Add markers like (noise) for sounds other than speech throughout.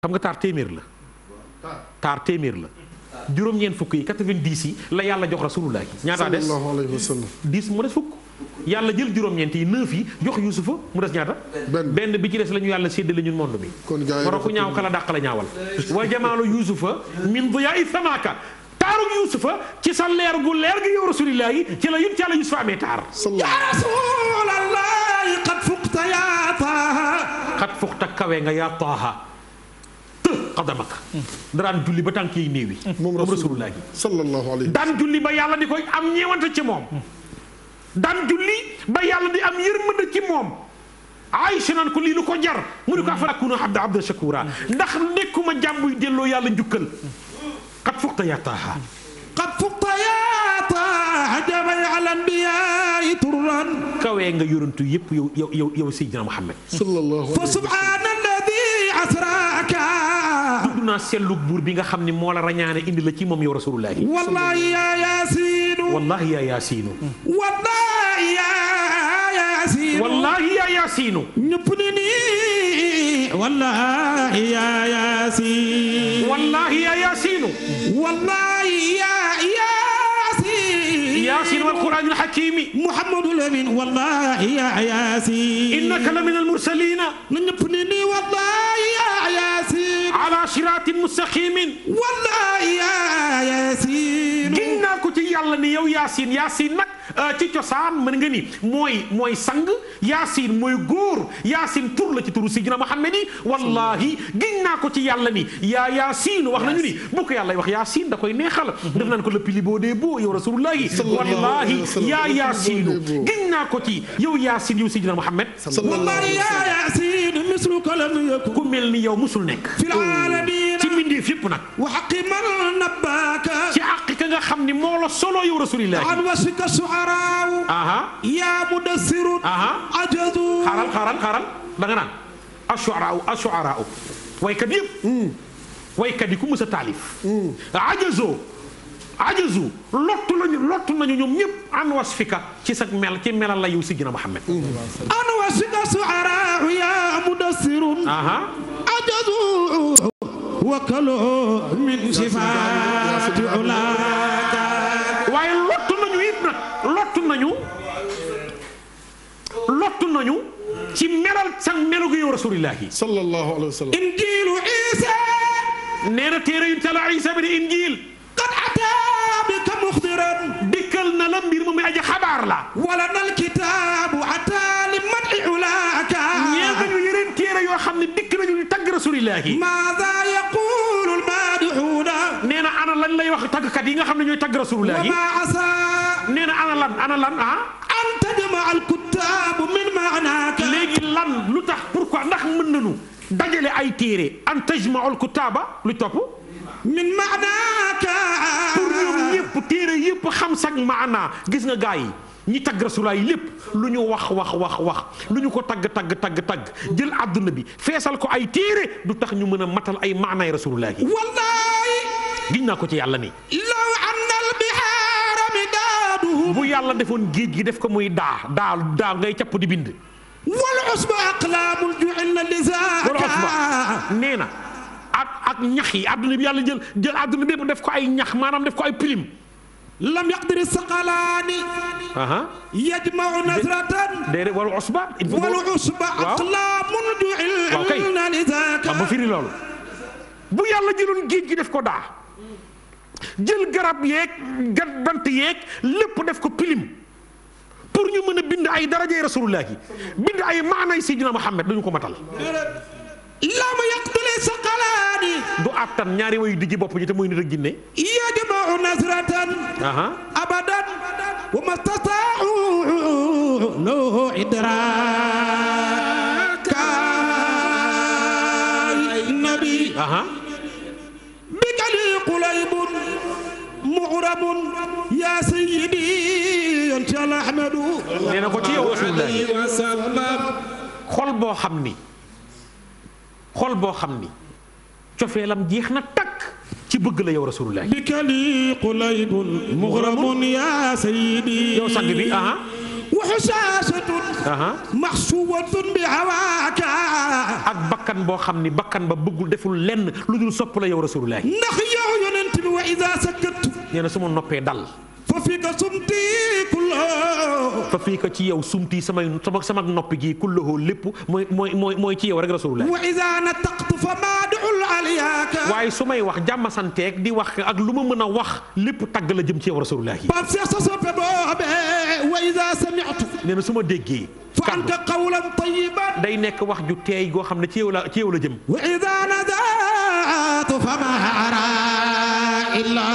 xam nga taar téeméer la taar téeméer la juróom-ñeent fukk yi 90 yi la yàlla jox rasulullah yi ñaata des sallallahu alayhi wa sallam 10 mu des fukk yàlla jël juróom-ñeent yi 9 yi jox yusufa mu des ñaata benn bi ci des la ñu yàlla séddale ñun monde bi moro ku ñaaw kala dàq la ñaawal wa jamaalu yusufa min diyaai samaka taarug yusufa ci sa leer gu leer gi yow rasulillah yi ci la yun ci yàlla yusufa amee taar ya rasulallah qad fuqta ya taaha qad fuqta kawe nga ya taaha xadamak daraan julli ba tànk yi néew yi moom rasulullah sallallahu alayhi daan julli ba yàlla di koy am ñeewante ci moom daan julli ba yàlla di am yërmande ci moom Aïcha naan ko lii lu ko jar mu ne ko afalaa akuunu abdan abdan shakuura ndax nekkuma jàmbuy delloo yàlla njukkal qad fuqta yaa taaha qad fuqta yaa taaha jamay al anbiyaa turan kawee nga yorantu yëpp yow yow yow Seydina Muhammad sallallahu alayhi wa sallam fa subhaana alladi asraaka naa seetlu buur bi nga xam ne moo la rañaane indi la ci moom yow rasulullahi wallahi yaa yaasiinu wallahi yaa yaasiinu wallahi yaa yaasiinu wallahi yaa yaasiinu ñëpp ni nii wallahi yaa yaasiinu wallahi yaa yaasiinu wallahi yaa yaasiinu yaasiinu wal quraanil hakiimi muhammadul amiin wallahi yaa yaasiinu innaka la minal mursaliina ñëpp ni nii wallahi ala siraatin mustaqimin wallahi ya yasin giñ naa ko ci yàlla ni yow yaasin yaasin nag euh, ci cosaan mën nga ni mooy mooy sang yaasin mooy góor yaasin tur la ci turu sidina Muhammad yi wallahi giñ naa ko ci yàlla ni yaa yaasin wax nañu ni bu ko yàlla wax yaasin da koy neexal def nañ ko le plus beau des beaux yow rasulullahi wallahi yaa yaasinu giñ naa ko ci yow yaasin yow sidina Muhammad wallahi yaa yaasin mislu ko lam yakun ku mel ni yow musul nekk mbindeef yépp nag wa xaqi man nabbaaka ci àq ka nga xam ni moo la solo yow rasulillah an wasika suaraaw aha yaa mudassiru aha ajadu xaaral xaaral xaaral da nga naan ashuaraaw ashuaraaw waykat yépp hmm. waykat yi ku mës a taalif hmm. ajazoo ajazu lottu lañu lottu nañu ñoom ñëpp an wasfika ci sa mel ci melal la yow si gina Muhammad hmm. an wasfika suaraaw yaa mudassirun ajazu wakkaloo min sifaati ulaaka waaye lottu nañu it nag lottu nañu lottu nañu ci melal sang melu gi yow rasulillahi sallallahu alayhi wa sallam injiilu isa nee na téere yu tala isa bi di injiil qad ataa bika muxdiran dikkal na la mbir ma muy aji xabaar la wala nal kitaabu ataa li mati ulaaka téere yoo xam ne dikk nañu di tagg rasulillahi maada yaqulu almaadixuuna nee na ana lan lay wax taggkat yi nga xam ne ñooy tagg rasulillahi wa ma asa nee na ana lan ana lan ah an tajma alkutaab min maanaaka léegi lan lu tax pourquoi ndax mën nañu dajale ay téere an tajma alkutaaba lu topp min maanaaka pour ñoom yëpp téere yëpp xam sag maanaa gis nga gaa yi ñi tagg rasulaay lépp lu ñu wax wax wax wax lu ñu ko tagg tagg tagg tagg jël àdduna bi feesal ko ay téere du tax ñu mën a matal ay maanaay rasulaay yi. wallaay. giñ naa ko ci yàlla ni law annal bihaara midaaduhu bu yàlla defoon géej gi def ko muy daa daa daa ngay capp di bind. wal usba aqlaamul ju'ilna lisaaka nee na ak ak ñax yi àdduna yàlla jël jël àdduna bi def ko ay ñax maanaam def ko ay pilim. lam yaqdiri saqalaani. yajmau nasratan. déedéet wal usba. wal usba aqlaamun ju'ilna ma firi loolu. bu yàlla jëloon géej gi def ko daa. jël garab yeeg gat bant yeeg lépp def ko pilim. pour ñu mën a bind ay darajay rasulullah yi bind ay maanay sayyidina Muhammad duñu ko matal. laa ma yaqtule sa xalaani du attan ñaari wayu diggi bopp ñi te muy nit ak jinne yadmau nasratan abadan wa mastasaau loo idraaka nabi bi kali qulaybun muxramun yaa sayyidi yonti yàlla ahmadu nee na ko ci yow xol boo xam ni xol boo xam ni cofeelam jeex na takk ci bëgg la yow rasulullah bi kali qulaybun mughramun ya sayyidi yow sang bi aha wa husaasatun maxsuwatun bi hawaaka ak bakkan boo xam ni bakkan ba bëggul deful lenn lu dul sopp la yow rasulullah ndax yow yonent bi wa iza sakkatu nee na su ma noppee dal fa fii ka sumti kulloo fa fii ka ci yow sumti samay sama sama noppi gi kulloo lépp mooy mooy mooy mooy ci yow rek rasulullah wa iza nataqtu fa ma dul aliyaka waaye su may wax jàmm santeeg di wax ak lu ma mën a wax lépp tagg la jëm ci yow rasulullah yi pam seex sa soppe boobe wa iza sami'tu nee na su ma déggee fa anta qawlan tayyiban day nekk wax ju teey goo xam ne ci yow la ci yow la jëm wa iza nadatu fa ma ara illa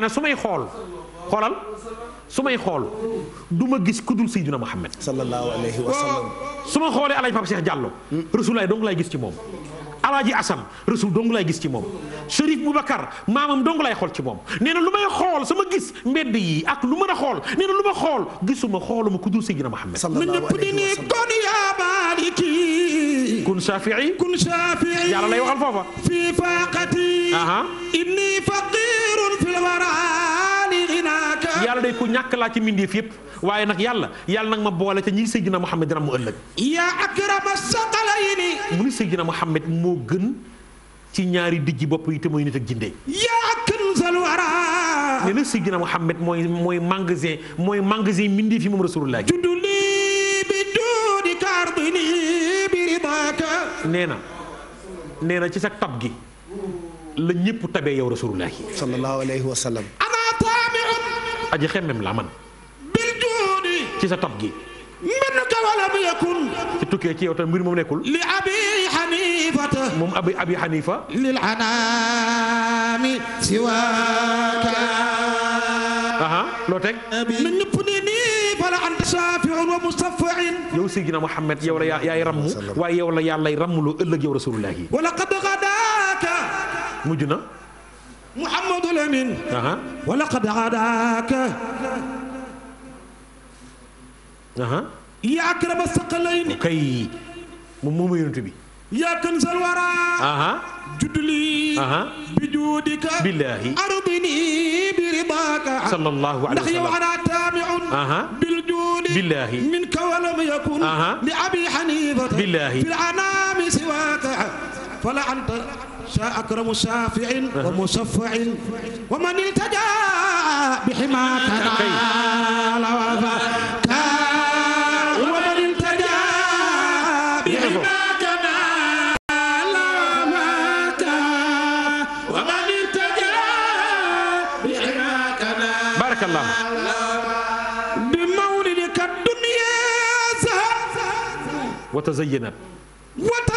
nee su may xool xoolal may xool du ma gis ku dul Seydina Muhammad sallallahu alayhi wa sallam oh, su ma xoolee El Hadj Pape Cheikh Diallo. Rasulaay dong laay gis ci moom. alaaji asan rasul dong laay gis ci moom Cherif Boubacar maamam dong laay xool ci moom nee na lu may xool sama gis mbedd yi ak lu mën a xool nee na lu ma xool gisuma xooluma ku dul Seydina Muhammad na ñëpp di nii kon yaa maaliki kun shafii kun shafii yàlla lay waxal foofa fii faaqati inni faqirun fil waraali yàlla day ku ñàkk laa ci mbindeef yëpp waaye nag yàlla yàlla nag ma boole ca ñi Seydina Muhammad dina mu ëllëg. yaa a saqalayni. mu ni Seydina Muhammad moo gën ci ñaari dijj bopp yi te mooy nit ak jinde. yaa kanzal wara. nee na Seydina Muhammad mooy mooy magasin mooy magasin mbindeef yi moom rasulullah. nee na nee na ci sa tab gi la ñëpp tabee yow rasulullah. sallallahu aji xemmem laa man bil juudi ci sa tab gi mbenn ka wala bi yakun ci tukkee ci yow tam mbir moom nekkul li abi xanifata moom abi abi xanifa lil anaami siwaaka aha loo teg na ñëpp ne nii fala anta safiun wa mustafain yow Seydina Muhammad yow la yaay rammu waaye yow la yàllay rammu lu ëllëg yow rasulullahi wa laqad xadaaka mujj na محمد الأمين أه. ولقد عداك أه. يا أكرم الثقلين كي مومو ينتبي يا كنز الورى أه. جد لي أه. بجودك بالله أرضني برضاك صلى الله عليه وسلم وأنا تابع أه. بالجود بالله منك ولم يكن أه. لأبي حنيفة بالله في الأنام سواك فلعنت شاء أكرم شافع ومشفع ومن التجا بحما تنال وفاك ومن التجا بحما تنال وفاك ومن التجا بحما تنال بارك الله بمولدك الدنيا وتزينت وتزينت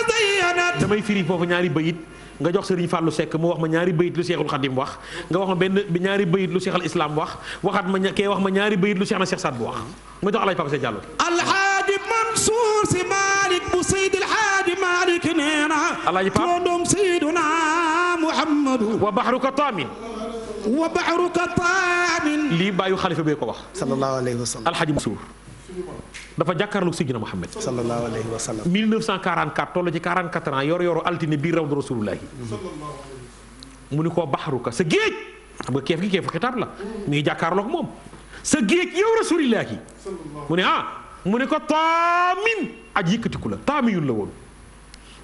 damay firi foofu ñaari bayit nga jox Serigne Fallou Seck moo wax ma ñaari bayit lu Seexul Xadim wax nga wax ma benn ñaari bayit lu Seex al Islam wax waxaat ma kee wax ma ñaari bayit lu Seex na Seex Saad bu wax ma jox Alaaji Papa Seck Diallo Alxaaji Mansuur si Maalik bu Seyd Alxaaji Maalik nee na Alaaji Pap turandoom Seyduna Muhammadu wa baxruka taamin lii bàyyu xalifa bee ko wax sallallahu alayhi wa sallam Alxaaji Mansuur dafa jàkkaarloog Seydina Muhammad sallallahu alayhi wa sallam 1944 toll ci 44 ans yor yoru altine biir rawdu rasulullahi mu ni koo baxaruka sa géej xam nga keef gi keefu xitaab la mi jàkkaarlook jàkkaarloog moom sa géej yow rasulillahi mu ne ah mu ne ko taamin aj yëkkatiku la taamiyun la woon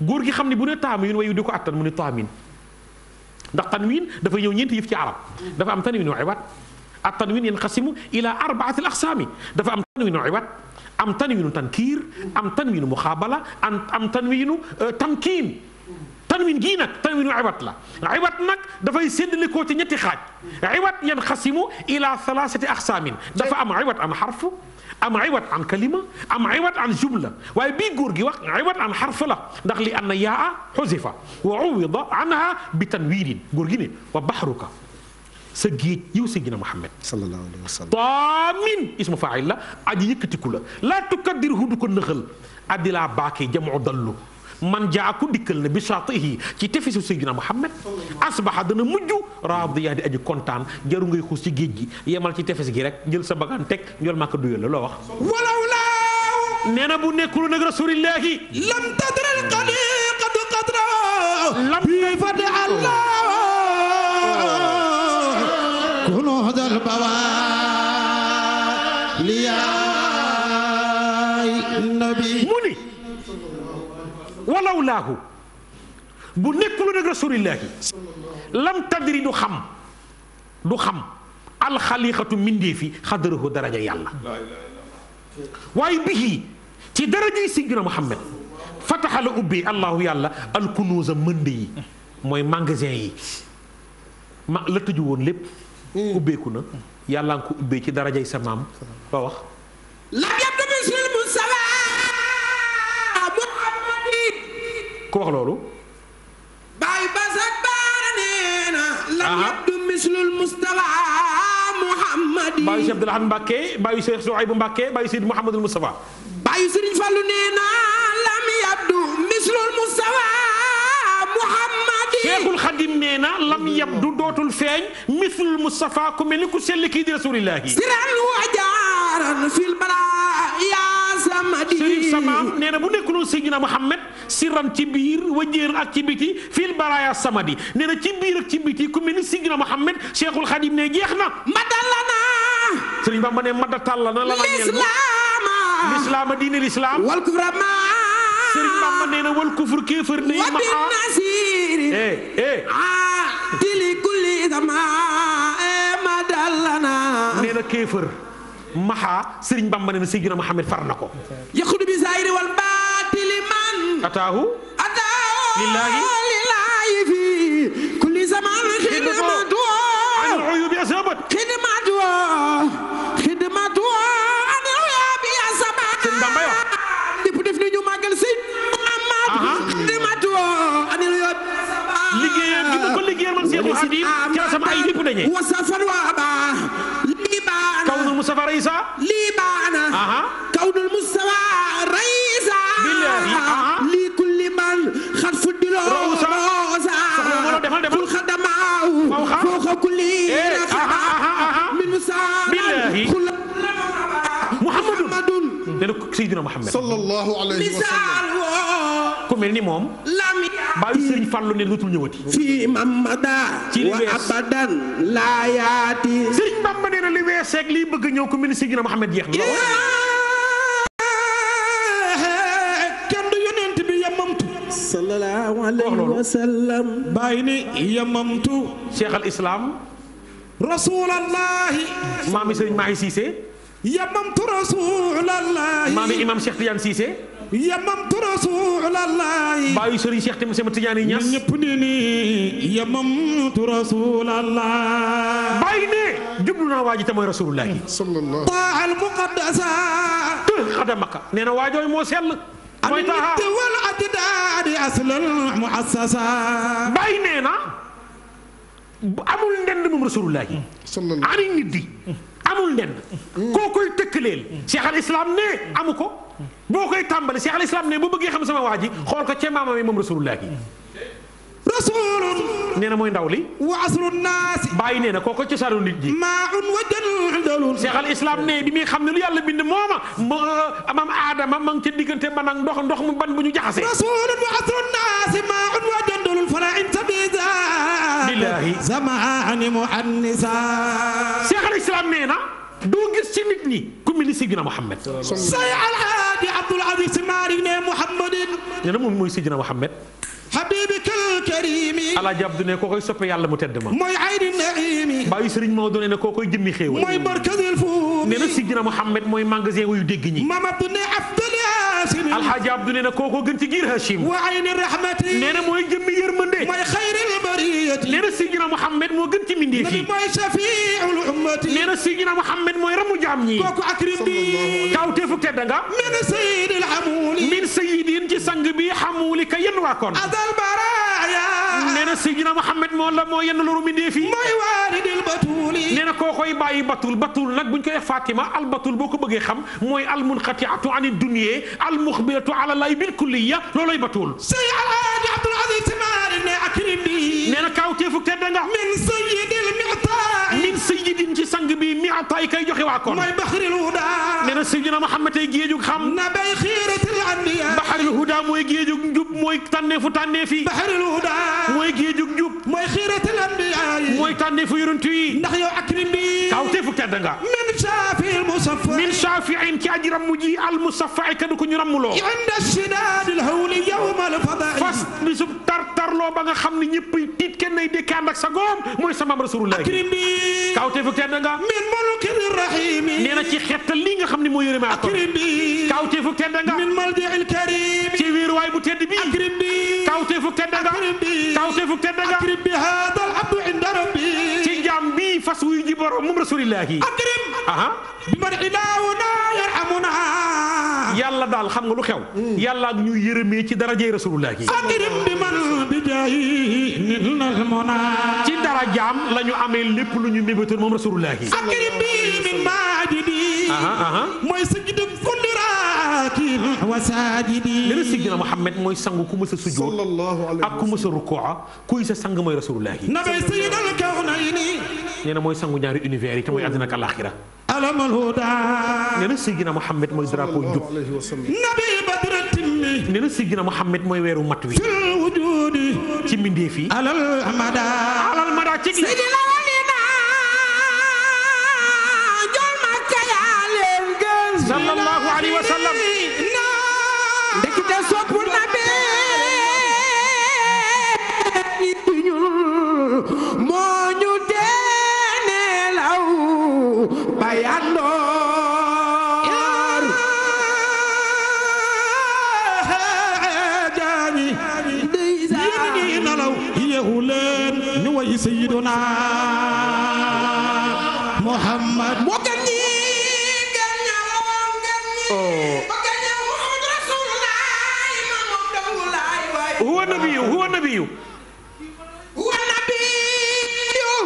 góor gi xam ne bu ne taamiyun wayu di ko attan mu ne taamin ndax tanwin dafa ñëw ñeenti yëf ci arab dafa am tanwin waxiwaat ak tanwin yanqasimu ila arbaatil aqsaami dafa am tanwinu iwat am tanwinu tankiir am tanwinu muxaabala am am tanwinu tamkiin tanwin gii nag tanwinu iwat la iwat nag dafay séddale koo ci ñetti xaaj iwat yanqasimu ila thalathati aqsaamin dafa am iwat an xarf am iwat an kalima am iwat an jumla waaye bii góor gi wax iwat an xarf la ndax li anna yaa xuzifa wa uwida anha bi tanwinin góor gi ne wa baxruka sa géej yow Seydina Muhammad sallallahu alayhi wa sallam taamin ismu faa'il la aji yëkkatiku la laa tukaddir hu du ko nëxal addi laa baakee jamoo dallu man jaa ku dikkal na bi saatihi ci tefesu Seydina Muhammad asbaha dana mujj raadiya di aji kontaan jaru ngay xuus ci géej gi yemal ci tefes gi rek jël sa bagaan teg njool maa ko la wax walaw nee na bu nekkul nag rasulillahi lam tadral qadi qad qadra lam fad allah بعد البوال يا النبي mu ni walaw laahu bu nekkul nag rasulillahi lam tadri du xam du xam alxaliqatu mindeefi xadarahu daraja yàlla waaye bii ci daraja yi Seydina Muhammad fataxa la ubbi allahu yàlla alkunuusa mënd yi mooy magasin yi ma la tëju woon lépp Mm. ubbeeku na yàlla nga ko ubbee ci darajay sa maam ba wax la yabdu bisil mustafa muhammadi ku wax loolu baay basak baara nee na la yabdu mislul mustafa muhammadi baayu si abdul ahad mbàkke baayu si suhaybu mbàkke baayu si muhammadul mustafa baayu sëriñ fallu nee na lam yabdu mislul mustafa seexul xadim nee na lam yab du dootul feeñ mislul Mustafa ku mel ni ku sell kii di rasulillahi siran wa jaaran fil balaaya Sëriñ Samaam nee na bu nekk noonu Seydina Muhammad sirran ci biir wajjéeran ak ci biti fil baraya samadi nee na ci biir ak ci biti ku mel ni Seydina Muhammad Cheikhul Xadim ne jeex na madallana Sëriñ Bamba ne madatalla na la ma ñeel lislaama diine lislaam wal kufra ma Serigne Bamba nee na wal kufur kéefër ne ma a nasiri eh, eh. a tili kulli sama e, ma dallana nee na kéefër maxa Serigne Bamba nee na Seydina Muhammad far na ko yaxudu bi zahiri wal baatili man ataahu ataahu lillaahi lillaahi fi kulli zaman xidmatu xidmatu xidmatu Seexul Xadiim ci la sama ay lépp dañee kawnul Mustafa Raysa lii baana kawnul Mustafa Raysa lii kulli man xat fuddiloo roosa kul xadamaaw fooxa kulli raxaa eh, min musaal Muhammadun delu Seydina Muhammad sallallahu alayhi wa sallam ku mel ni moom bàyyi sëriñ Fallou ne dootul ñëwati. fii mamada wa abadan laa yaati. sëriñ Bamba nee na li weeseeg liy bëgg ñëw ko ministre Seydina Mohamed jeex na. kenn du yonent bi yamamtu. sallallahu alayhi wa sallam. bàyyi ni yamamtu. cheikh al islam. rasulallahi. maami sëriñ Mahi Cissé. yamamtu rasulallahi. maami imam Cheikh Tidiane yamamtu rasulallahi baayu sëriñ Cheikh tamit sama tijaan yi ñas ñëpp ni ni yamamtu rasulallahi bàyyi ne jublu naa waa ji te mooy rasulullahi sallallahu taal muqaddasa xadamaka nee na waajooy moo sell mooy taxa wal ajdaadi aslal muassasa bàyyi nee na amul ndend moom rasulullahi sallallahu ani nit di amul nen koo koy tëkkaleel cheikh al islam ne amu ko boo koy tàmbali cheikh al islam ne bu bëggee xam sama waa ji xool ko ca maamam yi moom rasulullah gi rasulun nee mooy ndaw li wa asru naasi bàyyi nee na kooko cosaanu nit ñi maa un wa jëndalun cheikh al islam ne bi muy xam ne lu yàlla bind mooma maam uh, aadama ma ngi ca diggante man ak ndox ndox mu ban bu ñu jaxase rasulun wa asru naasi maa wa jëndalun fala in sabida billahi zamaani muhannisa cheikh al islam nee na doo gis ci nit ñi ku mel ni Sidina Muhammad say alhaadi Abdul Aziz Si Maalik ne Muhammadin nee na moom mooy Sidina Muhammad habibikal karimi alaaji abdu ne koo koy soppe yàlla mu tedd ma mooy ayni naimi baayu sëriñ Maodo ne ne koo koy jëmmi xéewal mooy barkadil fu nee na Sidina Muhammad mooy magasin wuyu dégg ñi Haasim alxaaji Abdu nee na kookoo gën ci giir Haasim wa ayni rahmati nee na mooy jëmmi yërmande mooy xayril bariyati nee na Sidina Muhammad moo gën ci mbindéef yi mooy shafiul ummati nee na Sidina Muhammad mooy ramu jaam ñi kooku akrim bi kawteefu tedd nga min sayyidil amuli min sayyidin ci sang bi xamuli ka yenn waa koon azal baraya nee na Sidina Muhammad moo la moo yenn loru mbindéef yi mooy waalidil batuli nee na kookoy bàyyi batul batul nag buñ koy Fatima al batul boo ko bëggee xam mooy al munqatiatu ani dunya almuxbiratu ala lay bil kulliya loolooy batuwul. Sëriñ Alaaji Abdul Aziz ne akrim bi nee na kaawteefu tedd nga min sayyidil mi'taay min sayyidin ci sang bi mi'taay kay joxe waa kon mooy baxril huda nee na sayyidina Muhammad tey géejug xam na bay xiiratil anbiya baxril huda mooy géejug njub mooy tànneefu tànneefi baxril huda mooy géejug njub mooy xiiratil anbiya mooy tànneefu yonent yi ndax yow akrim bi kaawteefu tedd nga min shaafi'il musaffa min shaafi'in ci aji ramm ji al musaffa ay kadu ko ñu rammuloo inda shidaadil hawli yawmal fada'i fas bisub tartarloo ba nga xam ne ñëpp tiit kenn ay dékk ànd ak sa góom mooy sa maam rasulullah kawteefu tedd nga min mulkin rahim nee na ci xettal lii nga xam ne moo yërëme ak kawteefu tedd nga min maldiil karim ci wéeruwaay bu tedd bi kawteefu tedd nga kawteefu tedd nga bi hada al abdu inda rabbi ci jaam bi fas wuy ji borom moom rasulullah akrim aha bi man ilaahuna yarhamuna yàlla daal xam nga lu xew mm. yàlla ak ñu yërëmee ci darajay rasulullah akrim bi man bi ci darajaam la lañu amee lépp lu ñu mébétoon moom rasulullah yi. akrim bi min maajidi mooy sajidam kulli ra raakiin wa saajidin ne la Seydina Muhammad mooy sang ku mës a sujjóot ak ku mës a rukkooa kuy sa sang mooy rasulullah yi nabay sayyidal kawnayni nee na mooy sangu ñaari univers yi te mooy àddina ak àllaaxira alamal huda nee na Seydina Muhammad mooy drapeau njub nabi badra timmi nee na Seydina Muhammad mooy weeru mat wi fil wujudi ci mbindeef yi alal mada alal mada ci sallallahu alayhi wa sallam ndekete moo ñu teene law bayandoor jaami day saa yi nalaw yeexu leen ñu wayi sayyiduna huwa nabiyu huwa nabiyu huwa nabiyu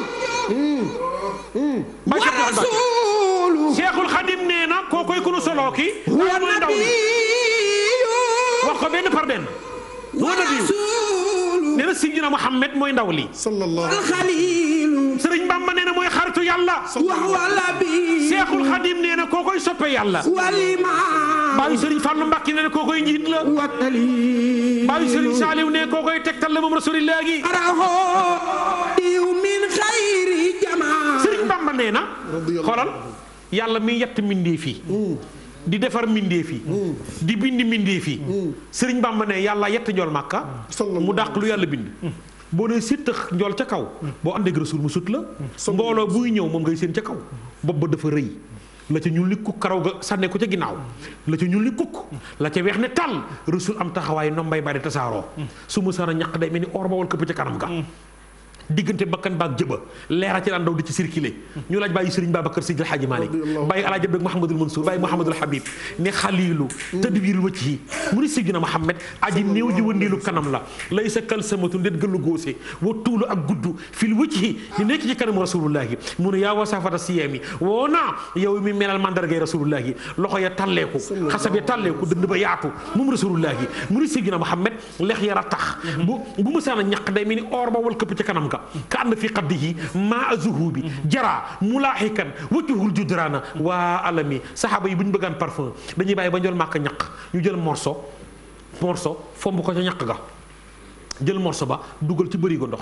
wa rasuulu Seexul Xadim nee na kookoy ku nu soloo ki huwa nabiyu wax ko benn par benn huwa nabiyu la Sidina mooy ndaw li. sallallahu alxaliil. Sëriñ Bamba nee na mooy xaritu yàlla. wax wala bi. Seexul Xadim nee na soppe yàlla. walimaa. baayu Sëriñ Fàllu Mbàkke nee na koo koy njiit la. watali. baayu Sëriñ Saaliw nee koo koy tegtal la moom Rasulillah gi. araho diw min xayri jamaa. Sëriñ Bamba nee na. xoolal yàlla mi yett mbindéef yi hmm. di defar mbindeef yi mm. di bind mbindeef yi mm. sëriñ ma ne yàlla yett njool màkka mu dàq lu yàlla bind mm. boo nee sittax njool ca kaw boo àndeeg rasul mu sut la mbooloo buy ñëw moom ngay seen ca kaw bopp ba dafa rëy la ca ñuul li kukk karaw ga sànne ko ca ginnaaw la ca ñuul li kukk la ca weex ne tàll rasul am taxawaayu ndombay bari tasaaroo su ma saan a ñaq day mel ni or ba wal këpp ca kanam ga diggante bakkan baak jëba leera ci daan daw di ci circulé ñu laaj bàyyi Serigne Babacar Sy Alhaji Malick bàyyi Alaaji Abdou Mahamadul Mansour bàyyi Mahamadul Habib ne xaliilu tadbiirul wacc yi mu ni Seydina Muhammad aji néew ji wëndeelu kanam la lay sa kal samatun déet gëllu góose wa tuulu ak gudd fil wacc yi ñu nekk ci kanam rasulullahi mu ne yaa wasafata mu ni Seydina Muhammad bu bu mësaan a ñaq day mel ni ba wal ci kanam ga الرحمة كأن في قبضه ماء ذهوب جرى ملاحقا وجهه الجدران وألمي صحابة yi bu ñu bëggaan parfum dañuy bàyyi ba ñu jël màkk ñaq ñu jël morceau morceau fomb ko ca ñaq ga jël morceau ba dugal ci bërigo ndox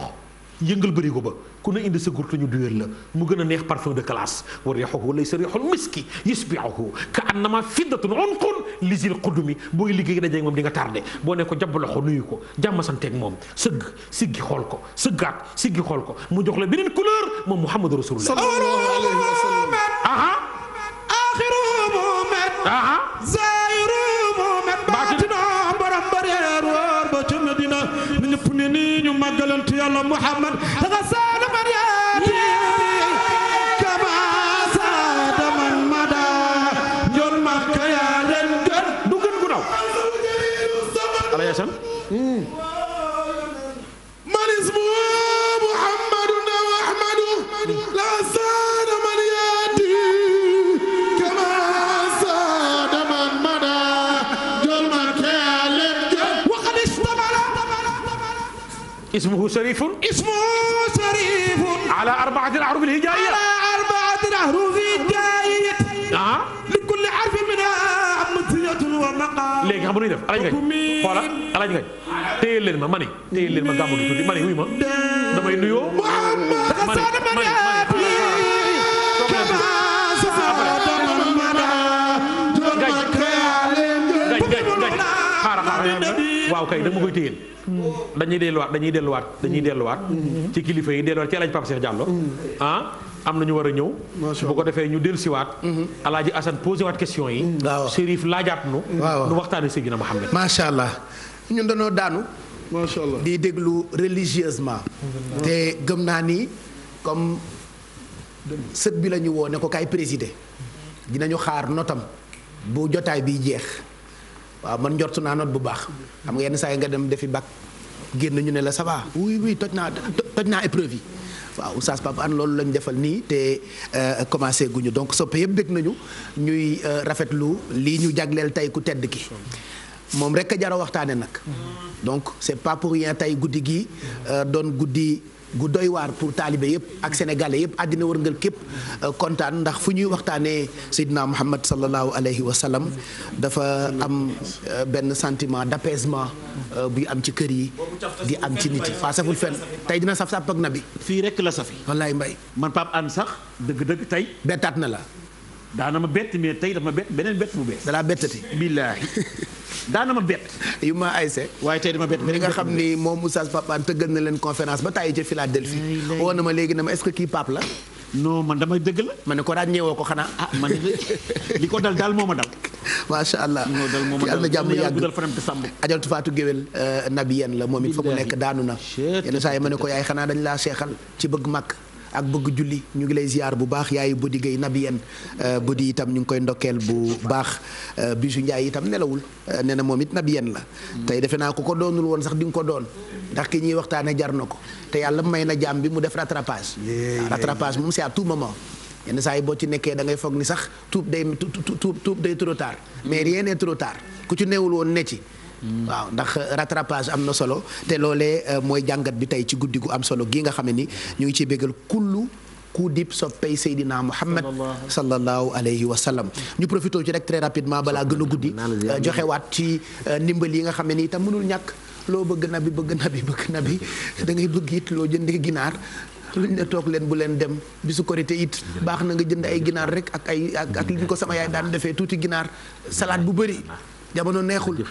yëngal bëri ko ba ku ne indi sa gurtu la mu gën a neex parfum de classe wa riixuhu laysa riixul miski yusbiuhu ka annama fiddatun unqun lisil qudumi booy liggéey dajeeg moom di nga tardé boo ne ko jàpp loxo nuyu ko jàmm santeeg moom sëgg siggi xool ko sëggaat siggi xool ko mu jox la beneen couleur moom Muhammadu Rasulullah aha axiru mumet aha zaayiru mumet baatino borom bareer nii ñu màggalantu yàlla Muhammad daga saana mariyaati kama saada man mada njool makka yaa leen gën du gën gu naw ala yasan hmm. ismuhu sharifun. ismuhu sharifun. ala arba'ati ahruf al-hijaiyya. ala arba'ati ahruf al-hijaiyya. ah. li kulli harfin minha abniyatun wa maqam. léegi xam nga nu ñuy def alaaj ngañ xoola alaaj ngañ téyel leen ma mani téyel leen ma gàmmu gi tuuti mani wuy ma damay nuyoo. mani mani waaw kay da ma koy téyeel dañuy delluwaat dañuy delluwaat dañuy delluwaat ci kilifa yi delluwaat ci El Hadj Pape Cheikh ah, am na ñu war a ñëw bu ko defee ñu dellusiwaat alaaji Assane posé waat question yi waaw Chérif laajaat nu nu waxtaane Seydina ne macha allah ñun dañoo daanu macha allah di déglu religieusement te gëm naa ni comme sët bi la ñu woo ne ko kaay présider dinañu xaar notam bu jotaay bi jeex waaw man njortu naa note bu baax xam nga yenn saa yi nga dem defi bac génn ñu ne la ça va oui oui toj naa toj naa épreuve yi waaw oustaz Pape Hann loolu lañ defal nii te euh, commencé guñu donc soppe yëpp bég nañu ñuy euh, lu li ñu jagleel tey ku tedd ki moom rek a jara waxtaane nag donc c'est pas pour rien tey guddi gi euh, doon guddi gu doy waar pour taalibe yëpp ak sénégalais yëpp àddina wërngal képp euh, kontaan ndax fu ñuy waxtaanee Seydina Muhammad sallallahu alayhi wa sallam dafa am euh, benn sentiment d'apaisement euh, buy am ci kër yi di am ci nit yi waa saful fenn tey dina saf sàpp ak bi fii rek la safi wallaay mbay man Pape Anne sax dëgg-dëgg tey bettaat na la daana ma bett mais tey dafa ma bett beneen bett bu bees. da bettati. billaahi daana ma bett. yu ma ayse. waaye tey dama bett beneen nga xam ni moom Oustaz Pape tëggal na leen conférence ba tàyyi ca Philadelphie. woo na ma léegi na ma est-ce que kii Pape la. non man damay dëgg la. ma ne ko daal ñeewoo ko xanaa ah man li ko dal daal moo ma dal. macha allah yàlla na jàmm yàgg ajaltu faatu géwél euh, nab yeen la moom it fa nekk daanu na yenn saa yi ma ne ko yaay xanaa dañ laa seexal ci bëgg màkk ak bëgg julli ñu ngi lay ziar bu baax yaayu Bodi Gueye Nabiyen euh, Bodi itam ñu ngi koy ndokkeel bu baax euh, Bisu Njaay itam nelawul euh, nee na moom it yenn la tey defe naa ku ko doonul woon sax di nga ko doon ndax ki ñuy waxtaane jar na ko te yàlla may na jaam bi mu def rattrapage rattrapage moom c'est à tout moment yenn saa yi boo ci nekkee da ngay foog ni sax tuub day tuub day trop tard mais rien n'est trop tard ku ci newul woon ne ci waaw ndax euh, rattrapage am na solo te loolee euh, mooy jàngat bi tey ci guddi gu am solo gii nga xam ne ni ñu ngi ciy béggal kullu ku dib soppey Seydina Muhammad sallallahu alayhi wa sallam ñu profité ci rek rapidement balaa gën a guddi euh, joxe waat ci ndimbal yi nga xam ne ni itam mënul ñàkk loo bëgg na bi bëgg bi na bi da ngay bëgg loo jëndee ginaar luñ toog leen bu leen dem bisu korité it baax na nga jënd ay ginaar rek ak ay ak liñ ko sama yaay daan defee tuuti ginaar salade bu bëri jamono neexul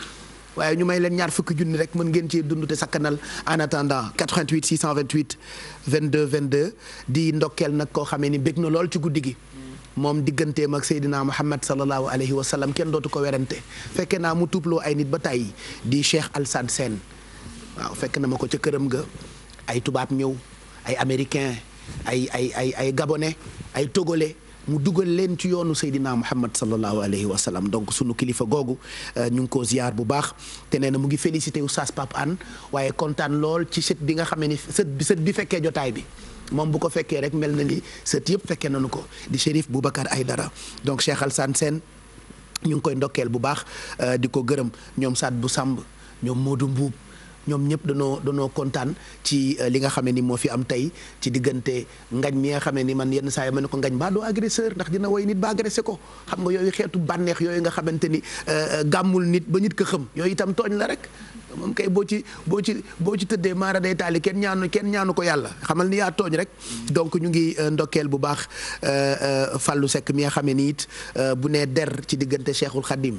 waaye ñu may leen ñaar fukki junni rek mën ngeen cee dund te sakkanal en attendant 88 628 22 22 di ndokkeel nag koo xamee ni bég na lool ci guddi gi. moom digganteem ak Seydina Muhammad sallallahu alayhi wa sallam kenn dootu ko werante fekke naa mu tuubloo ay nit ba tàyyi di Cheikh Alsane Sène waaw fekk na ma ko ca këram ga ay tubaab ñëw ay américain ay ay ay ay gabonais ay togolais. mu dugal leen ci yoonu Seydina Muhammad sallallahu alayhi wa sallam donc suñu kilifa googu euh, ñu ngi ko ziar bu baax te nee na mu ngi félicité Oustaz Pape Hann waaye kontaan lool ci sët bi nga xam ne sët bi sët bi fekkee jotaay bi. moom bu ko fekkee rek mel na ni sët yëpp fekkee nañu ko di bu Chérif ay dara donc Cheikh Alassane Sène ñu ngi koy ndokkeel bu baax euh, di ko gërëm ñoom Saad bu sàmb ñoom Modou Mbuub ñoom ñëpp danoo danoo kontaan ci euh, li nga xamee ni moo fi am tey ci diggante ngañ mi nga xamee ni man yenn saa yi ma ne ko ngañ baa doo agresseur ndax dina woy nit ba agressé ko xam nga yooyu xeetu bànneex yooyu nga xamante ni euh, euh, gàmmul nit ba nit ko xam yooyu itam tooñ la rek moom kay boo ci boo ci boo ci tëddee maara day taali kenn ñaanu kenn ñaanu ko yàlla xamal ni yaa tooñ rek donc ñu ngi ndokkeel bu baax Fallou sekk mi nga xamee ni it bu nee der ci diggante Cheikhul Khadim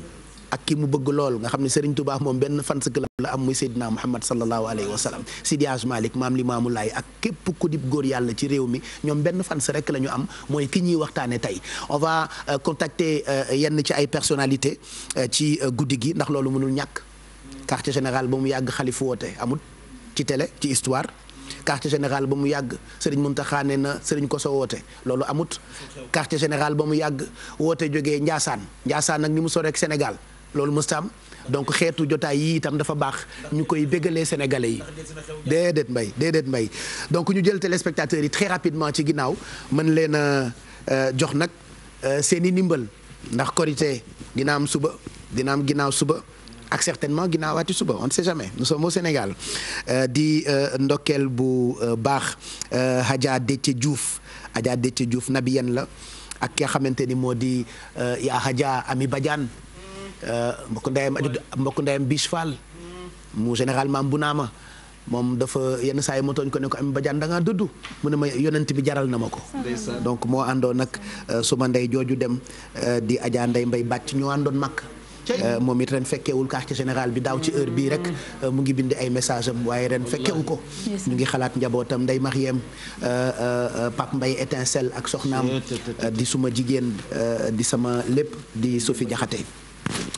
ak ki mu bëgg lool nga xam ne Serigne Touba moom benn fans club la am muy Seydina Muhammad sallallahu alayhi wa sallam Sidi Hadj Malick maam Limaamu Laay ak képp ku dib góor yàlla ci réew mi ñoom benn fans rek la ñu am mooy ki ñuy waxtaane tey on va euh, contacter euh, yenn ci ay personnalité euh, ci guddi gi ndax loolu mënul ñàkk quartier général ba mu yàgg xalifu woote amut ci télé ci histoire ba mu yàgg sëriñ munta ne na sëriñ Koso woote loolu amut quartier général ba mu yàgg woote jóge Njaasaan Njaasaan nag ni mu sore Sénégal loolu mësta donc xeetu jotaay yi itam dafa baax ñu koy bégalee sénégalais yi déedéet mbay déedéet mbay donc ñu jël téléspectateurs yi très rapidement ci ginnaaw mën leen a euh, jox nag euh, seen i ndimbal ndax korité dina am suba dina am ginnaaw suba ak certainement ginnaawaati suba on ne sait jamais nous sommes au Sénégal euh, di ndokkeel bu baax Adja juuf Diouf Adja juuf Diouf nabiyen la ak ki nga xamante ni moo di yaa Adja Ami Badiane Euh, mbokk ndeyam aju mbokk ndeyam Biis Fall mu généralement bu naa ma moom dafa yenn saa yi ko ne ko am bajaan da ngaa mu ne ma yonent bi jaral na ma ko donc moo àndoon nag euh, suma ndey jooju dem euh, di ajaa ndey mbay bàcc ñoo àndoon màkk moom it ren fekkeewul quartier général bi daaw ci heure bii rek mu ngi bind ay message am waaye ren fekkewu ko ñu ngi xalaat njabootam nday Mariem Pape Mbaye étincelle ak soxnaam di suma jigéen di sama lépp di Sophie Jaxate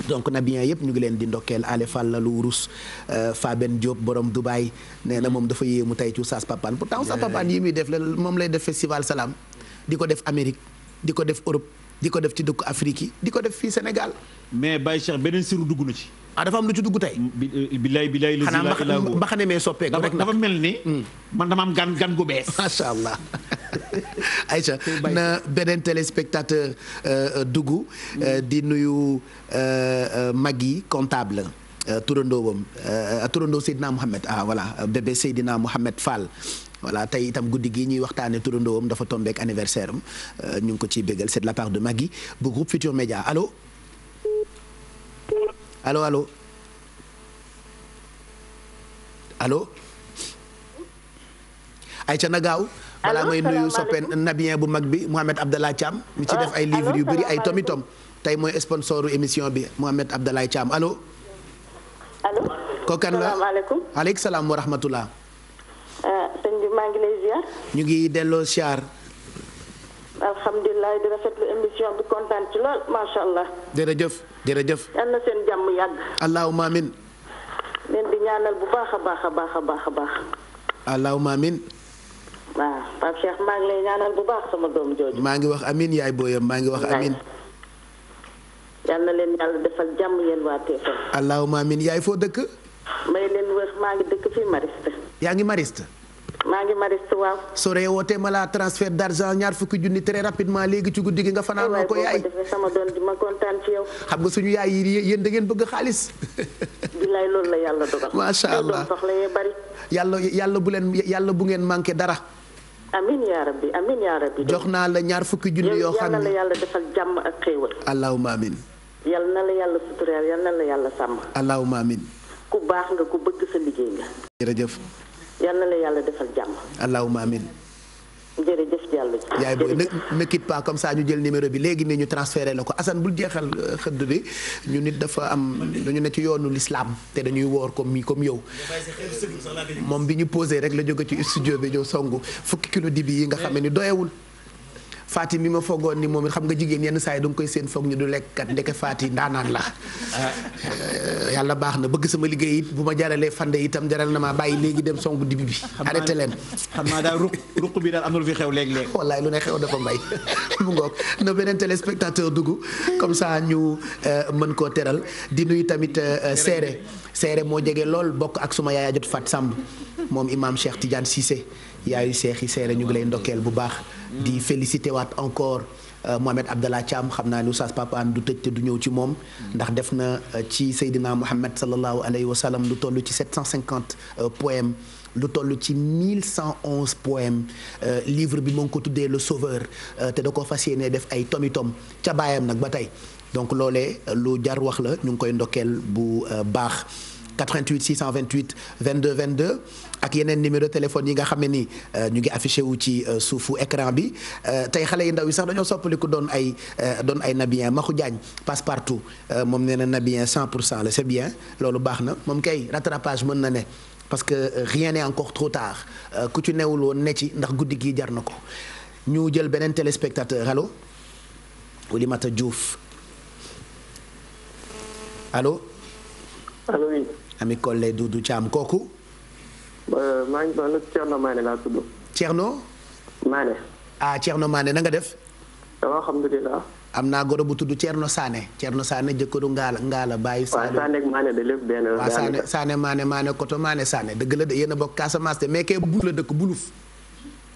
donc nabiyen yëpp ñu ngi leen di ndokkeel ale Fall la lu wurus euh, Faben Diop borom Dubaay nee na moom dafa yéemu tey ci Oustaz Papane pourtant Oustaz Papane yi muy def la moom lay def festival salaam di ko def amerique di ko def Europe di ko def ci dëkku Afrique yi di ko def fii Sénégal mais bay Cheikh beneen siru dugg na ci ah dafa am lu ci dugg tey. Eh, billaay billaay la xanaa mba xane soppeeku rek dafa mel ni. Hmm. man dama am gan gan gu bees. macha allah (laughs) Aïcha na beneen téléspectateur euh, euh, dugg euh, hmm. di nuyu Magui comptable. turandoo bam turandoo Seydina Mohamed ah voilà bébé Seydina Mohamed Fall voilà tey itam guddi gi ñuy waxtaane turandoo dafa tombeek anniversaire am ñu ngi ko ciy bégal c'est de la part de Magui bu groupe Futur Média alo allo allo allo Aïcha na gaaw balaa nuyu soppee nabien bu mag bi Mohamed Abdallah Thiam mi ci ah, def ay livres yu bëri ay tomi tom tey mooy sponsoru émission bi Mohamed Abdallah Thiam allo allo kookan la salaam wa ah, ngi delloo ziar émission bi kontaan ci lool macha allah. jërëjëf jërëjëf. yal na seen jàmm yàgg. allahumma amin. leen di ñaanal bu baax a baax a baax a baax a baax. allahumma amin. waaw Pape Cheikh maa ngi lay ñaanal bu baax sama doom jooju. maa ngi wax amin yaay maa ngi wax amin. leen yàlla defal jàmm yéen waa TFM. allahumma amin yaay foo dëkk. may leen wër maa ngi dëkk fii Mariste. yaa ngi Mariste. maa ngi Mariste waaw. soo ree wootee ma la transfert d' argent ñaar fukki junni très rapidement léegi ci guddi gi nga fanaanoo ko yaay sama ma kontaan ci yow. xam nga suñu yaay yi yéen da ngeen bëgg xaalis. (laughs) bilaay loolu la yàlla dogal. macha allah yàlla yàlla bu leen yàlla bu ngeen manqué dara. amin yaa rabbi amin yaa jox naa la ñaar fukki junni yoo xam ne yàlla la yàlla jàmm ak xéewal. allahumma amin. yal na la yàlla suturaal yal na la yàlla sàmm. allahumma amin. ku baax nga ku bëgg sa liggéey nga. jërëjëf. yàlla la yàlla defal jàmm. allahumma amin. jërëjëf Diallo. yaay booy ne pas comme ça ñu jël numéro bi léegi ne ñu transféré la ko Assane bul jeexal euh, xëdd bi ñu nit dafa am dañu ne ci yoonu lislaam te dañuy woor comme comme yow. moom bi ñu posé rek la jóge ci studio bi ñëw songu fukki kilo dibi yi nga xam ne doyewul. Faty mi ma foogoon ni moom it xam nga jigéen yenn saa yi da nga koy seen foog ñu du lekkat ndeke Faty ndaanaan la ah. yàlla baax na bëgg sama liggéey bu ma jaralee fande itam jaral na maa bàyyi léegi dem songu dibi bi arrêté leen xam naa daal ruq ruq bi daal am na lu fi xew léeg-léeg wallaay lu ne xew dafa mbay (laughs) mu ngoog na beneen téléspectateur dugg comme ça ñu euh, mën koo teral di nuyu tamit euh, seere seere moo jege lool bokk ak suma yaaya jot Fat Samb moom imam Cheikh Tidiane Cissé yaayu seex yi seere ñu ngi lay ndokkeel bu baax di félicité waat encore euh, Mohamed Abdallah Thiam xam naa ni oustaz papaan du tëj te du ñëw ci moom ndax def na euh, ci Seydina Mouhamed sallallahu alayhi wa sallam lu toll ci 750 euh, poèmes lu toll ci 1111 poèmes livre bi moo ngi ko tuddee Le Sauveur te da ko fas yéene def ay tomi ca baayam nag ba tey donc loole lu jar wax la ñu ngi koy ndokkeel bu baax 88 628 22 22 ak yeneen numéro téléphone yi nga xam ne ni euh, ñu ngi affiché wu ci euh, suufu écran bi euh, tey xale yi ndaw yi sax dañoo soppaliku doon ay doon ay nabiyen Maxu Jaañ passe partout moom nee na nabiyen 100 pour cent la c'est bien loolu baax na moom kay rattrapage mën na ne parce que rien n'est encore trop tard ku ci newul woon ne ci ndax guddi gii jar na ko ñu jël beneen téléspectateur allo Oulimata Diouf allo. ami du Doudou Thiam kooku. maa ngi doon Thierno Mané laa tudd. Thierno. Mané. ah Thierno Mané na nga def. alhamdulilah. am naa goro bu tudd Thierno Sané Thierno saane jëkkëru Ngaala Ngaala bàyyi. Sané waaw Sané ak Mané de lépp benn. waaw Koto Mané Sané dëgg la de yéen a bokk Casamance de mais buluf la dëkk buluf.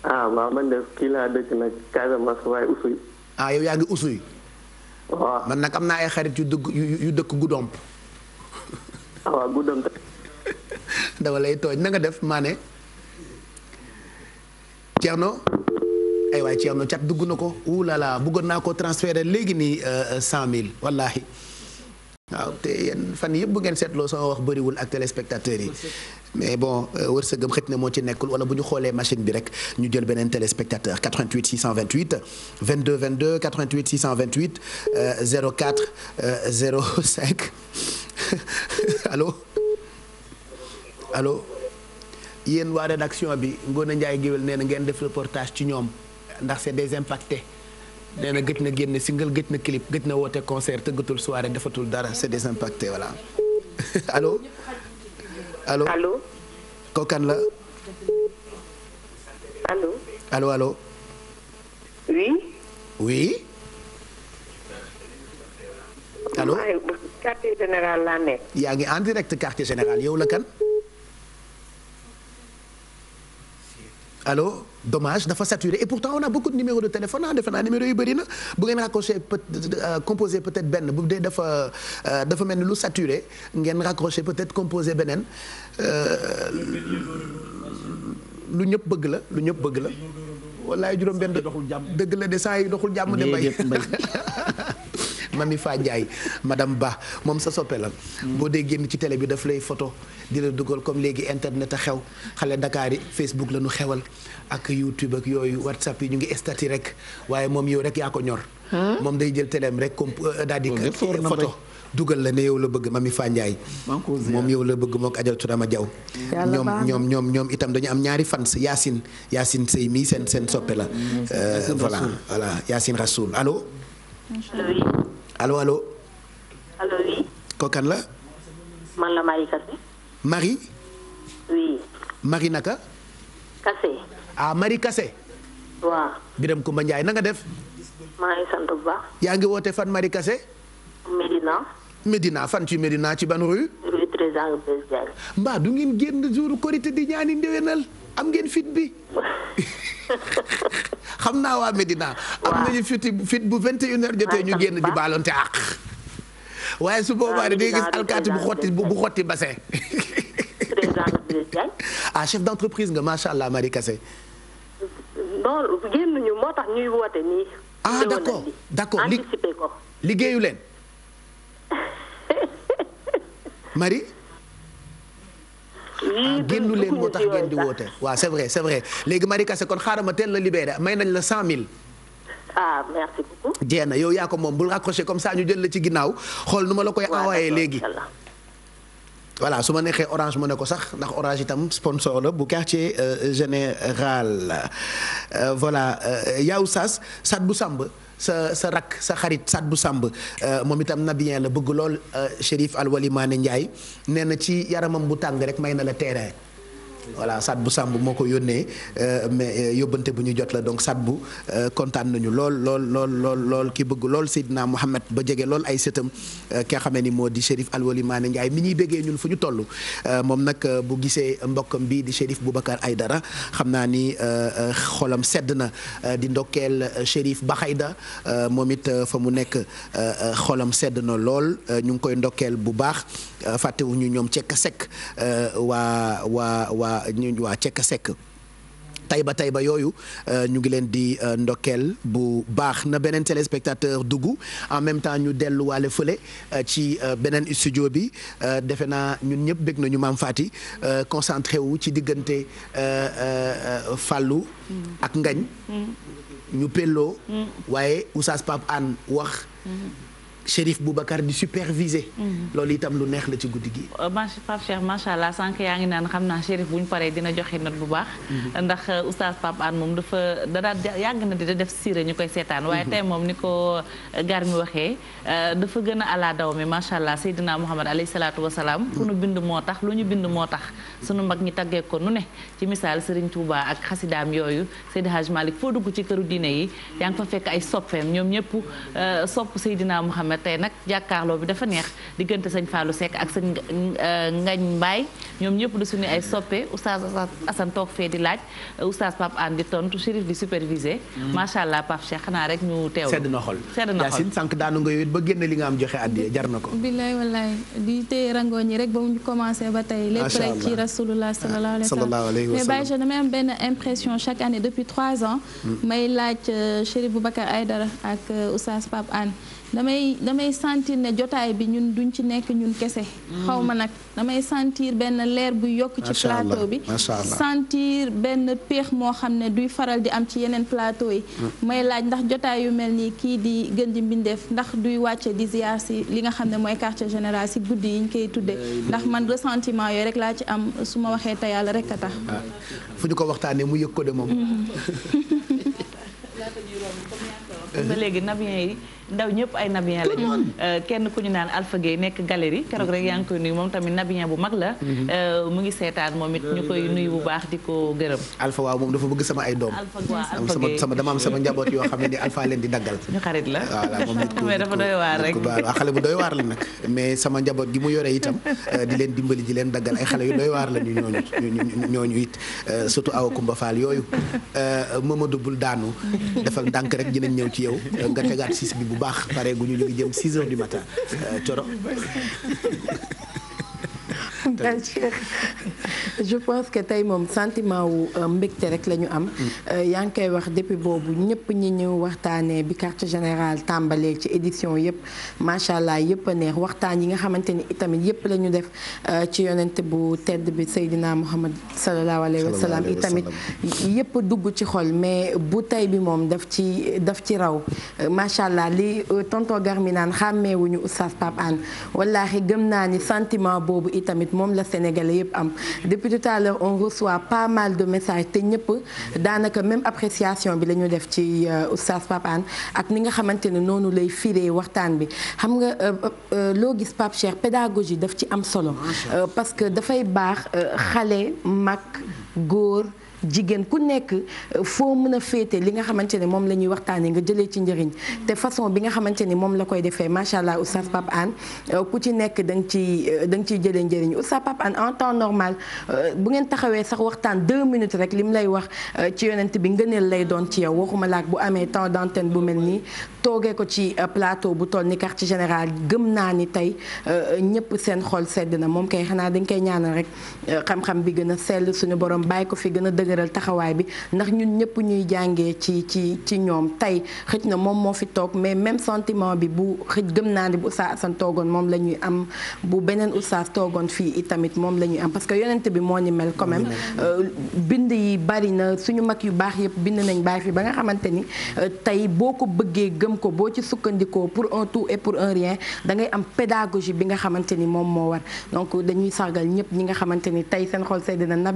ah waaw man de kii laa dëkk nag Casamance waaye Oussouye. ah yow yaa ngi Oussouye. man nag am naa ay xarit yu dëkk yu dëkk Goudomp. waaw guddam dama lay tooñ nanga nga def maane Thierno ay waay Thierno cat dugg na ko ouh là là bëggoon naa ko transférer léegi nii euh, euh, cent mille wallaahi waaw te yéen fan yëpp bu ngeen seetloo sama wax bariwul ak téléspectateurs yi mais bon euh, wërsëgam xëj na moo ci nekkul wala bu ñu xoolee machine bi rek ñu jël beneen téléspectateur 88 628 22 22 88 628 04 05 allo allo yéen waa rédaction bi Ngone Ndiaye Géwél neen na ngeen def reportage ci ñoom ndax c'est des impactés. nee na gëj na génn single gëj na clip gëj na woote concert tëggatul soirée defatul dara c'est désimpacté voilà alo (laughs) allo allo kookan la allo allo allo oui oui allo yaa ngi en direct quartier général yow la kan allo domage dafa sature et pourtant on a beaucoup de numéros de téléphone ah defe naa numéro yu bëri na bu ngeen raccroché peut euh, composé peut être benn bu dee dafa euh, dafa mel ni lu saturé ngeen raccroché peut être composé beneen. Euh, lu ñëpp bëgg la lu ñëpp bëgg la. wallaay juróom-benn doxul jàmm dëgg la de saa yi doxul jàmm. de mbay (laughs) mami Fa Ndiaye madame Ba moom sa soppe la boo dee génn ci télé bi daf lay foto di la dugal comme léegi internet a xew xale Dakar yi Facebook la ñu xewal ak YouTube ak yooyu WhatsApp yi ñu ngi estati rek waaye moom yow rek yaa ko ñor. moom day jël téléem rek comme euh, daal di. photo dugal la ne yow la bëgg mami Fa Ndiaye moom yow la bëgg mook Adja Tourama Diaw ñoom ñoom ñoom ñoom itam dañu am ñaari fan Yacine Yacine Sey mii seen seen soppe la mm-hmm. euh, voilà voilà Yacine Rasoul allo. alo allo. allo oui. kookan la. man la Marie Kassé. Marie. oui. Marie naka. Kassé. ah Marie Kassé. waaw. Birame Koumba Ndiaye na nga def. maa ngi sant bu baax. yaa ngi woote fan Marie Kassé. Medina. Medina fan ci Medina ci ban rue. Mbaa du ngeen génn jour korité di ñaani ndéwénal. am ngeen fit bi xam naa waa Medina. am nañu fit fit bu 21 jotee ñu génn di baalonte àq. waaye su boobaa da ngay gis alkaati bu xotti bu xotti bassin. (laughs) ah chef d'entreprise nga macha allah Marie Kassé. non ah, d'accord d'accord liggéeyu leen. (laughs) Ah, génnu leen moo tax ngeen di woote waa c'est vrai c'est vrai léegi Marie Kassé kon xaaral ma teel la libéré may nañ la cent mille ah merci jeex na yow yaa ko moom bul raccroché comme ça ñu jël la ci ginnaaw xool nu ma la koy envoyé léegi voilà su ma neexee orange mu ne ko sax ndax orange itam sponsor la bu quartier euh, général euh, voilà euh, Yaw sat Sadbou Samb sa sa rak sa xarit Sadbu Samb euh, moom itam nabien la bëgg lool euh, Chérif Alwali Mané Ndiaye nee na ci yaramam bu tàng rek may na la terrain. voilà Sadbou Samb moo ko yónnee euh, mais euh, yóbbante bu ñu jot la donc Sadbou euh, kontaan nañu lool lool lool lool lool ki bëgg lool Seydina Mohamed ba jege lool ay sëtam ki nga xamee ni moo di Chérif Alwali Mané Ndiaye mi ñuy béggee ñun fu ñu toll moom nag bu gisee mbokkam bi di Chérif ay dara xam naa ni xolam sedd na di ndokkeel ba xayda moom it fa mu nekk xolam sedd na lool ñu ngi koy ndokkeel bu baax fàttewuñu ñoom cekk sekk waa waa waa waa ñu waa cekk sekk Tayba Tayba yooyu euh, ñu ngi leen di euh, ndokkeel bu baax na beneen téléspectateur dugg en même temps ñu delluwaale fële euh, ci beneen studio bi defe naa ñun ñëpp bëgg nañu maam Fati concentré wu ci diggante Fallou ak Ngañ mm. ñu pelloo mm. waaye Oustaz Pape Anne wax mm. Chérif Boubacar di superviser. Mhm. loolu itam lu neex la ci guddi gi. Euh, macha Pape Cheikh macha allah sànq yaa ngi naan xam naa Chérif bu ñu paree dina joxe note bu mhm. euh, da daan yàgg na di def siire ñu koy seetaan. waaye mhm. tey moom ni ko euh, ala daw mi macha allah Seydina Muhammad alayhi salaatu wa salaam. ku nu bind moo tax lu ñu bind moo tax. sunu mag ñi taggee ko nu ne ci misaal Serigne Touba ak xasidaam yooyu Seydi Hadj Malick foo dugg ci këru diine yi yaa ngi fa fekk ay soppeem ñoom ñëpp sopp Seydina Muhammad ma tey nag jàkkaarloo bi dafa neex diggante sëñ Fallou Seck ak sëñ Ngañ Mbaye ñoom ñëpp du suñu ay soppe oustaz Assane toog fee di laaj oustaz Pape Anne di tontu Chérif di superviser. Mm. macha allah Pape Cheikh xanaa rek ñu teewlu. sedd na xol sedd na xol Yacine sànq daanu nga yowit ba génn li nga am joxe àddi jar na ko. billaay wallaay di téye rango ñi rek ba mu commencé ba tey. macha allah lépp rek ci rasulullah sallallahu alayhi wa sallam mais Baye Cheikh damay damay sentir ne jotaay bi ñun duñ ci nekk ñun kese mm. xaw ma nag damay sentir benn leer bu yokk ci plateau bi sentir benn péex moo xam ne duy faral di am ci yeneen plateau yi mm. may laaj ndax jotaay yu mel nii kii di gën di mbindeef ndax duy wàcce di ziar si li nga xam ne mooy quartier général si guddi yi ñu koy tuddee ndax man ressentiment yooyu rek laa ci am su ma waxee te yàlla rek a tax ah. fu ñu ko waxtaanee mu yëg ko de moom mm-hmm. (laughs) ndaw ñëpp ay nabien lañu euh, kenn ku ñu naan Alpha Gueye nekk galerie keroog rek yaa ngi koy nuyu moom tamit nabien bu mag la mm-hmm. euh, mu ngi seetaan moom it ñu koy nuyu bu baax di ko gërëm Alpha waaw moom dafa bëgg sama ay doom sama dama am sama njaboot yoo xam ne ni Alpha leen di daggal ñu xarit la voilà moom nit (laughs) mais bu doy waar la nag mais sama njaboot gi mu yore itam (laughs) euh, di leen dimbali di leen daggal ay xale yu doy waar la ñu ñooñu ñooñu it surtout awa Kumba Fall yooyu Mamadou bul daanu (laughs) defal ndànk rek dinañ ñëw ci yow nga tegaat siis bi bu baax pare guñu ñu ngi jëm 6 heures du matin Coro. Euh, je pense que tey moom santiment wu euh, mbégte rek la ñu am. Mm. Euh, yaa ngi koy wax depuis boobu ñëpp ñi ñu waxtaanee bi carte générale tàmbalee ci édition yëpp macha allah yëpp a neex waxtaan yi nga xamante ni itamit yëpp lañu def euh, ci yonent bu tedd bi Seydina Muhammad sallallahu alayhi wa sallam itamit yëpp dugg ci xol mais bu tey bi moom daf ci daf ci raw macha allah li tonto Garmi naan xàmmeewuñu Oustaz Pape Hann gëm naa ni sentiment boobu itamit moom la Sénégalais yëpp am depuis tout à l'heure on reçoit pas mal de messages te ñëpp daanaka même appréciation bi la ñu def ci euh, oustaz Pape ak ni nga xamante ne noonu lay firee waxtaan bi xam nga euh, euh, loo gis Pape Cheikh pédagogie daf ci am solo parce que dafay baax xale mag góor jigéen ku nekk euh, foo mën a féete li nga xamante ne moom la ñuy waxtaanee nga jëlee ci njëriñ te façon bi nga xamante ni moom la koy defee macha allah oustaz Pape an euh, ku ci nekk da nga ciy euh, da nga ciy jëlee njëriñ oustaz Pape Anne en temps normal bu ngeen taxawee sax waxtaan deux minutes rek li mu lay wax ci yonent bi ngëneel lay doon ci yow waxuma laak bu amee temps d'antenne bu mel nii toogee ko ci plateau bu toll ni ci général gëm naa ni tey ñëpp seen xol sedd na moom kay xanaa dañ koy ñaanal rek xam-xam dëgëral taxawaay bi ndax ñun ñëpp ñuy jàngee ci ci ci ñoom tey xëj na moom moo fi toog mais même sentiment bi bu xëj gëm naa ne bu Oustaz Assane toogoon moom la ñuy am bu beneen Oustaz toogoon fii itamit moom la ñuy am parce que yonent bi moo ni mel quand euh, bind yi bari na suñu mag yu baax yëpp bind nañ bàyyi fii ba nga xamante ni euh, tey boo ko bëggee gëm ko boo ci sukkandikoo pour un tout et pour un rien da am pédagogie bi nga xamante ni moom moo war donc dañuy sargal ñëpp ñi nga xamante ni tey seen xol sedd na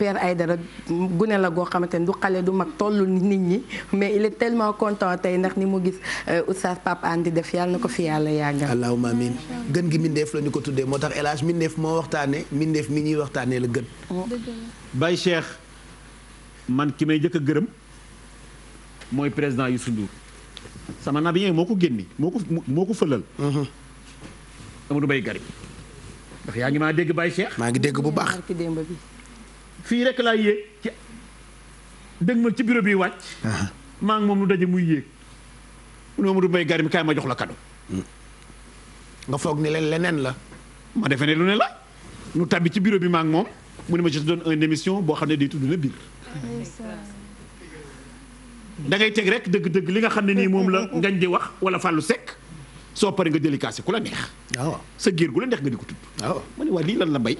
ay dara gune la goo xamante ni du xale du mag tollu nit ñi mais il est tellement content tey ndax ni mu gis euh, oustaz Pape Anne def yàlla na ko fi yàlla yàggal. allahumma amin gën gi mindeef la ñu ko tuddee moo tax El Hadj mindeef moo waxtaanee mindeef mi ñuy waxtaanee la gën. bay Cheikh man ki may njëkk gërëm mooy président yu Ndour sama nabi moo ko génni moo ko fëlal. Mhm. Amadou Baye Gari ndax yaa ngi maa dégg Baye Cheikh. maa ngi dégg bu baax. fii rek laa yéeg ci dëgg ma ci bureau biy wàcc. maa moom nu daje muy yéeg. mu ne Amadou Mbaye Garmi kaay ma jox la cadeau. Hmm. nga foog ni leen leneen la. ma defe ne lu ne la. nu tàbbi ci bureau bi maa moom mu ne ma je te donne une émission boo xam ne day tudd la biir. da teg rek dëgg-dëgg li nga xam ne nii moom la (laughs) ngañ di wax wala fàllu sekk soo paree nga jëli ku la neex. Ah sa géer gu la neex nga di ko tudd. Ah waaw ma ne waa lan la mbay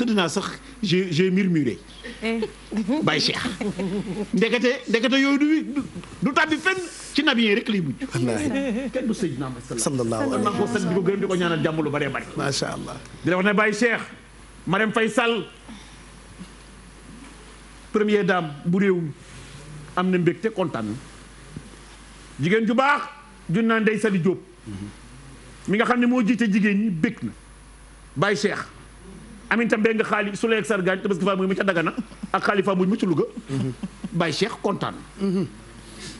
tëdd naa sax j'ai j'ai murmuré. Eh. Baye yooyu du du tàbbi fenn ci nabi yi rek lay mujj. wallaahi kenn du Seydina Muhammad sallallahu alayhi wa sallam di ko gërëm di ko ñaanal jàmm lu bëree bëri. macha allah. di la wax ne Baye Cheikh Marème Faye Sall première dame bu réew am na mbégte kontaan jigéen ju baax junne naa Ndeye Sali mi nga xam ne moo jiite jigéen ñi bég na Baye Cheikh Aminata Mbengue xaali su leeg sargaan tabaski faa muy mu ca Dagana ak xaalifa muy mu ci Louga Baye Cheikh kontaan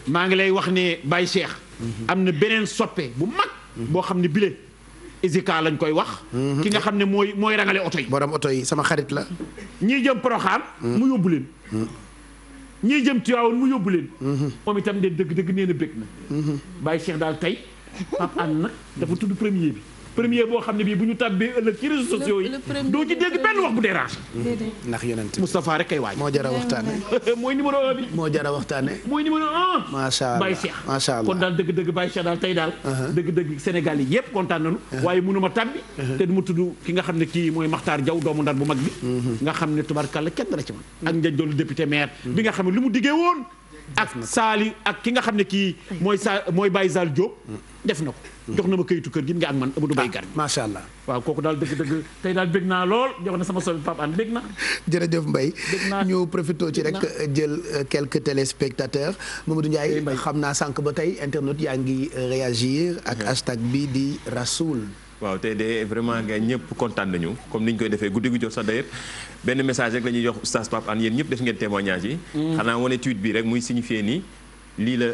maa ngi lay wax ne Baye Cheikh am na beneen soppe bu mag boo xam ne bile isika lañ koy wax ki nga xam ne mooy mooy rangale oto yi borom oto yi sama xarit la ñii jëm Poroxaan mu yóbbu leen ñii jëm Tiwaawoon mu yóbbu leen mm-hmm. moom itam de dëgg dëgg nee na bég na mm-hmm. Baye Cheikh daal tey Pape Hann nag dafa tudd premier bi premier boo xam ne bii bu ñu tàbbee ëllëg ci réseaux sociaux yi doo ci dégg benn wax bu dérange ndax yonent Moustapha rek kay waaj moo jara (laughs) mooy numéro un bi moo jara waxtaane mooy numéro un macha allah Baye Cheikh macha allah kon daal dëgg-dëgg Baye Cheikh daal tey daal uh-huh. dëgg-dëgg Sénégal yi yëpp kontaan nañu uh-huh. waaye mënuma tàbbi uh-huh. te duma tudd ki nga xam ne kii mooy Makhtar Diaw doomu Ndar bu mag bi nga xam ne tubarkalla kenn dara man ak njañ doolu député maire bi nga xam ne lu mu diggee woon ak saali ak ki nga xam ne kii mooy saa mooy Baye Sall Diop def na ko jox na ma kayitu kër gi nga ak man Amadou Baye ah, Gar macha allah waaw kooku daal dëgg-dëgg tey daal bég naa lool jox na sama sobi Pape Anne bég na jërëjëf Mbaye ñu profité ci rek jël euh, quelques téléspectateurs Mamadou Ndiaye xam naa sànq ba tey internet yaa ngi euh, réagir ak hashtag bii di Rasoul waaw tey de vraiment nga ñëpp kontaan nañu comme ni ñu koy defee guddi gu jot sax d'ailleurs benn message rek la ñuy jox oustaz Pape Hann yéen ñëpp def ngeen témoignage yi. Mm. xanaa wane tweet bi rek muy signifié nii lii la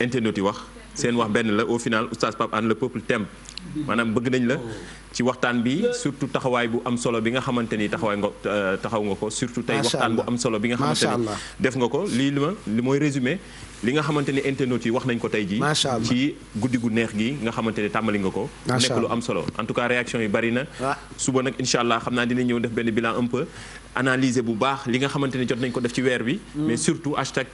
internaute yi wax. seen wax benn la au final oustaz Pape Hann le peuple thème. maanaam bëgg nañ la ci waxtaan bi surtout taxawaay bu am solo bi nga xamante ni taxawaay nga euh, taxaw nga ko surtout tey waxtaan bu am solo bi nga xamante ni def nga ko lii li ma li mooy résumé li nga xamante ni internautes yi wax nañ ko tey ji ci guddi gu neex gi nga xamante ni tàmbali nga ko nekk lu am solo en tout cas réaction yi bari na ah. suba nag incha allah xam naa dina ñëw def benn bilan un peu analyser bu baax li nga xamante ni jot nañ ko def ci weer bi hmm. mais surtout hashtag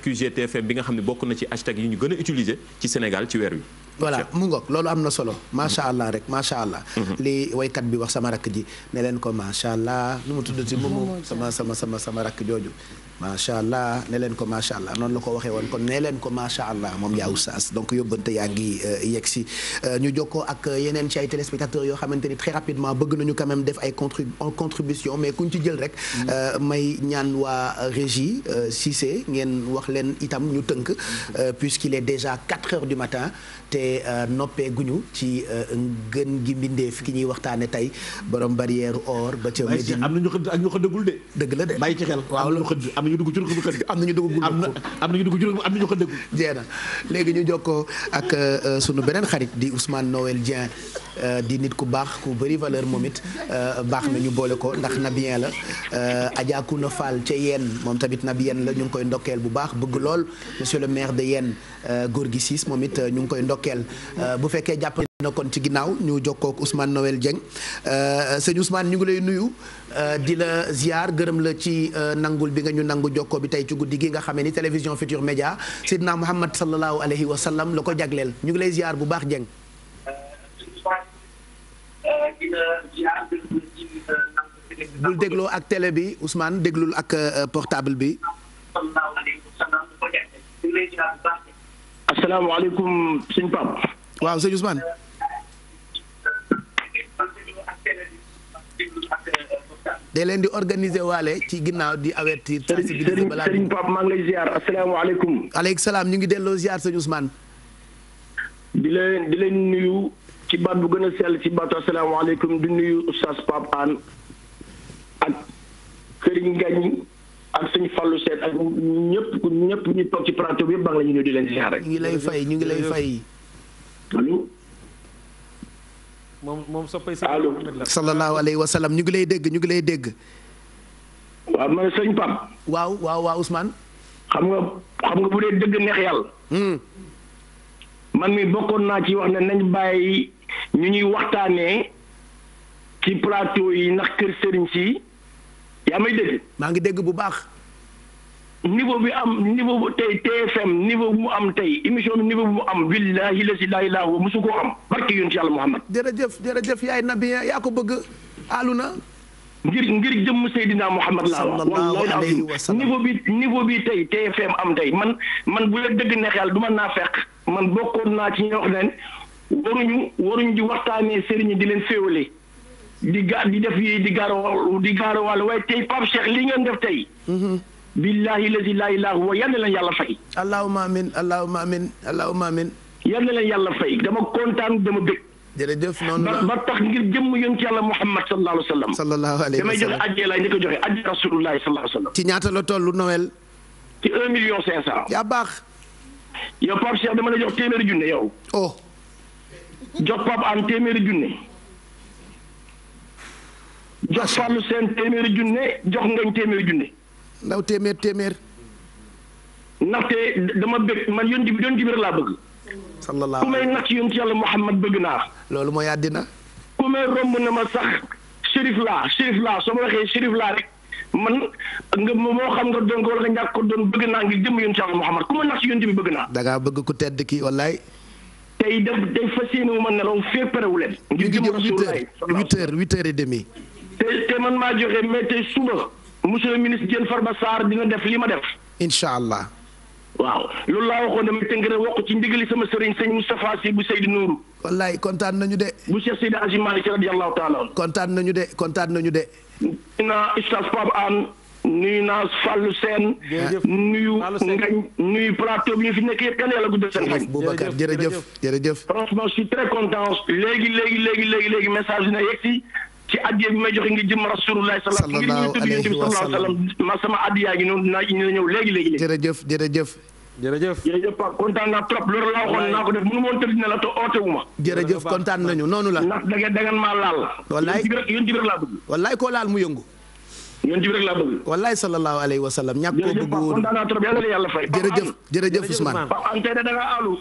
bi nga xam ne bokk na ci hashtag yi ñu gën a utiliser Sénégal ci weer wi voilà mu ngoog loolu am na solo macha allah rek macha allah. Mhm. li waykat bi wax sama rakk ji ne leen ko macha allah nu mu tuddati moomu sama sama sama sama rakk jooju. macha allah ne leen ko macha allah noonu la ko waxee woon kon ne leen ko macha allah moom yaa oustaz donc yóbbante yaa ngi euh, yegg euh, ñu jokkoo ak euh, yeneen ci ay téléspectateurs yoo xamante ni très rapidement bëgg nañu quand même def ay contribution mais kuñ ci jël rek mm. may ñaan waa régi régie Cissé ngeen wax leen itam ñu tënk puisqu'il est déjà quatre heures du matin te noppee guñu ci gën gi mbindeef ki ñuy waxtaane tey borom barrière or ba ca Médine am na ñu xëdd na ñu dugg ci ruq bi am na ñu dugg am na am na ñu dugg ci ñu ko dégg léegi ñu jokkoo ak euh, sunu beneen xarit di Ousmane Noël Dieng euh, di nit ku baax ku bëri valeur moom it euh, baax na ñu boole ko ndax nabien la Adja Kouna Fall ca Yène moom tamit nabien la ñu ngi koy ndokkeel bu baax bëgg lool monsieur le maire de Yène Gorgui Ciss moom it ñu ngi koy ndokkeel bu fekkee jàpp nekkoon ci ginnaaw ñu jokkoo ak nowel Noël Dieng euh, sëñ Ousmane ñu ngi lay nuyu euh, di la ziar gërëm la ci euh, nangul bi nga ñu nangu jokkoo bi tey ci guddi gi nga xamee ni télévision Futur Média Seydina Muhammad sallallahu alayhi wa sallam la ko jagleel ñu ngi lay ziar bu baax Dieng. bul dégloo ak télé bi Ousmane déglul ak portable bi. asalaamaaleykum sëñ Pape. waaw sëñ Ousmane. day leen di organiser waale ci ginnaaw di avertir sensibiliser balaa Serigne Pape maa ngi lay ziar asalaamaaleykum aleykum salaam ñu ngi delloo ziar sëñ Ousmane di leen di leen nuyu ci baat bu gën a sell ci baatu asalaamaaleykum di nuyu Oustaz Pape Hann ak Serigne Ngagne ak suñu fàllu set ak ñëpp ñëpp ñu toog ci plateau bi yëpp baa ngi la nuyu di leen ziar rek ñu ngi lay fay ñu ngi lay fay moom moom soppay si allo sallallahu alayhi wa sallam ñu ngi lay dégg ñu ngi lay dégg. waaw man sëñ pam waaw waaw waaw Ousmane. xam nga xam nga bu dee dëgg neex yàlla. Hmm. man mi bokkoon naa ci wax na nañ bàyyi ñu ñuy waxtaanee ci plateau yi ndax kër sëriñ si yaa may dégg. maa ngi dégg bu baax. niveau bi am niveau bu tey TFM niveau bu mu am tey émission niveau bu mu am billahi la si laay laaw mosu ko am barke yonent yàlla Muhammad jërëjëf jërëjëf yaay nabiya yaa ko bëgg aluna ngir ngir jëmm Seydina Muhammad laa wax wallahi niveau bi niveau bi tey TFM am tey man man bu la dëgg neex yàlla du ma naa fekk man bokkoon naa ci ñoo xam ne waruñu waruñu di waxtaanee sëriñ di leen féewale di ga di def yi di gaaro di gaaro wàll waaye tey Pape Cheikh li ngeen def tey mm-hmm. billahi lazi laa ilaaha huwa yal na leen yàlla fay. allahumma amin allahumma amin allahumma amin. yal na leen yàlla fay dama kontaan dama bëgg. jërëjëf noonu la ba tax ngir jëmm yonent yàlla Muhammad sallallahu alayhi wa sallam. sallallahu alayhi wa sallam damay joxe addiya laay ni ko joxe addiya rasulullahi sallallahu alayhi wa sallam. ci ñaata la tollu Noël. ci un million cinq cent. yaa baax. yow Pape Cheikh dama la jox téeméeri junne yow. oh. jox Pape am téeméeri junne. jox Fallou seen téeméeri junne jox ngañ téeméeri junne. ndaw téeméer téeméer. ndaxte dama bëgg man yonti bi yonti bi laa bëgg. sallallahu ku may nax yonti yàlla Muhammad bëgg naa. loolu mooy àddina. ku may romb na ma sax shérif laa shérif laa soo ma waxee shérif laa man nga moo xam nga doon ko wala nga ñàkk ko doon bëgg naa ngi jëm yonti yàlla Muhammad ku ma nax yonti bi bëgg naa. da bëgg ku tedd kii wallaay. tey def day fas yéene wu ma nelaw fee parewu leen. jëm huit heures man maa joxe mais tey suba. monsieur le ministre Diène Farba Sarr dina def li ma def. incha allah. waaw loolu laa waxoon damay tënk rek wax ci ndigali sama sëriñ sëñ Moustapha Sy bu Seydou Nourou. wallaay kontaan nañu de. bu Cheikh Seydi Hadji Malick radiyallahu taala. kontaan nañu de kontaan nañu de. nuyu na Ustaz Pape nuyu Ngañ nuyu plateau bi ñu fi nekk yëpp kan yàlla guddal seen xañ. Boubacar jërëjëf jërëjëf. franchement je suis très content léegi léegi léegi léegi léegi message dina ci addiya bi may joxe ngir jëm rasulullah sallallahu alayhi wa sallam ma sama addiya gi noonu naa ñu ñëw léegi léegi léegi jërëjëf jërëjëf jërëjëf jërëjëf Pape kontaan naa trop loolu laa waxoon naa ko def mënu ma woon la te oote wu ma jërëjëf kontaan nañu noonu la ndax da ngeen da maa laal wallaay koo laal mu yëngu yéen ci biir laa bëgg wallaay sallallahu alayhi wa sallam ñàkk koo bëgg woon kontaan naa trop yàlla la yàlla fay jërëjëf jërëjëf Ousmane Pape Anta da nga alu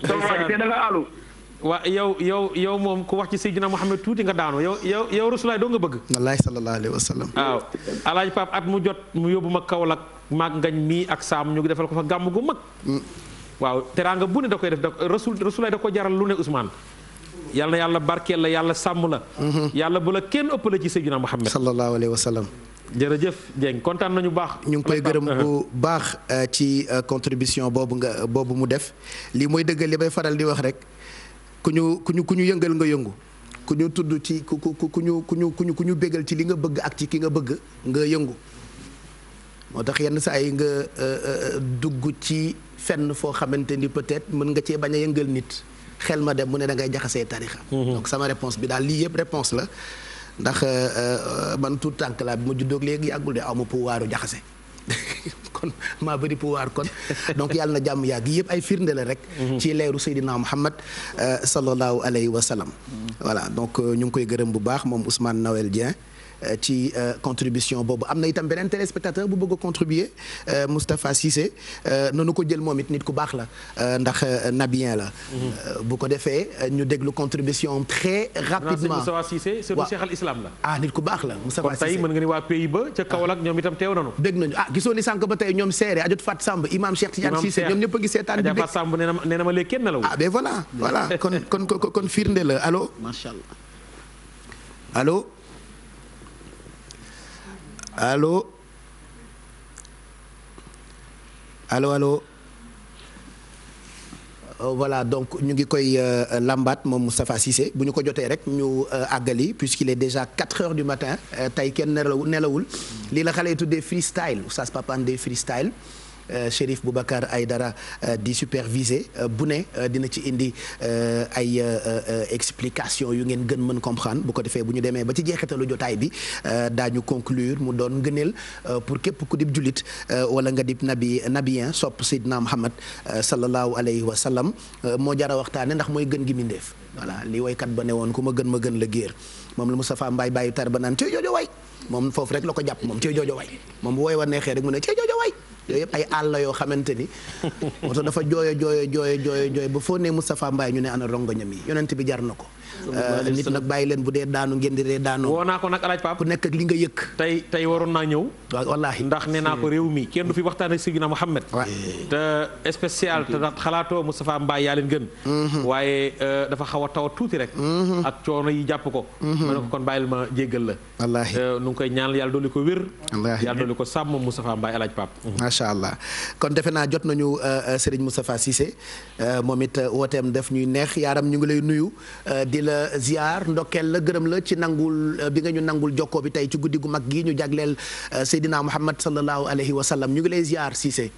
sama waaj da waa yow yow yow moom ku wax ci Seydina Muhammad tuuti nga daanu yow yow yow Rasulaay doo nga bëgg. wallaahi sallallahu alayhi wa sallam. waaw alaaj Pape at mu jot mu yóbbu ma Kaolack maag ngañ mii ak saam ñu ngi defal ko fa gàmm gu mag. Mm. waaw teraanga bu ne da koy def da Rasul Rasulaay da ko jaral lu ne Ousmane. yàlla na yàlla barkeel la yàlla sàmm la. Mm-hmm. yàlla bu la kenn ëpp ëppale ci Seydina Muhammad. sallallahu alayhi wa sallam. jërëjëf Dieng kontaan nañu baax. ñu ngi koy gërëm bu uh-huh. baax uh, ci uh, contribution boobu nga boobu mu def lii mooy dëggal li may faral di wax rek. ku ñu ku ñu ku ñu yëngal nga yëngu ku ñu tudd ci ku ku ku ñu ku ñu ku ñu ku ñu bégal ci li nga bëgg ak ci ki nga bëgg nga yëngu moo tax yenn saa yi nga euh, euh, dugg ci fenn foo xamante ni peut-être mën nga cee bañ a yëngal nit xel ma dem mu ne da ngay jaxasee tarixa mhm. donc sama réponse bi daal lii yëpp réponse la ndax euh, man tout tànk laa bi ma juddóog léegi yàggul de aw ma waaru jaxase (laughs) kon maa bëri pouvoir kon donc yàlla na jàmm yàgg yëpp ay firnde la rek. Mhm. ci leeru Seydina Muhammad euh, sallallahu alayhi wa sallam. Mhm. donc euh, ñu ngi koy gërëm bu baax moom Ousmane Noël Dieng. Euh, ci euh, contribution boobu am na itam beneen téléspectateur bu bëgg a contribuer euh, Moustapha Cissé noonu ko jël moom it nit ku baax la ndax nabien la. Mhm. bu ko defee ñu déglu contribution très rapidement ah nit ku baax la Moustapha Cissé kon tey mën nga ni waa pays ba ca Kaolack ñoom itam teew nañu. dégg nañu ah gisoo ni ba tey ñoom Seere Adjot Fat Samb imam Cheikh Tidiane Cissé ñoom ñëpp a ngi seetaan bi. Fat Samb ma nee ah ben voilà voilà (laughs) kon la allo. allo allo allo euh, voilà donc ñu ngi koy euh, lambaat moom Moustapha Cissé bu ñu ko jotee rek ñu euh, àggali puisqu'il est déjà 4 heures du matin tey kenn nelawul nelawul lii la xale yi tuddee freestyle oustaz Papane des freestyle Euh, Chérif ay dara euh, di superviser euh, bu ne dina ci indi ay explication yu ngeen gën mën comprendre bu ko defee bu ñu demee ba ci jeexitalu jotaay bi daañu conclure mu doon ngëneel pour képp ku di jullit wala nga dib nabi nabien sopp Seydina Muhammad sallallahu alayhi wa sallam moo jara waxtaane ndax mooy gën gi mindeef voilà li woykat ba ne woon ku ma gën ma gën la géer moom la Moustapha Mbaye bàyyi tar ba naan ci joojo way moom foofu rek la ko jàpp moom ci joojo way moom wa neexee rek mu ne yooyu yëpp ay àll yoo xamante ni (laughs) oto dafa jooyo jooyo jooyo jooyo jooyo ba foo ne Moustapha Mbaye ñu ne ana rongoñam yi yonent bi jar na ko Euh, nit nag bàyyi leen bu dee daanu ngeen di dee daanu. woo naa ko nag alaaj Pape ku nekk ak li nga yëkk. tey tey waroon naa ñëw. waaw wallaahi ndax nee naa ko réew mi kenn du fi waxtaanee Seydina Mouhamed. te spécial te ndax xalaatoo Moustapha Mbaye mm-hmm. euh, xaw a taw tuuti rek. Mm-hmm. ak coono yi jàpp ko. Mm-hmm. ko kon ma jéggal la. wallaahi euh, nu ngi koy ñaanal yàlla dolli ko wér. wallaahi yàlla dolli ko sàmm Moustapha Mbaye alaaj Pape. macha allah kon defe naa jot nañu Serigne Moustapha Cissé moom it wooteem def ñuy neex yaaram ñu ngi lay nuyu la ziar ndokkeel la gërëm la ci nangul euh, bi nga ñu nangul jokkoo bi tey ci guddi gu mag gi ñu jagleel euh, Seydina Muhammad sallallahu alayhi wa sallam ñu ngi lay ziar Cissé.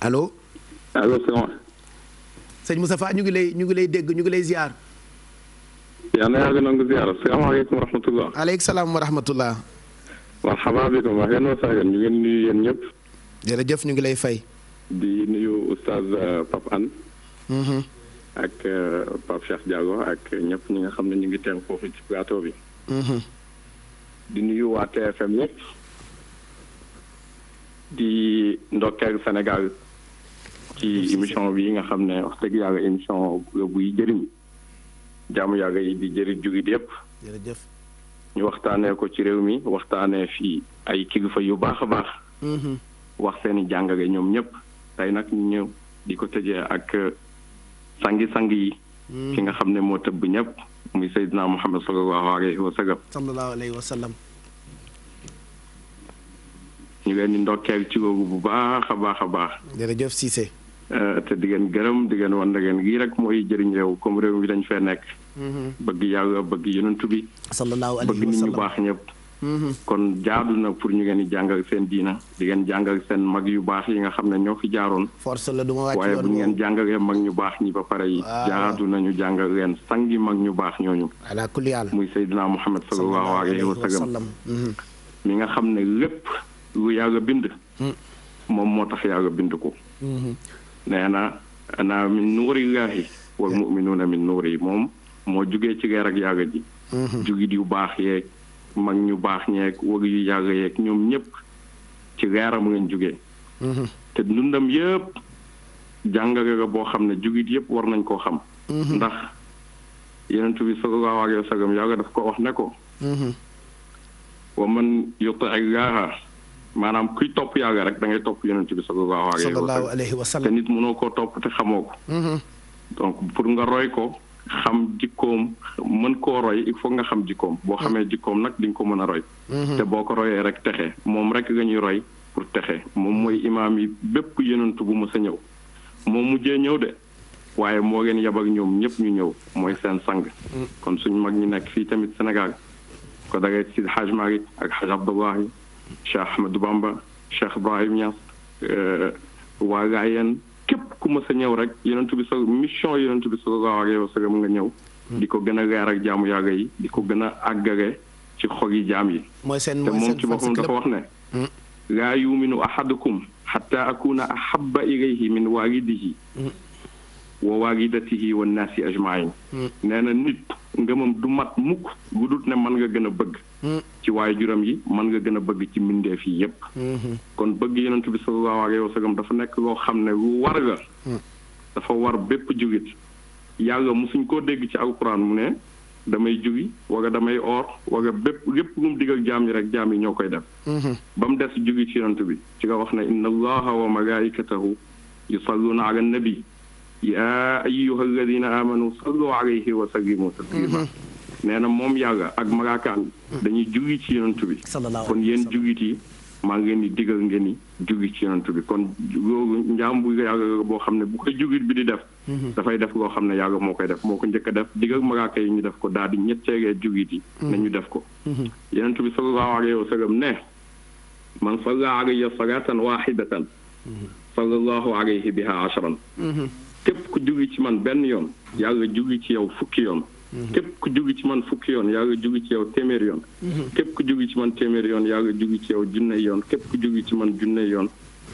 allo. allo ñu ngi lay ñu ngi lay dégg ñu ngi lay ziar. yàlla nangu ziar aleykum salaam wa rahmatullah. marhaba bikum wa ahlan wa sahlan ñu ngi nuyu ñu ngi lay fay. di nuyu oustaz euh, Pape Anne mm-hmm. ak euh, Pape Cheikh Diago ak ñëpp ñi nga xam ne ñu ngi teew foofu ci plateau bi. Mm-hmm. di nuyu waa TFM yëpp. di ndokkeel Sénégal ci émission bi nga xam ne wax dëgg yàlla émission buy jëriñ jaamu yàlla yi di jëriñ jugit yëpp. jërëjëf. ñu waxtaanee ko ci réew mi waxtaanee fii ay kilifa yu baax a baax. Mm-hmm. wax seeni jàngale ñoom ñëpp. tey nag ñu ñëw di ko tëjee ak uh, sangi-sang yi hmm. ki nga xam ne moo tëbb ñëpp muy Seydina Muhammad sallallahu alayhi wa sallam sallallahu alayhi wa ñu leen di ndokkeel ci googu bu baax a baax a baax jërëjëf Cissé uh, te di ngeen gërëm di ngeen wan na ngeen gii rek mooy jëriñ réew comme réew mi dañ fee nekk hmm. bëgg yàlla bëgg yonent bi bëgg nit ñu baax ñëpp kon jaadu na pour ñu ngeen di jàngal seen diina di ngeen jàngal seen mag yu baax yi nga xam ne ñoo fi jaaroon. force la waaye bu ngeen jàngalee mag ñu baax ñi ba pare yi. jaadu nañu jàngal leen sangi mag ñu baax ñooñu. ala kulli yàlla muy Seydina Muhammad sallallahu alayhi wa sallam mhm. mi nga xam ne lépp lu yàlla bind. Hmm. moom moo tax yàlla bind ko. Mhm. nee na ana min nuurillaahi wal mu'minuuna min nuuri moom moo jugee ci leer ak yàlla ji. Mhm. jugit yu baax yeeg. mag ñu baax ñeeg wëgg yu yàgg yeeg ñoom ñëpp ci leeram lañ jugee. Mm-hmm. te dundam yëpp jàngale la boo xam ne jugit yëpp war nañ koo xam. Mm-hmm. ndax yonent bi sallallahu alayhi wa sallam yàlla def ko wax ne ko. Mm-hmm. wa man yuti illaha maanaam kuy topp yàlla rek da ngay topp yonent bi sallallahu alayhi wa sallam te nit mënoo koo topp te xamoo donc pour nga roy ko. xam jikkoom mën ko roy il faut nga xam jikkoom boo mm. xamee jikkoom nag di ko mën a roy mm-hmm. te boo ko royee rek texe moom rek nga ñuy roy pour texe moom mooy imam yi bépp yenantu bu mës a ñëw moom mujjee ñëw de waaye moo gën yab ak ñoom ñëpp ñu ñëw mooy seen sang mm. kon suñ mag ñi nekk fii tamit Sénégal ko dagay si xaj Maalik ak xaj Abdullahi Cheikh Ahmadou Bamba Cheikh Ibrahim Niass euh, képp ku mës a ñëw rek yonent bi sa mission yonent bi sallallahu alayhi ga sallam nga ñëw. Hmm. di ko gën a gaar ak jaamu yàgga yi di ko gën a àggage ci xog yi jaam yi. mooy seen mooy seen te moom ci boppam dafa wax ne. Hmm. laa yuminu ahadukum xatta akuna ahabba ilayhi min waalidihi hmm. wa waalidatihi wa naasi ajmain nee na nit ngëmam du mat mukk gudut ne man nga gën a bëgg. ci waaye juram yi man nga gën a bëgg ci mbindeef yi yépp mm-hmm. kon bëgg yonent bi sallallahu alayhi wa sallam dafa nekk loo xam ne lu war la mm-hmm. dafa war bépp jugit yàlla musuñ koo dégg ci alquran mu ne damay jugi wala damay oor wala bépp lépp lu mu digal jaam yi rek jaam yi ñoo koy def mm-hmm. ba mu des jugi ci yonent bi ci nga wax ne inna allaha wa malaikatahu yusalluna ala nabi ya ayyuha alladina amanu sallu alayhi wa sallimu taslima nee na moom yàlla ak maraakaan dañuy jugi ci yonent bi kon yéen jugit maa ngi leen di digal ngeen ni jugi ci yonent bi kon loolu njaam bu yàlla boo xam ne bu koy jugit bi di def mhm. dafay def loo xam ne yàlla moo koy def moo ko njëkk a def digal maraaka ñu def ko daal di ñetteelee jugit yi mhm. nañu def ko mhm. yonent bi sallallahu alayhi wa sallam ne man salla alayya salatan wahidatan sallallahu alayhi biha asharan képp ku jugi ci man benn yoon yàlla jugi ci yow fukki yoon Mhm. képp ku jóge ci man fukki yoon yaa ngi jóge ci yow téeméer mhm. yoon. képp ku jóge ci man téeméer yoon yaa ngi jóge ci yow junne yoon képp ku jóge ci man junne yoon.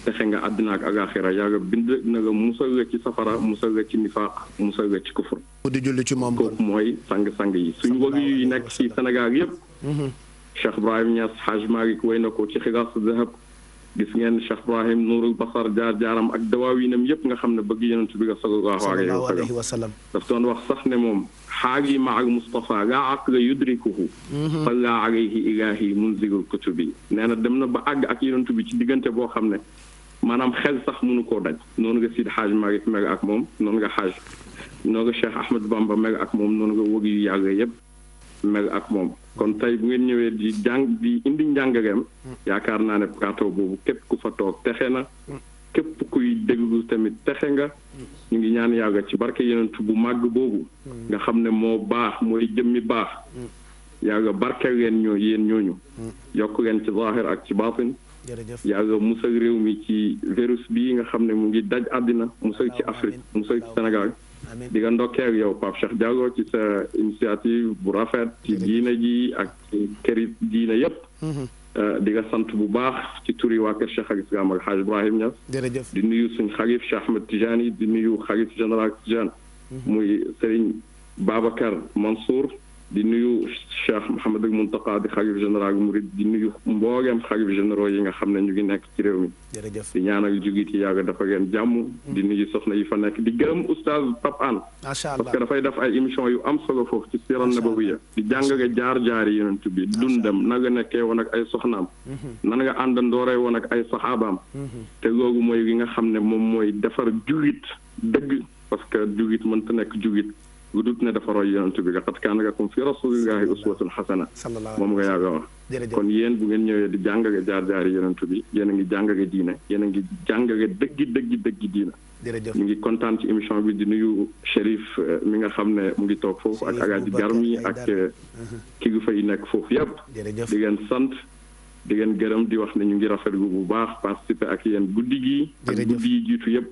texe nga àddina ak àllaaxira yaa nga bind na nga musal nga ci safara musal nga ci nifaaq musal nga ci kufur. di julli ci moom kooku mooy sang-sang yi suñu wàllu nekk ci Sénégal yëpp. Mhm. Cheikh Ibrahim Niass Hajj Malick way na ko ci xilaas zahab gis ngeen Cheikh Ibrahim Nuurul Basar jaar-jaaram ak dawaawinam yëpp nga xam ne bëgg yonent bi nga sallallahu alayhi wa sallam daf doon wax sax ne moom xaagi ma ak Moustapha laa aqla yudrikuhu salla mhm. alayhi ilahi munzilul kutubi nee na dem na ba àgg ak yonent bi ci diggante boo xam ne maanaam xel sax mënu koo daj noonu nga Sidi Xaaj Malick mel ak moom noonu nga xaaj noonu nga Cheikh Ahmed Bamba mel ak moom noonu nga wëg yu yàgg yëpp mel ak moom kon tey bu ngeen ñëwee di jàng di indi njàngaleem yaakaar naa ne plateau boobu képp ku fa toog texe na képp kuy déglu tamit texe nga ñu ngi ñaan yàlla ci barke yonent bu màgg boobu nga xam ne moo baax mooy jëmmi baax yàlla barke leen ñoo yéen ñooñu yokk leen ci zaahir ak ci baatin yàlla musal réew mi ci virus bii nga xam ne mu ngi daj àddina musal ci Afrique musal ci Sénégal amiin di nga ndokkee ak yow Pape Cheikh Diallo ci sa initiative bu rafet ci diine ji ak ci këri diine yépp mhm. euh, di nga sant bu baax ci turi waa kër Cheikh al Islam al Hajj Ibrahim Niass di nuyu suñ xalif Cheikh Ahmed Tijani di nuyu xalif général Tijani mhm. muy Serigne Babacar Mansour di nuyu Cheikh Mouhamadul Mountakha di xalif général bu murid di nuyu mbooleem xalif généraux yi nga xam ne ñu ngi nekk ci réew mi. jërëjëf di ñaanal jugit yi yàgg dafa ngeen jàmm. Mm. di nuyu soxna yi fa nekk di gërëm oustaz Pape Hann. macha parce que dafay def ay émission yu am solo foofu ci Siira Nabawiya. di jàngale jaar-jaar yi yonent bi dundam na nga nekkee woon ak ay soxnaam. Mm-hmm. nan nga àndandooree woon ak ay saxaabaam. Mm-hmm. te googu mooy li nga xam ne moom mooy defar jugit dëgg parce que jugit mënta nekk jugit lu dul ne dafa roy yonent bi laqad kaana lakum fi rasulillahi uswatun xasana moom nga yaabe wax kon yéen bu ngeen ñëwee di jàngale jaar-jaari yonent bi yéen a ngi jàngale diine yéen a dëgg jàngale dëggi dëggi ngi kontaan ci émission bi di nuyu Chérif mi nga xam ne mu ngi toog foofu ak Alaaji Garmi ak kilifa yi nekk foofu yëpp di leen sant di leen gërëm di wax ne ñu rafet rafetlu bu baax participer ak yéen guddi gi ak guddi yi jiitu yëpp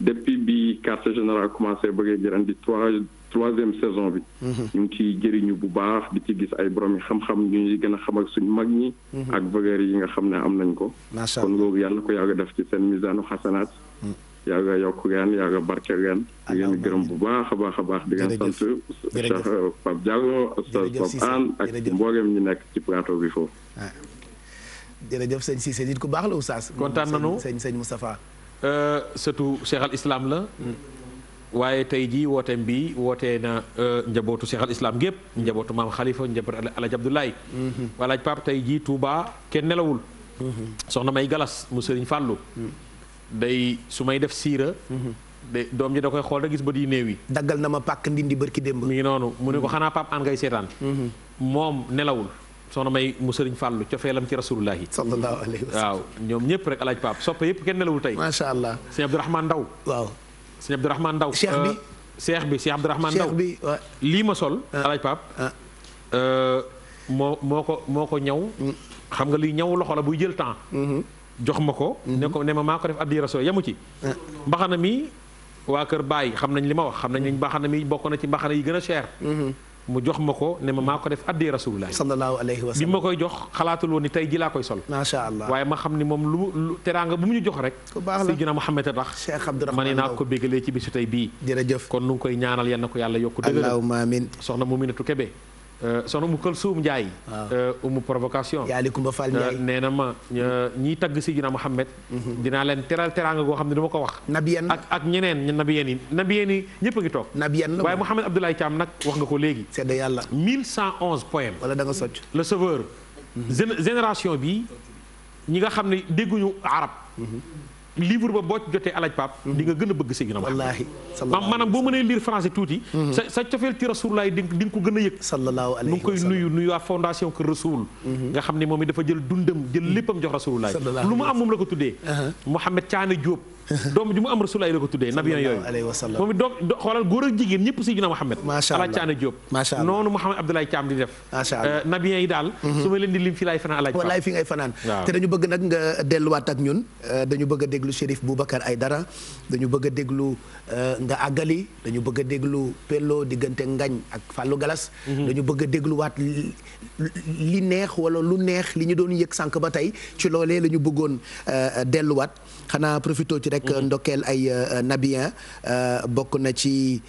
depuis bi quartier général commencé bëggee jëran di trois troisième saison bi. Mhm. ñu ngi ciy jëriñu bu baax di ci gis ay borom yi xam-xam ñu ngi gën a xam ak suñu mag ñi. Mhm. ak valeur yi nga xam ne am nañ ko. macha allah kon loolu yàlla ko yàgg def ci seen misaanu xasanaat. Mhm. yàgg a yokk ngeen yàgg a barke ngeen. di ngeen gërëm bu baax a baax a baax. di ngeen sant Cheikh euh, Pape Diallo Oustaz Pape Hann ak mboolem ñu nekk ci plateau bi foofu. Ah. jërëjëf sëñ Cissé nit ku baax la u Oustaz. kontaan nañu sëñ sëñ Moustapha. Euh, surtout Cheikh al Islam la. Mm. waaye tey jii wooteem bi wootee na euh, njabootu Cheikh al Islam gépp njabootu maam Khalifa njabootu Alaaji Abdoulaye mm-hmm. Alaaji Pape tey jii Touba kenn nelawul mm-hmm. soxna may galas mu sëriñ fàllu mm-hmm. day su may def siira de doom ji da koy xool rek gis ba di néew yi daggal na ma pàkk ndindi bërki démb mi ngi noonu mu ne ko xanaa Pape an ngay seetaan moom nelawul soxna may mu sëriñ fàllu cofeelam ci rasulullahi sallallahu alayhi wa sallam waaw ñoom ñëpp rek Alaaji Pape soppe yëpp kenn nelawul tey macha allah sëñ Abdourahman Ndaw waaw sëñ Abdourahmane Ndaw seex bi seex euh, bi seex Abdourahmane Ndaw bi lii ma sol ah. alaaj Paap ah. euh, moo moo ko moo ko ñaw mm. xam nga liy ñaw loxo la buy jël temps mm-hmm. jox ma ko mm-hmm. ne ko ne ma maa ko def addi rasul yamu ci ah. mbaxana mi waa kër Baye xam nañ li ma wax xam nañ mbaxana mi bokk na ci mbaxana yi gën a cher mm-hmm. mu jox ma ko ne ma maa ko def addee rasulullah sallallahu alayhi wa sallam bi ma koy jox xalaatul woon ni tey ji laa koy sol macha allah waaye ma xam ni moom lu lu teraanga bu mu ñu jox rek Seydina Muhammad tax Cheikh Abdourahmane ma ne naa ko bégalee ci su tey bii jërëjëf kon nu ngi koy ñaanal yal na ko yàlla yokku soxna allahumma amin soxna Muminatu Kebe Euh, soxna mu kël suum Njaay ah. euh, umu provocation yaalikumba Fall euh, Njaay nee na ma ñiy tagg Seydina Muhammad mhm. dinaa leen teral teraanga goo xam ne dama ko wax nabiyen ak ak ñeneen nabiyen yi nabiyen yi ñëpp a ngi toog nabiyen la waaye Mouhamed Abdoulaye Thiam nag wax nga ko léegi sedd yàlla mille cent onze poèmes wala da nga socc le sauveur mhm. génération bi ñi nga xam ne dégguñu arab mhm. livre ba boo jotee alaj pap mm-hmm. di nga gën a bëgg Seydina Muhammad maanaam boo mënee lire français tuuti mm-hmm. Mm-hmm. sa sa cofeel ci rasulullaay di ko gën a yëg nu ngi koy nuyu nuyu waa fondation Kër Rasoul nga xam ne moom i dafa jël dundam jël léppam jox rasulullaay lu mu am moom la ko tuddee uh-huh. Mouhamed Thiané Diop (laughs) doom ji mu am rasulaay la ko tuddee nabiyan yooyu moom it doog xoolal góor ak jigéen ñëpp Seydina Mouhamed alaaj caane Diop noonu Mouhamed Abdoulaye Thiam di def euh, nabiyan yi daal mhm. su ma leen di lim fi laay fanaan alaaj wallaay nga delluwaat ak ñun euh, dañu a déglu Chérif Boubacar Aïdara dañu bëgg a déglu euh, nga àggali dañu bëgg a déglu Pello diggante Ngañ ak Fallou Galas mhm. a dégluwaat li neex wala lu neex li ñu doon yëg sànq ba tey ci loolee la ñu bëggoon delluwaat xanaa profito ci rek rek mhm. ndokkeel ay euh, euh, nabiyen euh, bokk na ci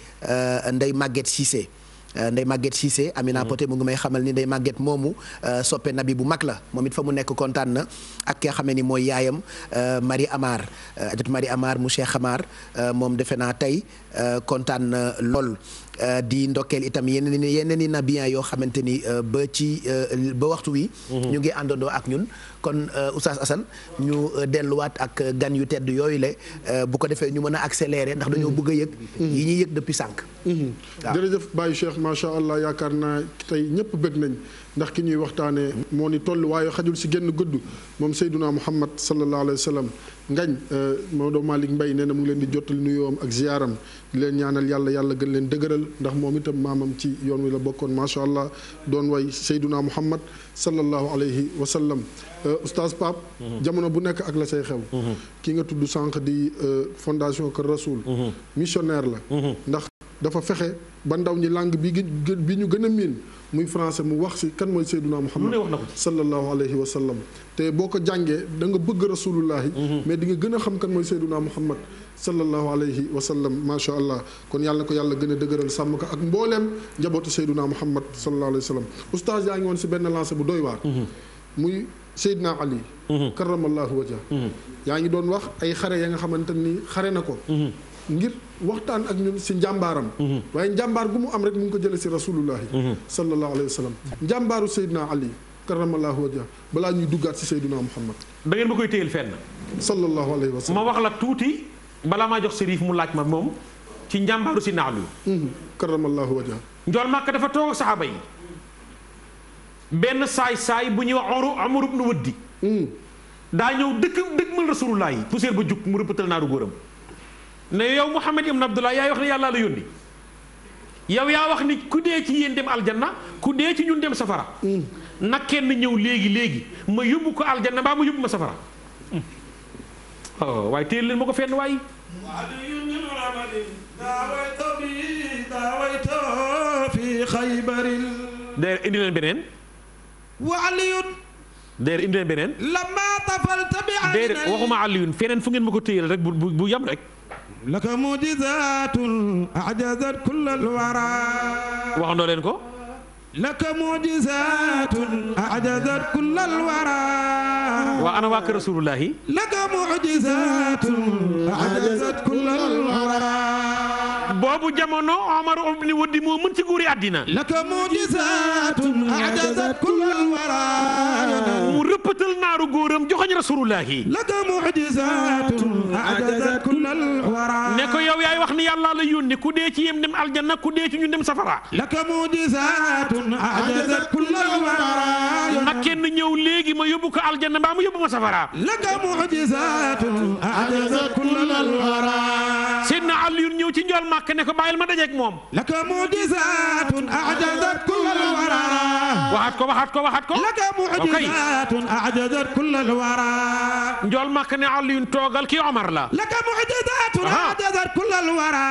ndey màgget Cissé Ndeye Maguette Cissé Amina mhm. Poté mu ngi may xamal ni Ndeye Maguette moomu soppe nabi bu mag la moom it fa mu nekk kontaan na ak ki nga xam ni mooy yaayam Marie Amar ajot Marie Amar mu Cheikh moom defe naa tey kontaan na lool Euh, di ndokkeel itam yeneen i yeneen i nabiyan yoo xamante ni euh, ba ci euh, ba waxtu wi. Mhm. ñu ngi àndandoo ak ñun kon Oustaz Assane ñu delluwaat ak gan yu tedd yooyu le bu ko defee ñu mën a accélérer ndax dañoo mhm. bëgg a yëg. yi ñuy yëg depuis sànq. Mhm. waaw jërëjëf Baye Cheikh macha allah yaakaar naa tey ñëpp bëgg nañ. ndax ki ñuy waxtaanee moo ni toll waaye xajul si génn gudd moom Seyduna Muhammad sallallahu alayhi wa sallam ngañ euh, Maodo Malick Mbaye nee na mu ngi leen di jottali nuyoom ak ziyaaram di leen ñaanal yàlla yàlla gën leen dëgëral ndax moom itam maamam ci yoon wi la bokkoon macha allah doon way Seyduna Muhammad sallallahu alayhi wa sallam euh, oustaz Pape. Mhm. jamono bu nekk ak la say xew. Mhm. ki nga tudd sànq di euh, fondation Kër Rasoul. Mhm. missionnaire la. dafa fexe ba ndaw ñi langue bi bi ñu gën a miin muy français mu wax si kan mooy Seydunaa Muhammad sallallahu alayhi wa sallam te boo ko jàngee da nga bëgg rasulullahi mhm. mais di nga gën a xam kan mooy Seydunaa Muhammad sallallahu alayhi wa sallam macha allah kon yàlla na ko yàlla gën a dëgëral sàmm ko ak mbooleem njabootu Seydunaa Muhammad sallallahu alayhi wa sallam oustaz yaa ngi woon si benn lancé bu doy waar mhm. muy Seydina Ali mhm. karamallahu wajha yaa ngi doon wax ay xare ya nga xamante ni xare na ko ngir waxtaan ak ñun si njàmbaaram mm-hmm. waaye njàmbaar gu mu am rek mu ngi ko jëlee si rasulullahi mm-hmm. sallallahu alayhi wa sallam njàmbaaru Seydina Ali karamallahu wajha balaa ñuy duggaat si Seydina Muhammad da ngeen ma koy téyel fenn sallallahu alayhi wa sallam ma wax la tuuti balaa maa jox Serif mu laaj ma moom ci njàmbaaru si naalu mm-hmm. karamallahu wajha njool màkk dafa toog ak saxaaba yi benn saay-saay bu ñuy wax oru amar wëddi daa ñëw dëkk dëkk mal rasulullah yi poussière ba jug mu rëppatal naaru góoram ne yow mu ibn Abdullah yaay wax ne yàlla la yónni yow yaa wax ni ku dee ci yéen dem aljanna ku dee ci ñun dem safara mm. na kenn ñëw léegi léegi ma yóbbu ko aljana mbaa ma yóbbu ma safara mm. oh, waaye téel leen ma ko fenn waay deer indi leen beneen waaliyun deer indi leen beneen lama tafalta bi deer waxuma aliyun feneen fu ngeen ma ko téyel rek bu bu yam rek laka mujizaatun ajazat kullal wara waxandoo leen ko laka mujizaatun ajazat kullal wara waa ana waa kër rasulullahi laka mujizaatun ajazat kullal wara ndax boobu jamono Omar ibn Wadi moo mën ci góori àddina laka mu'jizatun a'jazat kullal wara mu naaru góoram joxoñ rasulullahi laka mu'jizatun a'jazat kullal wara ne yow yaay wax ni yàlla la yónni ku dee ci yem dem aljanna ku dee ci ñu dem safara laka mu'jizatun a'jazat kullal wara ma kenn ñëw léegi ma yóbbu ko aljanna mbaa mu yóbbu ma safara ci Mbàkke ne ko bàyyil ma dajeeg moom laka mu'jizatun a'jazat kullal wara waxaat ko waxaat ko waxaat ko laka mu'jizatun a'jazat kullal wara njool Mbàkke ne Aliyun toogal kii Omar la laka mu'jizatun a'jazat kullal wara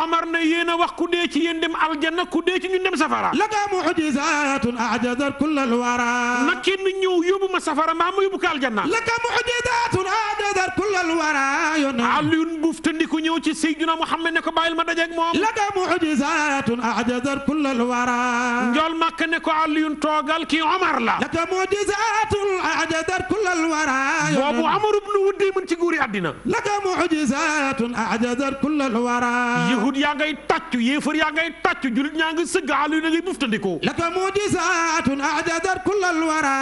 Omar ne yéen a wax ku dee ci yéen dem aljanna ku dee ci ñun dem safara laka mu'jizatun a'jazat kullal wara na kenn ñëw yóbbu ma safara mbaa ma yóbbu ko aljanna laka mu'jizatun a'jazat kullal wara Aliyun buftandiku ñëw ci Seydina Muhammad ne ko bàyyil ma dajeeg moom laka mu'jizatun a'jazat kullal wara njool màkk ne ko Aliyun toogal kii Omar la laka mu'jizatun a'jazat kullal wara boobu Omar ibnu Wuddi mën ci guuri àddina laka mu'jizatun a'jazat kullal wara yahud yaa ngay tàccu yéefar yaa ngay tàccu julit ñaa ngi sëgg Aliyun a ngay buftandiku laka mu'jizatun a'jazat kullal wara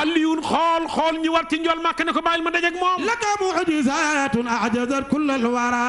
Aliyun xool xool ñi war ci njool màkk ne ko bàyyil ma dajeeg moom laka mu'jizatun a'jazat kullal wara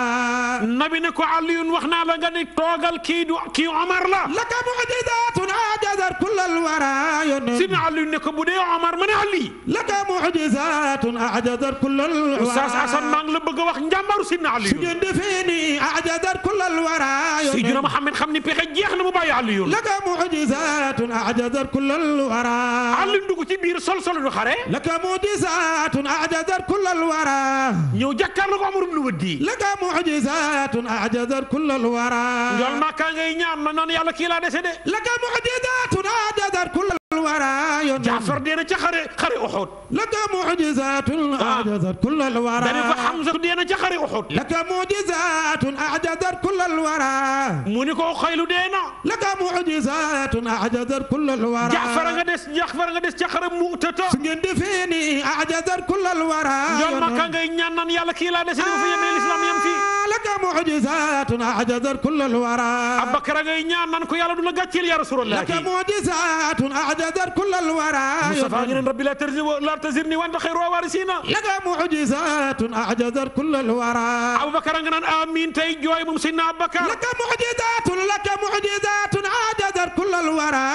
nabi ne ko Aliyun aliyun wax naa la nga ni toogal kii du kii Omar la. laka mu'jizatun ajazat kullal waraayun. sidna aliyun ne ko bu dee Omar ma ne Ali. laka mu'jizatun ajazat kullal waraayun. Oustaz Assane maa ngi la bëgg a wax njàmbaru sidna aliyun. su ngeen defee nii ajazat kullal waraayun. Sidina Muhammad xam ni pexe jeex na mu bàyyi aliyun. laka mu'jizatun ajazat kullal waraayun. aliyun dugg ci biir sol sol du xare. laka mu'jizatun ajazat kullal waraayun. ñëw jàkkaarloo ko Omar ibn Wadi. laka mu'jizatun ajazat kullal wara. njool ma ka ngay ñaan ma noonu yàlla kii laa dese de. la ka mu'jizaatun adadar kullal الورى ينم جعفر دينا جخري خري أحد لك معجزات أعجزت كل الورى داري حمزة دينا جخري أحد لك معجزات أعجزت كل الورى مونيكو خيلو دينا لك معجزات أعجزت كل الورى جعفر غدس جعفر غدس جخري مؤتتا سنجد فيني أعجزت كل الورى يوم كان ينان يالا كيلا دسيني في يمين الإسلام يمفي لك معجزات أعجزت كل الورى أبكر غي نان كو يالا دولا غاتيل يا رسول الله لك معجزات أعجزت غدر كل الورى مصطفى ربي لا ترزي لا تزرني وانت خير وارثينا لك معجزات اعجزت كل الورى ابو بكر نان امين تي جوي مم سيدنا ابو بكر لك معجزات لك معجزات اعجزت كل الورى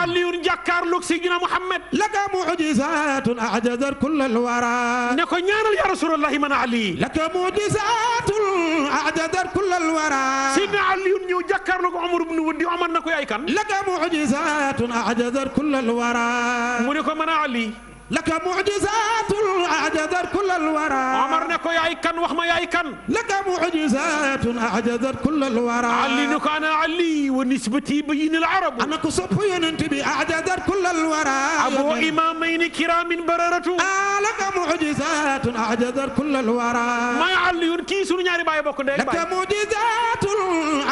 علي جكار لك سيدنا محمد لك معجزات اعجزت كل الورى نكو ñaanal يا رسول الله من علي لك معجزات اعجزت كل الورى سيدنا علي نيو جكار لك عمر بن ودي عمر نكو ياي كان لك معجزات اعجزت كل kullal wara mu ne ko mën a Ali laka mu'jizaatun a'jazat kullal waraa. Omar ne ko yaay kan wax ma yaay kan. laka mu'jizaatun a'jazat kullal waraa. Ali ne ko ana Ali wa nisbati bayna al-arab. ana ko sopp yonent bi a'jazat kullal waraa. Abu imaamayni kiraamin bararatu. laka mu'jizaatun a'jazat kullal waraa. maa Aliyun kii sunu ñaari baay bokk ndey laka mu'jizaatun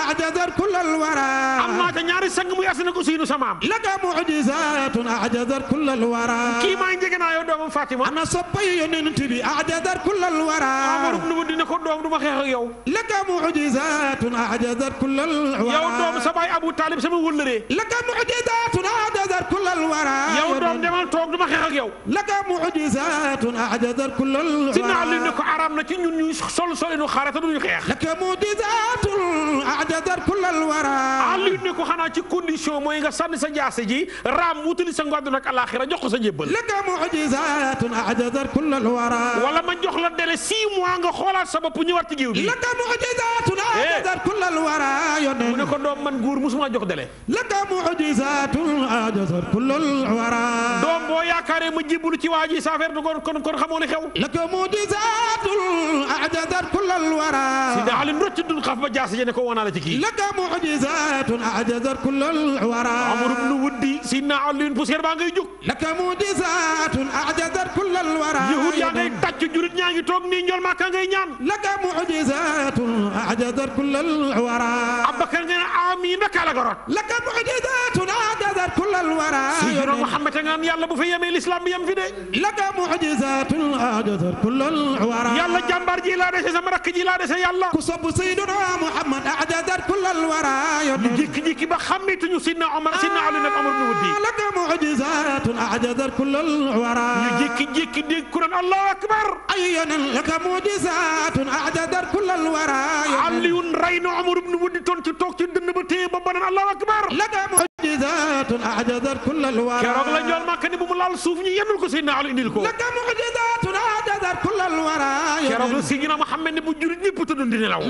a'jazat kullal waraa. am naa te ñaari sang muy Asan ak Useynu samaam. laka mu'jizaatun a'jazat kullal waraa. ci ginnaaw doomu Fatima ana soppayu yonent bi ajazat kullal wara Amar ibn Wahb dina ko doom du ma xeex ak yow laka mu'jizatun ajazat kullal wara yow doom sa baay Abu Talib sama wëllëree laka mu'jizatun ajazat kullal wara yow doom demal toog du ma xeex ak yow laka mu'jizatun ajazat kullal wara ci naa li ne ko araam na ci ñun ñuy sol solinu xare te duñu xeex laka mu'jizatun ajazat kullal wara ali ne ko xanaa ci condition mooy nga sànni sa jaase ji raam wutali sa ngóor nag alaxira jox ko sa njébbal laka معجزات أعجزت كل الورى wala ma jox la délai six mois nga xoolaat sa bopp ñëwaat ci géew bi. laka mu'jizatun eh. a'jazat kull al-wara mu ne ko doom man góor musuma jox délai. laka mu'jizatun a'jazat kull al-wara doom boo yaakaaree ma jébbalu ci waa ji sa affaire bi kon kon xamoo li xew. laka mu'jizatun a'jazat kull al-wara Sidi Ali rocc dun xaf ba jaasi ne ko wanaa la ci kii. laka mu'jizatun a'jazat kull al-wara Amru ibn Wuddi Sidna Ali poussière baa ngay jóg. laka mu'jizatun ajazat kullal wara yahud yaa ngay tàcc jurit ñaa ngi toog nii njol màkka ngay ñaan laka mujizatun ajazat kullal wara abakar ngeen amiin rek la gorot laka mujizatun ajazat kullal wara sayyidina muhammad nga naan yàlla bu fa yemee lislaam bi yem fi de laka mujizatun ajazat kullal wara yàlla jàmbaar ji laa dese sama rakk ji laa dese yàlla ku sopp sayyidina muhammad ajazat kullal wara ñu jékki-jékki ba xàmmeetuñu sidna omar sidna ali nag omar bi wuddi laka mujizatun ajazat kullal الورى يجيك جيك ديك كرن الله أكبر أينا لك معجزات أعددت كل الورى علي رين عمر بن ودي تون تي توك تي دن الله أكبر لك keroog la njool màkk ni bu mu laal suuf ñu yemul ko Seydina Ali indil ko keroog la Seydina Muhammad ni bu jurit ñëpp tëdd di nelaw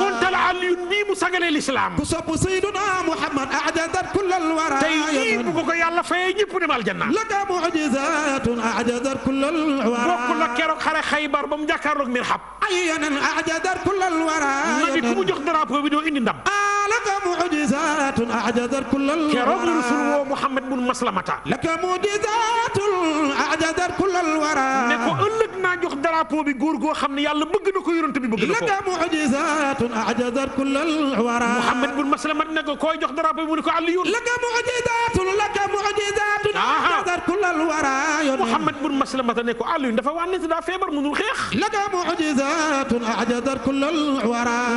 gontal Aliyun nii mu sagalee lislaam ku sopp Seydina Muhammad ajazat kullal wara tey nii bu ko ko yàlla fayee ñëpp dem aljanna bokk la keroog xare Xaybar ba mu jàkkaarloog Mirhab nabi ku mu jox drapeau bi doo indi ndam ah, keroog la rasul woo Muhammad bun Maslamata. ne ko ëllëg naa jox drapeau bi góor goo xam ne yàlla bëgg na ko yonent bi bëgg na ko. Muhammad bun Maslamat ne ko koy jox drapeau bi mu ne ko Aliyun. Muhammad bun Maslamata ne ko Aliyun dafa wàññi si daa feebar mënul xeex.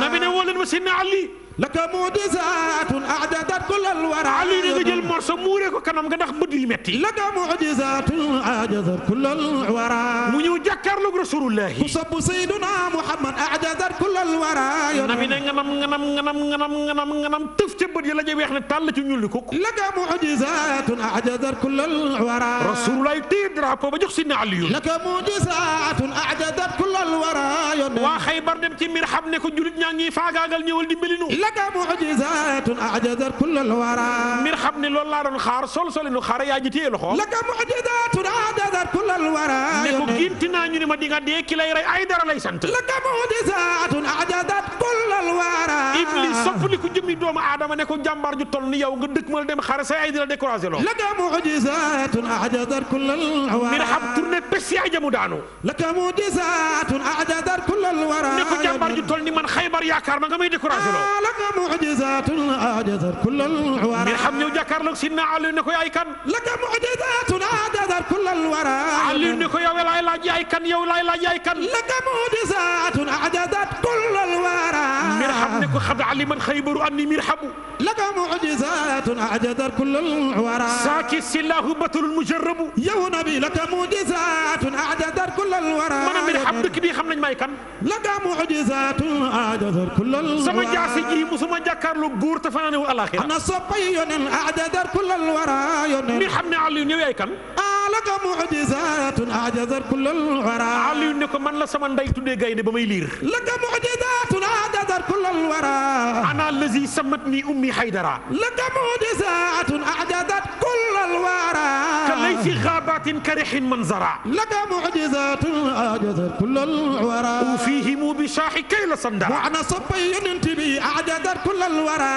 nabi ne woo leen ma Seydina Ali. laka mu'jizatun a'jadat kullal wara ali ne nga jël morso muuree ko kanam nga ndax bët yi metti laka mu'jizatun a'jadat kullal wara mu la jàkkaarloog rasulullahi ku sopp sayyiduna muhammad a'jadat kullal wara yo nabi ne nganam nganam nganam nganam nganam nganam tëf ca bët ya la ja weex ne tàll ci ñulli ko laka mu'jizatun a'jadat kullal wara rasulullahi téye drapeau ba jox sidna ali laka mu'jizatun a'jadat kullal wara yo waa xaybar dem ci mir xam ne ko julit ñaa ngi faagaagal ñëwal dimbali nu mir xam ni loolu laa doon xaar sol solinu xaar yaa ji téye loxo ne ko ginti naa ñu ne ma di nga dee ki lay rey ay dara lay sant iblis soppali ku jëmmi doomu aadama ne ko jàmbaar ju toll ni yow nga dëkk mal dem xare say ay di la découragé loo mir xam tourné pes yaa jamu daanu ne ko jàmbaar ju toll ni man xaybar yaakaar ma nga may découragé mu'jizatun ajazat kullal wara mi xam ñëw jàkkaarloog Sidna Ali ne ko yaay kan laka mu'jizatun ajazat kullal wara Ali ne ko yow laay laaj yaay kan yow laay laaj yaay kan laka mu'jizatun ajazat kullal wara mi xam ne ko xad aliman xaybaru anni mirhabu laka mu'jizatun ajazat kullal wara saaki sillahu batalul mujarrabu yow nabi laka mu'jizatun ajazat kullal wara man mirhab dëkk bi xam nañ may kan laka mu'jizatun ajazat kullal wara sama jaasi ji wallahi musuma jàkkaarlu buur te fanaane wu alaxira ana soppa yi yonen ajadar kullal wara yonen mi xam ne Aliou ñëw yaay kan alaka mujizatun ajadar kullal wara Aliou ne ko man la sama ndey tuddee gaynde ba may liir laka mujizatun ددر كل الورى أنا الذي سمتني أمي حيدرة لك معجزات أعجزت كل الورى كليث غابات كرح منظرا لك معجزات أعجزت كل الورى وفيهم بشاح كيل صندرا وأنا صبي ينتبي أعجزت كل الورى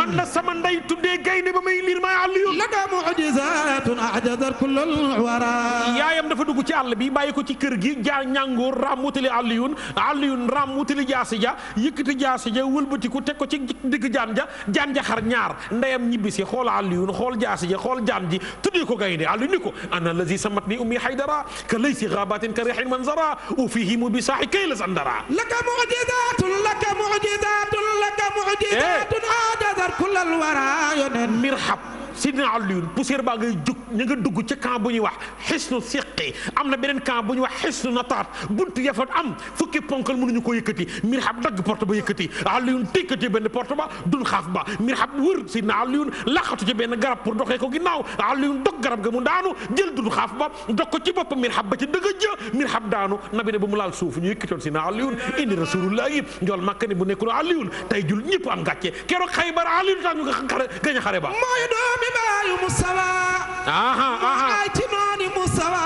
من لسمن داي تدي جاي نبمي لير ما يعليو لك معجزات أعجزت كل الورى يا يم دفدو كتي الله بي بايكو تي كرجي جا نانغور راموتلي عليون عليون راموتلي جاسجا yëkkati jaasi ja wëlbatiku teg ko ci digg jaam ja jaam ja xar ñaar ndeyam ñibbisi xool Alioune xool jaasi ja xool jaam ji tuddee ko gaynde Alioune ni ko ana lazi samat ni ummi haydara ka laysi ghabatin ka rihin manzara ufihimu bi saahi kay la sandara laka mu'jizatun laka mu'jizatun laka mu'jizatun eh! adadar kullal wara mirhab sidna Alioune poussière baa ngay ñu nga dugg ci camp bu ñuy wax xisnu siqi am na beneen camp bu ñuy wax xisnu nataat buntu yafa am fukki ponkal mënuñu ko yëkkati mirxab dagg porte ba yëkkati Alioune tëkkati benn ba dun xaaf ba mirxab wër sidna Alioune laxatu ci benn garab pour doxee ko ginnaaw Alioune dog garab ga mu daanu jël dun xaaf ba dog ko ci bopp mirxab ba ci dëgg jë mirxab daanu nabi ne ba mu laal suuf ñu yëkkatoon sidna Alioune indi rasulullah yi njool makka ne bu nekkul nooni balaayu musawa aha aha ay ci nooni musawa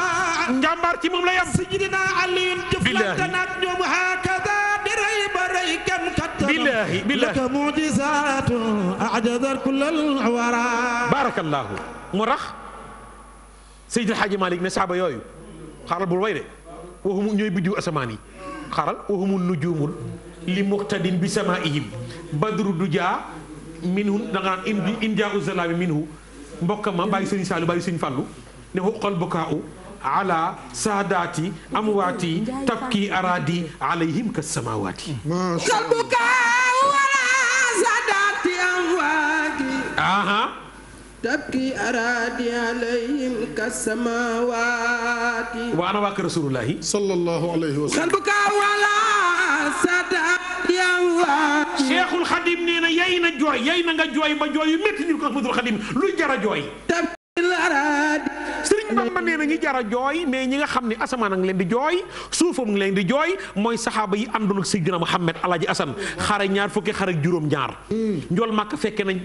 njàmbaar ci moom la yam sidina aliyun jëflante nag ñoom hakada di rey ba rey kem kattan billahi billahi laka mujizatu ajazat kullal wara barakallahu mu rax Seydil Hadji Malick ne saaba yooyu xaaral bul way de waxumu ñooy biddiw asamaan yi xaaral waxumu nujuumul li muqtadin bi samaihim badru dujaa minhu da nga naan in bi in jaaru zalaami minhu mbokka ma bàyyi sëñ Saalu bàyyi sëñ Fàllu ne xuqal bukaau ala saadaati amwaati tabki araadi alayhim ka samawaati xuqal bukaau ala saadaati amwaati aha tabki araadi alayhim ka samawaati wa ana waa kër rasulullahi sallallahu alayhi wa sallam Seexul Xadim nee na yey na jooy yey na nga jooy ba jooy yu métti ñu ko Ahmadul Xadim lu jara jooy imam ma nee na ñi jara jooy mais ñi nga xam ne asamaan a ngi leen di jooy suufam ngi leen di jooy mooy saxaaba yi àndoon ak Seydina Muhammad alaaji asan xare ñaar fukki xare ak juróom ñaar njool màkk fekke nañ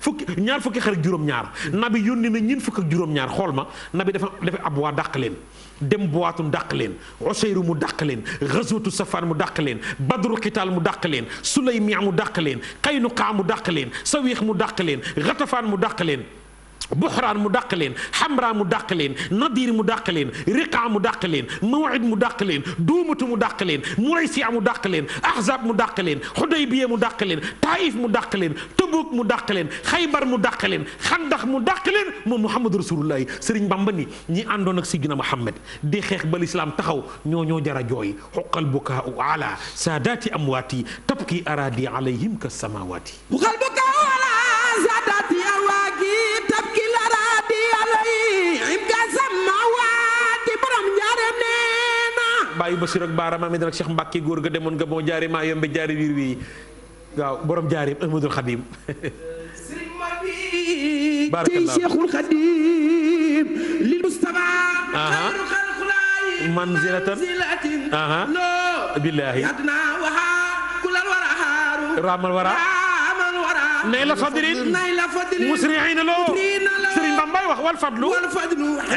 fukki ñaar fukki xare ak juróom ñaar nabi yónni na ñin fukk ak juróom ñaar xool ma nabi dafa dafa ab waa dàq leen dem buwaatu dàq leen oseyru mu daq leen xaswatu safaan mu dàq leen badru xitaal mu daq leen sulaymiya mu dàq leen xaynuqaa mu daq leen sawiix mu dàq leen xatafaan mu dàq leen buxraan mu dàq leen xamra mu dàq leen nadir mu dàq leen riqa mu dàq leen mawid mu dàq leen duumatu mu dàq leen muraysia mu dàq leen ahzab mu dàq leen xudaybiya mu dàq leen taif mu dàq leen tubuk mu dàq leen xaybar mu dàq leen xandax mu dàq leen moom muhammadu rasulullahi sëriñ bamba ni ñi àndoon ak sidina muhammad di xeex ba lislaam taxaw ñoo ñoo jara jooy xuqal bukaau ala saadaati amwaati tabki araadi alayhim ka samawaati bàyyi Basiru ak Baara maam ak Cheikh Mbacke góor ga demoon nga moo jaari maa yombe jaari wiir wii waaw borom jaari Ahmadul Xadim tey (laughs) Cheikhul Xadim lil Mustafa xayru xalqulaay manzilatan loo billaahi raamal wara nay la fadrin musriina loo Sëriñ Bambaay wax wal fadlu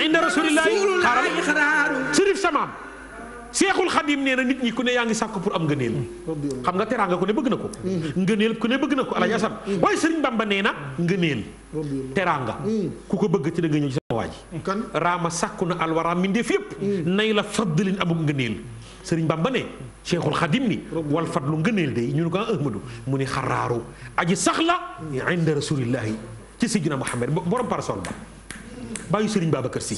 inda rasulillahi xaaral sërif samaam seexul xadim nee na nit ñi ku ne yaa ngi sàkk pour am ngëneel xam nga teraanga ku ne bëgg na ko ngëneel ku ne bëgg na ko alaaj asan waaye sëriñ bamba nee na ngëneel teraanga ku ko bëgg ci da nga ñëw ci sama waa ji kan raama sàkku na alwaraam mindeef yëpp nay la faddalin amuk ngëneel sëriñ bamba ne cheikhul xadim ni wal fadlu ngëneel day ñu ne ko ah, ahmadu mu ni xaraaru aji sax la inda rasulillahi ci sidina muhammad borom parasol ba bàyyu sëriñ babacar si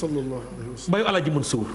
bàyyu alaaji mansuur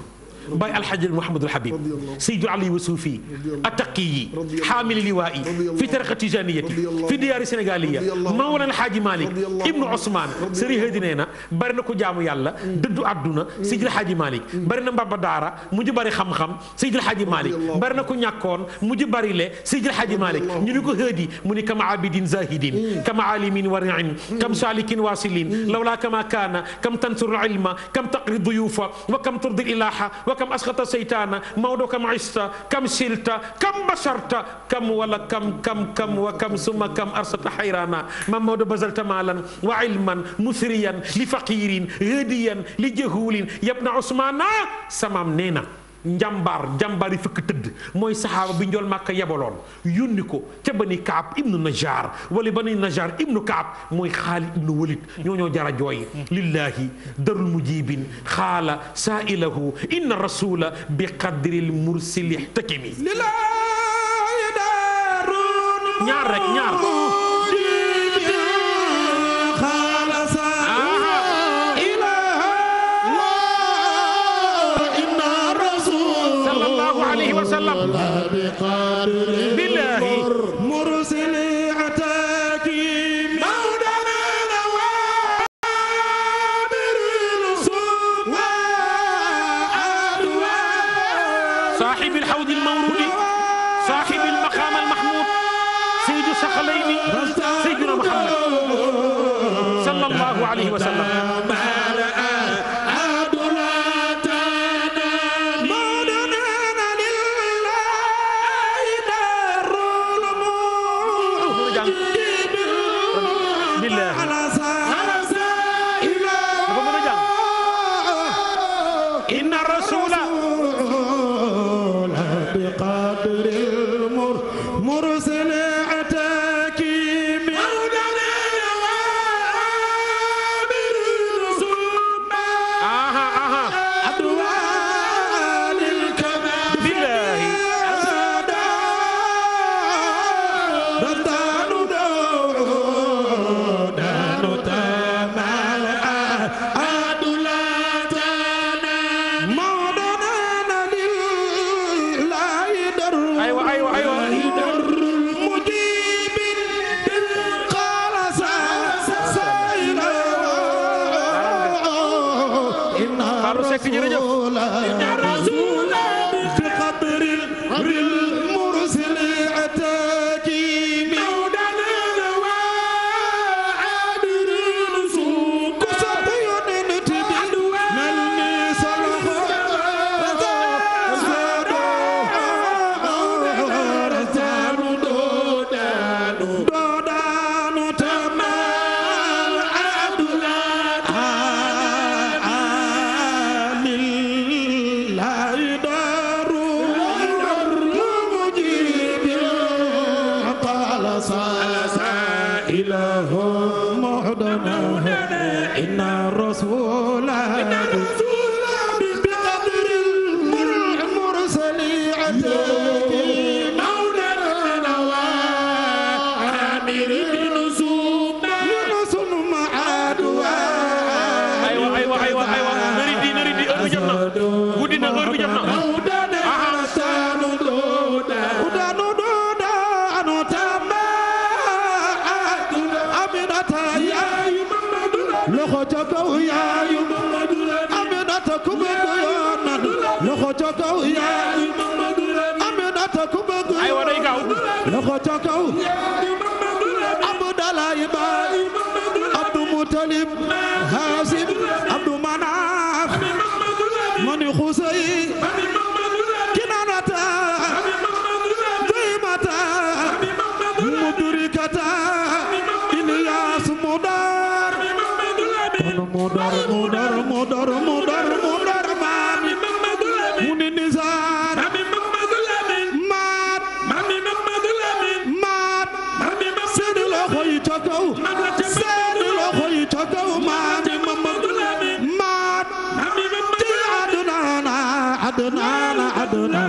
baay alxaji Mouhamadul Habib Seydou Aliou Suufi attaqi yi xaamili liwaa yi fi tariqa tijaniyati fi diyaari sénégaliya mawlan alxaaji Malick ibnu Ousmane sëriñ Hadi nee na bari na ko jaamu yàlla dëddu àdduna Seydou Alxaaji Malick bari na mbaba daara mujj bari xam-xam Seydou Alxaaji Malick bari na ko ñàkkoon mujj bari le Seydou Alxaaji Malick ñu ni ko Hadi mu ni kama abidin zahidin kama alimin wariin kam salikin wasilin lawla kama kaana kam tansuru ilma kam taqri duyufa wa kam turdi ilaha wa kam asxata seytaana mawdo kam ista kam silta kam basharta kam wala kam kam kam wa kam summa kam arsata xayrana mam mawdo bazalta maalan wa ilman musriyan li faqirin hadiyan li jahuulin yabna usmaana samaam nee na njàmbaar njàmbaar yi fëkk tëdd mooy saxaaba bi njool màkka yebaloon yónni ko ca bani kaab ibnu najaar wala bani najaar ibnu kaab mooy xaalid ibnu walid ñoo ñoo jara jooy lillahi darul mujibin xaala saailahu inna rasula bi qadril mursili takimi lillahi darul ñaar rek ñaar قدر Darou Seck jërëjëf ca kaw abdalay baay abdu mutalib haasim abdu manaaf mani xusay aduna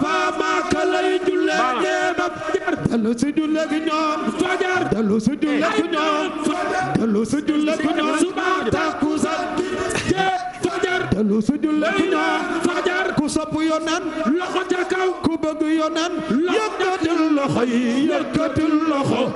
Mustafa Maka lay julle ne ba fajar dellu si julle gi ñoom fajar dellu si julle gi ñoom suba takkusaan jee fajar dellu si julle ku sopp yonan loxo ca kaw ku bëgg yonan yëkkatil loxo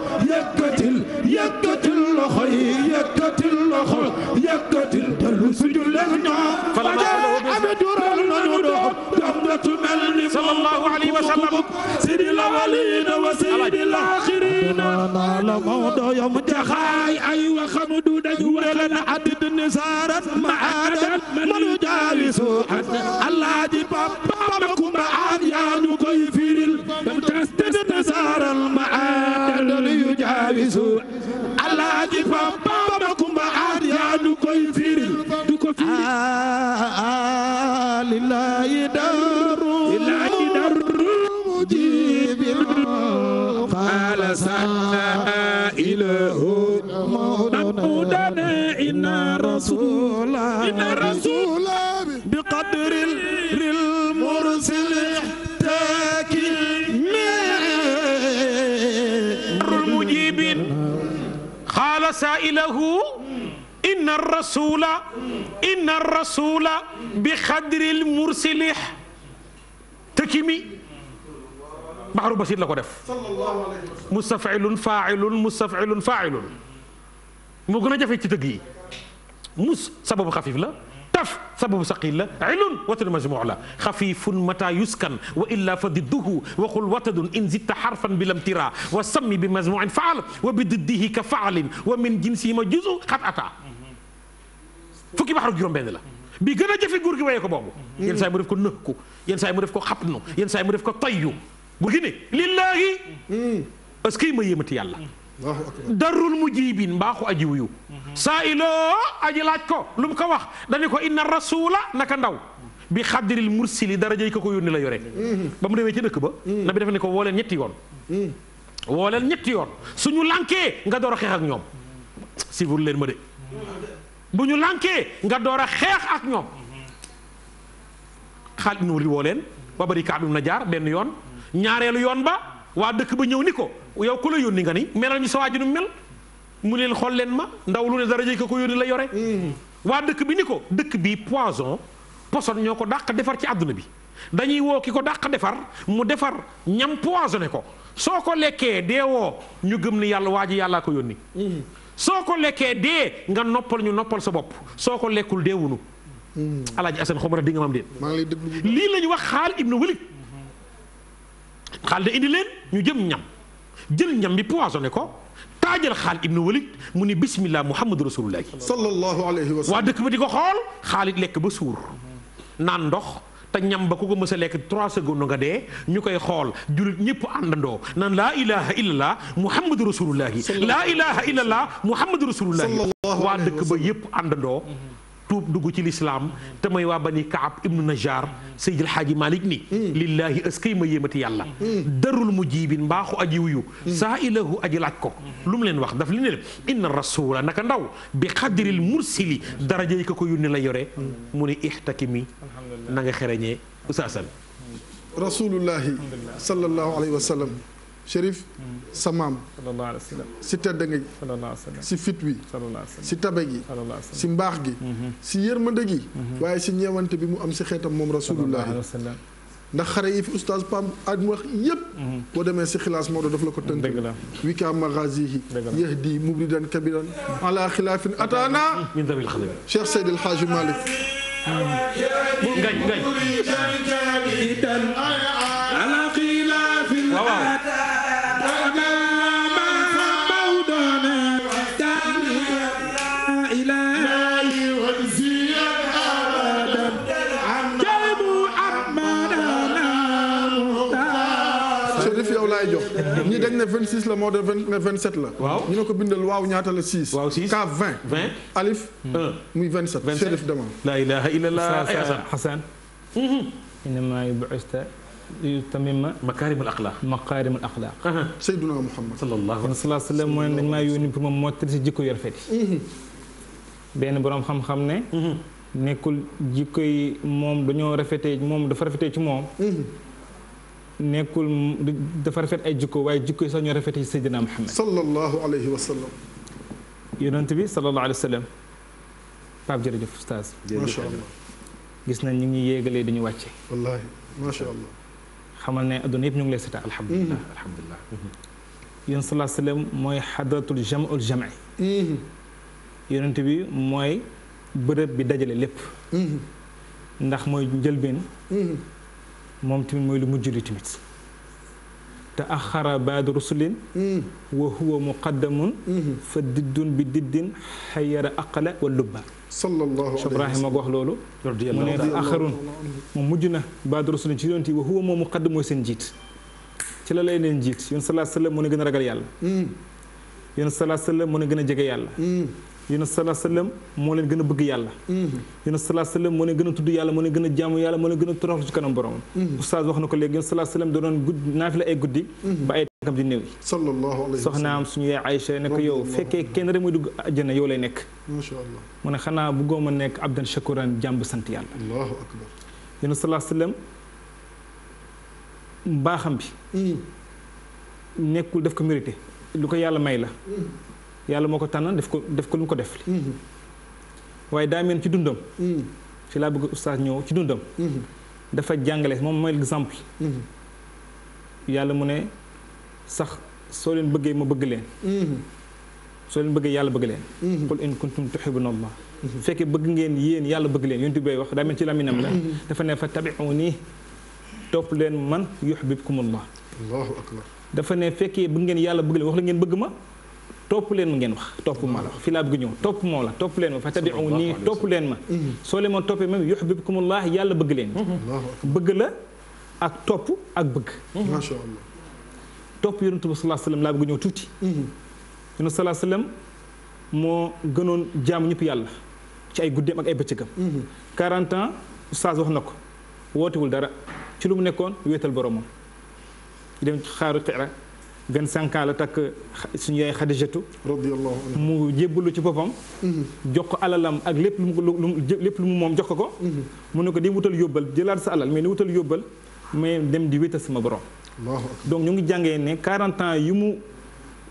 sallallahu alayhi wa sallam sidil awwalin wa sidil akhirin la mawdo yom jaxaay ay waxam du dañu wala na adid nisarat ma'adat man jawisu an allah lahu inna rasula inna rasula bi xadril mursilih tëkki mi baxaru basit la ko def mustafilun failun mustafilun failun moo gën a jafe ci tëgg yi mus sababu xafif la taf sababu saqil la ilun watul majmuu la xafifun mata yuskan wa illa fa didduhu wa qul watadun in zitta xarfan bi lamtira wa sammi bi majmuin faal wa bi diddihi ka faalin wa min jinsi ma juzu xat ata fukki baxaru juróom-benn la bi gën a jafe góor gi wayee ko boobu yenn saa yi mu def ko nëkku yenn saa yi mu def ko xapnu yenn saa yi mu def ko tayyu bu gi ne lillaahi parce mm. que ma yéemati yàlla darul mujibin mbaaxu aji wuyu mhm. saa iloo aji laaj ko lu mu ko wax dañu ko inna rasula naka ndaw bi xaddiril mursili darajay ko ko yónni la yore mhm. ba mu demee ci dëkk ba mhm. nabi dafa ne ko woo leen ñetti yoon su ñu ñetti nga door a xeex ak ñoom si vur leen ma de bu ñu lànkee nga door a xeex ak ñoom xaal nu woo leen wa bari kaab ibn Najjaar benn yoon ñaareelu yoon ba waa dëkk ba ñëw ni ko yow ku la yónni nga ni melal ñu sa waaju nu mel mu leen xool leen ma ndaw lu ne dara jëy ko ko yónni la yore mm-hmm. waa dëkk bi ni ko dëkk bi poison poson ñoo ko dàq defar ci àdduna bi dañuy woo ki ko dàq defar mu defar ñam poisonné ko soo ko lekkee dee woo ñu gëm ni yàlla waaju yàllaa ko yónni mm-hmm. soo ko lekkee dee nga noppal ñu noppal sa bopp soo ko lekkul deewunu mm-hmm. alaaji asan xomara di nga maam déen lii la ñu wax xaal ibnu walid xaal da indi leen ñu jëm ñam jël ñam bi poisonné ko taajal Xaalid ibnu Walid mu ne bismillah muhammadu rasulullahi sallallahu alayhi wa sallam waa dëkk ba di ko xool Xaalid lekk ba suur naan ndox te ñam ba ku ko mës lekk trois secondes nga dee ñu koy xool jullit ñëpp àndandoo naan laa ilaha illallah muhammadu rasulullahi laa ilaha illallah muhammadu rasulullahi waa dëkk ba yëpp àndandoo tuub dugg ci lislaam te mooy waa bani kaab ibnu najaar seyd alxaaji malik ni hmm. lillaahi askay ma yéemati yàlla hmm. darul mujiibin mbaaxu aji wuyu hmm. saa ilahu aji laaj ko lu mu leen wax daf li ne leen inna rasula naka ndaw bi xadril mursili daraja yi ko ko yónni la yore mu ne ixtakimi na nga xereñee usaasan rasulullahi sallallahu alayhi wa sallam Chérif mm. sa maam si tedd nga gi si fit wi si tabe gi si mbaax gi mm-hmm. si yërmande gi mm-hmm. waaye si ñeewante bi mu am si xeetam moom rasulullah ndax xare yi fi oustaz Pam ak wax yëpp mm-hmm. boo demee si xilaas Maodo def la ko tënk wi ka magazihi yahdi mubridan kabiran ala xilaafin ataana min dabil xadim Cheikh Seydi El Hadji Malick ngañ ngañ ala xilaafin ataana lay jox. ñi dañ ne la moo de ne 27 la. waaw ñu ne ko bindal waaw ñaata la 6. waaw 6 ka 20. 20 alif. 1 muy 27. 27 chérif dama. la ilaha illallah ay Hassan. Mm-hmm. innama bu'ithta liyutammima makaarimul axlaaq. makaarimul axlaaq. Seydina Muhammad. sallallahu alayhi wa sallam moo ne dañ maa yónni pour ma mottali si jikko yu rafet mm-hmm. benn borom xam-xam ne. Mm-hmm. nekkul jikko yi moom dañoo rafetee moom dafa rafetee ci moom. nekkul dafa rafet ay jikko waaye jikko yi sax ñoo rafet ci Seydina Muhammad sallallahu alayhi bi sallallahu alayhi wa sallam Pape jërëjëf oustaz allah gis nañ ñu ngi yéegalee dañu wàcce wallaahi macha xamal ne adduna yëpp ñu ngi lay seetaan alhamdulilah mhm. alhamdulilah yéen salaa sallam mooy xadratul jamul jame mhm. yonent bi mooy bërëb bi dajale lépp mhm. ndax mooy njëlbeen moom tamit mooy lu mujj li tamit te axara baad rusulin hmm. wa huwa muqaddamun hmm. fa diddun bi diddin xayara aqala wa lubba sallallahu alayhi Ibrahima wax loolu mu ne axarun moom mujj na baad rusulin ci yonent yi wa huwa moom muqaddam mooy seen njiit ci la lay leen jiit yoon salaa sallam mu ne gën a ragal yàlla hmm. yoon salaa sallam mu ne gën a jege yàlla yunus salaa sallam moo leen gën a bëgg yàlla mm-hmm. yunus salaa sallam moo leen gën a tudd yàlla moo leen gën a jaamu yàlla moo leen gën a toroxlu ci kanam borom mm-hmm. oustaz wax na ko léegi yunus salaa sallam da doon gudd naafila ay guddi mm-hmm. ba ay tànkam di néew yi soxnaam suñu yaay Aïcha ne ko fekkee kenn rek dugg àjjana yow lay nekk macha allah mu ne xanaa bëggoo ma nekk abdan shakuran jàmb sant yàlla allahu akbar yunus salaa sallam mbaaxam bi mm. nekkul def ko mérité lu ko yàlla may la mm. yàlla moo ko tànn def ko def ko lu mu ko def li mm-hmm. waaye daa mel ci dundam mm-hmm. ci laa bëgg oustaz ñëw ci dundam mm-hmm. dafa jàngale moom mooy exemple yàlla mu ne sax soo leen bëggee ma bëgg leen soo leen bëggee yàlla bëgg leen qul in kuntum tuhibbuna allah fekkee bëgg ngeen yéen yàlla bëgg leen yonent bi wax daa ci laminam la dafa ne fa nii topp leen man ku allahu akbar dafa ne fekkee bëgg ngeen yàlla bëgg leen wax la ngeen bëgg ma topp leen ma ngeen wax topp ma la fi laa bëgg ñëw topp moo la topp leen ma fa tabiu nii topp leen ma mm-hmm. soo leen ma toppee même yuhbibkumullah yàlla bëgg leen mm-hmm. bëgg la ak topp ak bëgg mm-hmm. ma sha Allah topp yonent sa sallallahu alayhi wa sallam laa bëgg ñëw tuuti yonent sallallahu alayhi wa sallam moo ci wax na ko wootewul dara ci lu mu nekkoon wéetal boromam dem xaaru xira gën sànkaa la takk suñu yaay xadijatu radiyallahu anha mu jébbalu ci boppam mhm. jox ko alalam ak lépp lu mu lépp lu mu moom jox ko ko mhm. mu ne ko di wutal yóbbal jëlaat sa alal mais di wutal yóbbal mais dem di wéetal sama borom donc ñu ngi jàngee ne quarante ans yu mu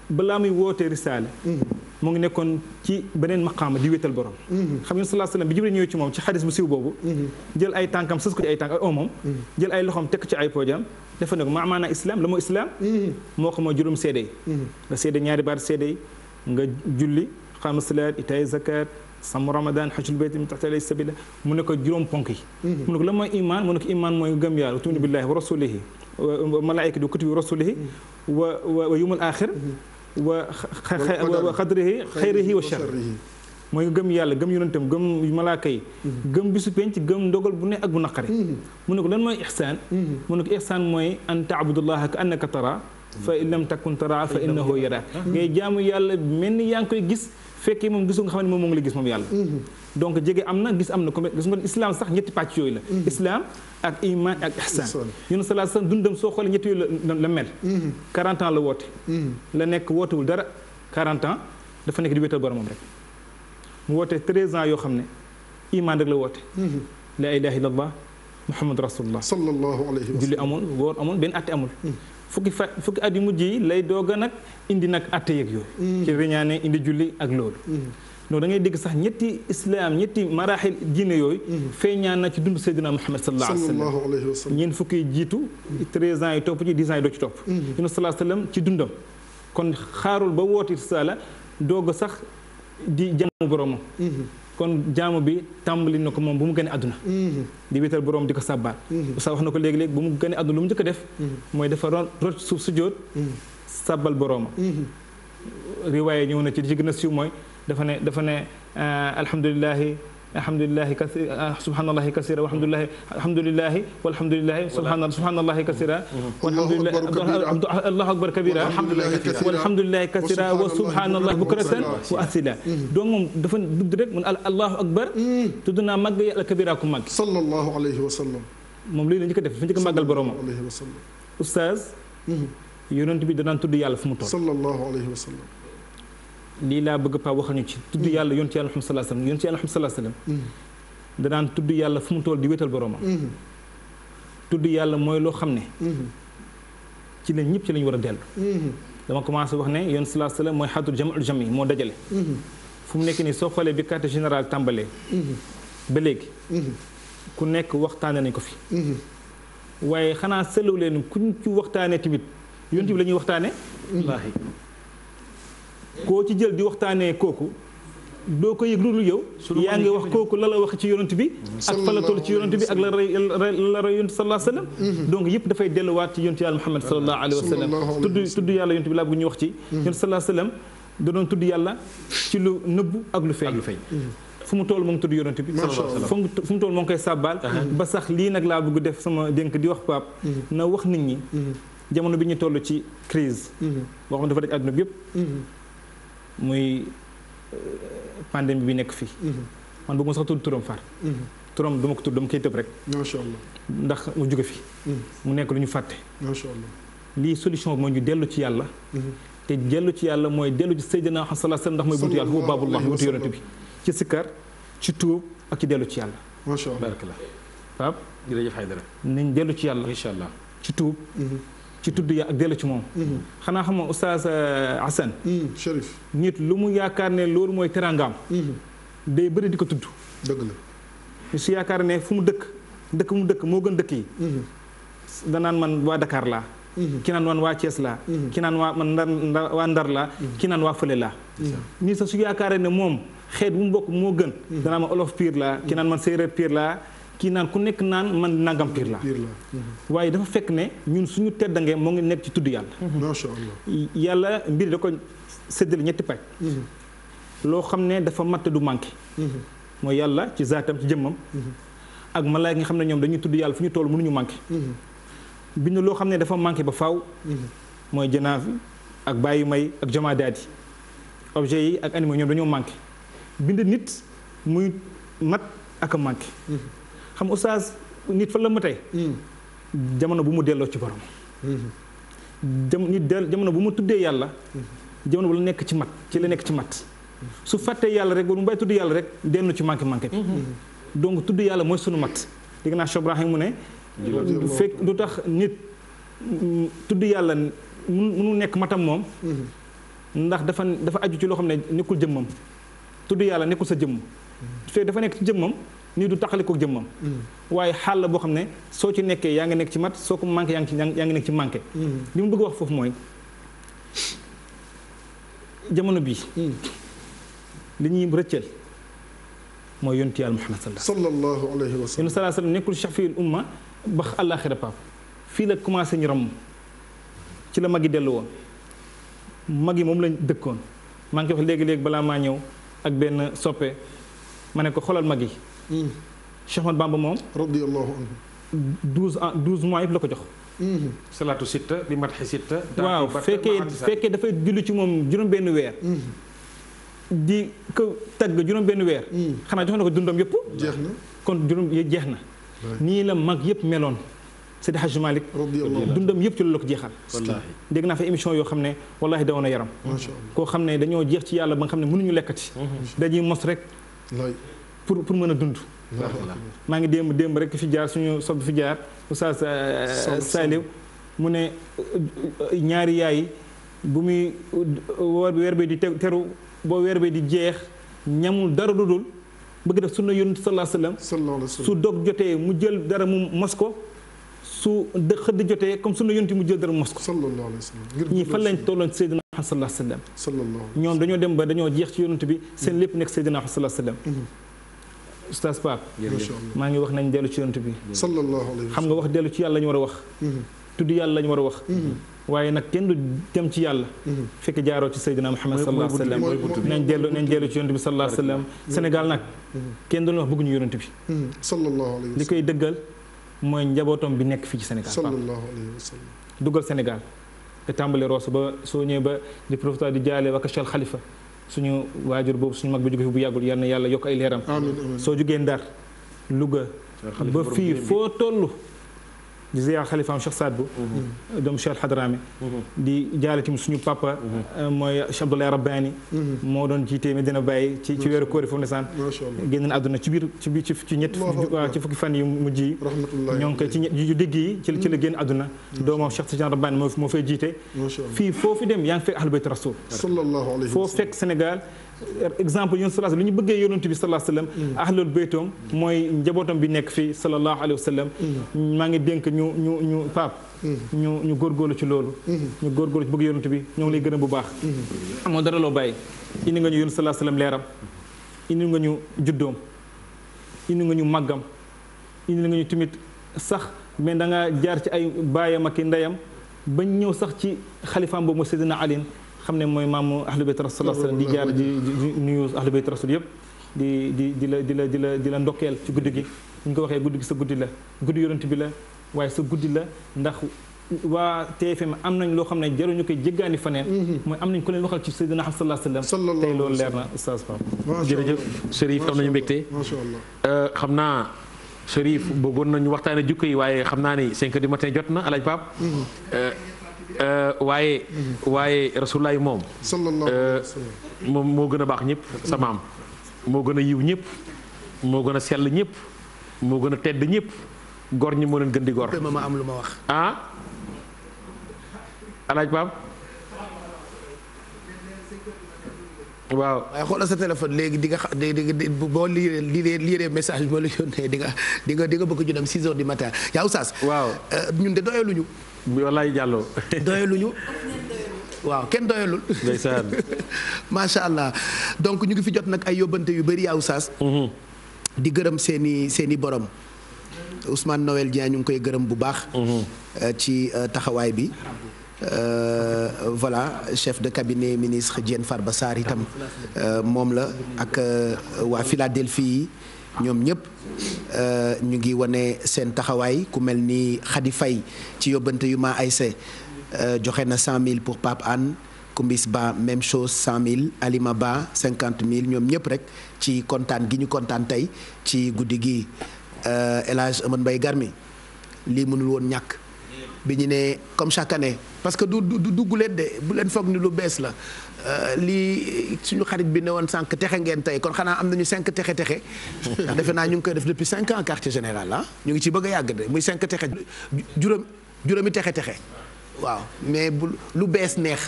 balaa muy wootee risaale mhm. mu ngi nekkoon ci beneen maqaama di wéetal borom xam nga salaa salaam bi jibril ñëw ci moom ci xadis bu siw boobu jël ay tànkam sës ay tànk ay omam jël ay loxam tekk ci ay poojam dafa ne ko maa maanaa islam la moo islam mhm. moo ko moo juróom seede yi mhm. nga seede ñaari baat seede yi nga julli xaama salaat itaay zakat sàmm ramadan xajul bayt min taxta ilay sabila mu ne ko juróom ponk yi mhm. mu ne ko la mooy iman mu ne ko iman mooy gëm yàlla tuminu billahi wa rasulihi wa malaayika di kutubi wa rasulihi wa wa yawmal axir wa xadrihi xayrihi wa sharrihi mooy nga gëm yàlla gëm yonentam gëm malaaka yi gëm bisu penc gëm ndogal bu ne ak bu naqare mhm. mu ne ko lan mooy ixsaan mhm. mu ne ko ixsaan mooy an taabudallaha ka annaka tara fa in lam takun tara fa innahu yaraak ngay jaamu yàlla mel ni yaa ngi koy gis fekkee moom gisu nga xam moom moo ngi lay gis moom yàlla mhm. am na gis am na comme gis nga islam sax ñetti pàcc yooyu la islam ak iman ak ihsan yun salaa sa dundam soo xoolee ñetti yooyu la la mel 40 ans la woote la nekk wootewul dara 40 ans dafa nekk di wéetal boromam rek mu woote 13 ans yoo xam ne iman rek la woote mm-hmm. la ilaha illallah muhammad rasulullah sallallahu alayhi wa sallam julli amul woor amul benn atte amul mm. fukki fa fukki at yu mujj yi lay doog a nag indi nag atte yeeg yooyu mm. ci reñaane indi julli ak loolu donc mm. da ngay dégg sax ñetti islam ñetti maraaxil diine yooyu feeñaan na ci dund Seydina Muhammad sallallahu alayhi wa sallam ñeen fukki jiitu 13 ans yi topp ci 10 ans yi doo ci topp yunus sallallahu alayhi wa sallam ci dundam kon xaarul ba wooti risaala doog a sax di jaamu boroomam mhm. kon jaamu bi tàmbali na ko moom bu mu gën a àdduna mhm. di wéetal boroom di ko sàbbaal mhm. sa wax na ko léegi léeg bu mu gën a àdduna lu mu njëkk def mooy dafa rot suuf su jóot sàbbal boroomam riwaaye ñëw na ci di ci mooy dafa ne dafa ne ah, alhamdulilahi alhamdulilahi kasi ah, subhanallahi kasira walhamdulilahi alhamdulilahi walhamdulilahi subhanallahi kasira mhm. walhamdulilah allahu akbar kabira walhamdulilahi kasira wa subhanallah bukratan wa asila mhm. donc moom dafa dudd rek mun allahu akbar mhm. tudd naa màgg yàlla kabira ku màgg sallallahu alayhi wa sallam moom lii la njëkk a def dafa njëkk a màggal boromam ustaz yonent bi danaan tudd yàlla fu mu toll sallallahu alayhi wa sallam lii laa bëgg paa waxal ñu ci tudd mm. yàlla yonti yàlla Muhammad sallallahu alayhi wasallam yonti yàlla Muhammad sallallahu alayhi wasallam mm. danaan tudd yàlla fu mu toll di wéetal boroomam mm-hmm. tudd yàlla mooy loo xam ne mm-hmm. ci lañ ñëpp ci lañ war a dellu mm-hmm. dama commencé wax ne yoon sallallahu alayhi wasallam mooy xaatul jamaul jami moo dajale fu mu nekk nii soo xoolee bi carte générale tàmbalee ba léegi ku nekk waxtaane nañ ko fi waaye xanaa sëlaw leen kuñ ci waxtaane tamit yonti bi la ñuy waxtaane koo ci jël di waxtaanee kooku doo ko yëg lu dul yow yaa ngi wax kooku la la wax ci yonent bi ak fa la toll ci yonent bi ak la la rey yonent sallallahu alayhi wa sallam mm-hmm. delluwaat ci yonent yàlla Muhammad sallallahu alayhi wa sallam tudd tudd yàlla yonent bi laa bëgg ñu wax ci mm-hmm. yonent sallallahu alayhi wa sallam da doon lu nëbbu ak lu feeñ mm-hmm. fu mu toll mu tudd yonent bi fu mu toll mu ngi koy sàbbaal ba sax lii nag laa bugg def sama dénk di wax paap na wax nit ñi jamono bi ñu toll ci crise boo xam ne dafa daj àdduna bi yëpp muy euh, pandémie bi nekk fii. Mhm. man bëgguma sax tudd turam far. Mhm. turam duma ko tudd dama koy tëb rek. macha allah ndax mu jóge fi. Mhm. mu nekk lu ñu fàtte. macha allah lii solution mooy ñu dellu ci yàlla. te dellu ci yàlla mooy dellu ci Seydina sallallahu alayhi wasallam ndax mooy buntu yàlla huwa baabullah buntu yonent bi ci sikkar ci tuub ak ci dellu ci yàlla. macha allah barakallah. Pape jërëjëf Aïdara. dellu ci yàlla. allah ci tuub. ci tudd ya ak dellu ci moom mm-hmm. xanaa xam nga oustaz euh, Assane mm-hmm. nit lu mu yaakaar ne loolu mooy terangaam mm-hmm. day bëri di ko tudd dëgg la yaakaar ne fu mu dëkk dëkk mu dëkk moo gën dëkk yi danaan man waa Dakar laa ki naan man waa Thiès laa ki naan waa laa ki naan waa fële moo gën danaa man olof piir laa ki naan man séeréer piir laa kii naan ku nekk naan man nangam piir la mhm. waaye dafa fekk ne ñun suñu teddange moo ngi nekk ci tudd yàlla mhm. macha yàlla mbir da ko séddale ñetti pàcc mhm. loo xam ne dafa matt du manqué mooy yàlla ci zaatam ci jëmmam ak malaay nga xam ne ñoom dañuy tudd yàlla fu ñu tool toll ñu manqué bind loo xam ne dafa manqué ba faaw mooy janaaf ak bàyyi may ak jamaadaat yi objets yi ak animaux ñoom dañoo manqué bind nit muy mat ak a manqué xam oustaz nit fa la ma tey hmm. jamono bu mu delloo ci borom hmm. jam nit del jamono bu mu tuddee yàlla hmm. jamono bu la nekk ci mat ci la nekk ci mat su fàttee yàlla rek wala mu bay tudd yàlla rek dellu ci manqué manqué bi donc tudd yàlla mooy sunu mat dégg naa Cheikh Ibrahim mu ne fekk du tax nit tudd yàlla munu nekk matam moom ndax dafa dafa aju ci loo xam ne nekkul jëmmam tudd yàlla nekkul sa jëmm fekk dafa nekk ci jëmmam nii du taxali ko jëmmam waaye xaal la boo xam ne soo ci nekkee yaa ngi nekk ci mat soo ko manqué yaa ngi ci yaa ngi nekk ci manqué mm. li mu bëgg wax foofu mooy jamono bii mm. li ñuy rëcceel mooy yonti yàlla Muhammad sallallahu alayhi wa sallam yonent sallallahu alayhi wa nekkul shafiul umma ba àllaaxira paap fii la commencé ñu ram ci la mag yi dellu woon mag yi moom lañ dëkkoon maa ngi koy wax léegi-léegi balaa maa ñëw ak benn soppe ma ne ko xoolal mag yi Hmm. Cheikh Ahmad Bamba moom. radiyallahu anhu. douze ans douze mois yëpp la ko jox. Hmm. salaatu sitta bi matxi sitta. waaw fekkee fekkee dafay dillu ci moom juróom-benn weer. Hmm. di ko tagg juróom-benn weer. xanaa jox na ko dundam yëpp. jeex na kon juróom jeex na. nii la mag yëpp meloon. Seydi Hajji Malick dundam yëpp ci loolu la ko jeexal dégg naa fa émission yoo xam ne wallaahi dawoon a yaram koo xam ne dañoo jeex ci yàlla ba nga xam ne mënuñu lekkati dañuy mos rek pour pour mën a dund. maa ngi démb démb rekk fi jaar suñu sob fi jaar oustaz euh, mu ne ñaari yaay bu muy weer bi di teru boo weer bi di jeex ñamul dara du dul bëgg def sunna yonent sallallahu alayhi wasallam su dog jotee mu jël dara mu mos ko su xëdd jotee comme sunna yonent mu jël dara mu mos ko ñii fan lañ tolloon Seydina Muhammad sallallahu alayhi wasallam ñoom dañoo dem ba dañoo jeex ci yonent bi seen lépp nekk Seydina Muhammad sallallahu alayhi wasallam mm-hmm. oustaz Pape maa ngi wax nañ dellu ci yonent bi sallallahu alayhi xam nga wax dellu ci yàlla lañu war a wax mhm. tudd yàlla lañu war a wax mhm. waaye nag kenn du dem ci yàlla mhm. fekk jaaroo ci Seydina Muhammad sallallahu alayhi wa sallam nañ dellu nañ dellu ci yonent bi sallallahu alayhi wa sallam Sénégal nag kenn doon wax bëgguñu yonent bi sallallahu alayhi li koy dëggal mooy njabootam bi nekk fii ci Sénégal sallallahu alayhi wa sallam dugal Sénégal nga tàmbale Rosso ba soo ñëwee ba di profité di jaale wakachal xalifa suñu waajur boobu suñu mag bi jóge fi bu yàggul yal na yàlla yokk ay leeram soo jógee Ndar Louga ba fii foo toll di ziar xalifaam Cheikh Saad Bou doomu Cheikh di jaale tamit suñu papa mooy Cheikh Abdoulaye Rabbani moo doon jiite Medina Baye ci ci weeru koori foofu ndeysaan génn na àdduna ci biir ci biir ci ñett waaw ci fukki fan yu mujj yi ñoo ngi koy ci ñett yu digg yi ci ci la génn àdduna doomam Cheikh Tidiane Rabbani moo moo fay jiite fii foofu dem yaa ngi fekk ahlul bayt rasul foo fekk Sénégal exemple ñun sallallahu li ñu bëggee yonent bi sallallahu alayhi wa sallam mm. ahlul mooy njabootam bi nekk fii sallallahu alayhi wa sallam mm. maa ngi dénk ñu ñu ñu Pape mm. ñu ñu góorgóorlu ci loolu ñu góorgóorlu ci bëgg yonent bi ñoo ngi lay gërëm bu baax amoo dara loo bàyyi indi nga ñu yonent sallallahu alayhi wa indi nga ñu juddoom indi nga ñu màggam indi nga ñu tamit sax mais da nga jaar ci ay baayam ak i ndeyam ba ñëw sax ci xalifaam boobu mooy Seydina Alin xam ne mooy maamu ahlu bayt rasul sallam di jaar di nuyu ahlu bayt rasul yëpp di di la di la di la di la ndokkeel ci guddi gi ñu ko waxee guddi gi sa guddi la guddi yonent bi la waaye sa guddi la ndax waa TFM am nañ loo xam ne jaruñu koy jéggaani faneen mhm. mooy am nañ ku leen waxal ci Seydina Muhammad sallallahu alayhi wasallam tey loolu leer na oustaz Pape jërëjëf Chérif am nañu mbégte macha allah euh, xam naa Chérif bëggoon nañu waxtaane jukko yi waaye xam naa ni cinq heures matin jot na alaaj Pape mhm. euh, Euh, waaye waaye rasulullaay moom euh, moom moo gën a baax ñëpp sa maam moo gën a yiw ñépp moo gën a sell ñëpp moo gën a tedd ñëpp gor ñi moo leen gën di gor ma am lu ma wax ah alaaj paam waaw waaye xoolal di nga xa di di boo lire lire message bi ma la yónnee di nga di nga di nga bëgg ñu dem 6 heures du matin yaa oustaz. waaw euh, ñun de doyaluñu. walaay jàlloo. doyaluñu. waaw kenn doyalul. ndeysaan. (laughs) macha allah donc ñu ngi fi jot nag ay yóbbante yu bëri yaa Oustaz. Mhm. di gërëm seeni seeni seen i borom. Ousmane Noël Dieng ñu ngi koy gërëm bu baax. Mhm. Euh, ci euh, taxawaay bi. Euh, voilà chef de cabinet ministre Diène Farba Sarr itam moom la ak waa Philadelphie yi. ñoom ñëpp euh, ñu ngi wane seen taxawaay ku mel ni Khady fay ci yóbbante yu ma ayse euh, joxe na 100000 pour Pape Anne Kumbis Ba même chose 100000 Alima Ba 50000 ñoom ñëpp rek ci kontaan gi ñu kontaan tey ci guddi gi euh, El Hadj Amadou Mbaye Garmi lii mënul woon ñàkk. bi ñu ne comme chaque année parce que du du du de bu leen foog ni lu bees la Euh, lii suñu xarit bi ne woon sànq texe ngeen tey kon xanaa am nañu cinq texe texe (laughs) defe naa ñu ngi koy def depuis cinq ans quartier général ah. ñu ngi ci bëgg yàgg de muy cinq texe juróom juróomi texe texe waaw mais bu lu bees neex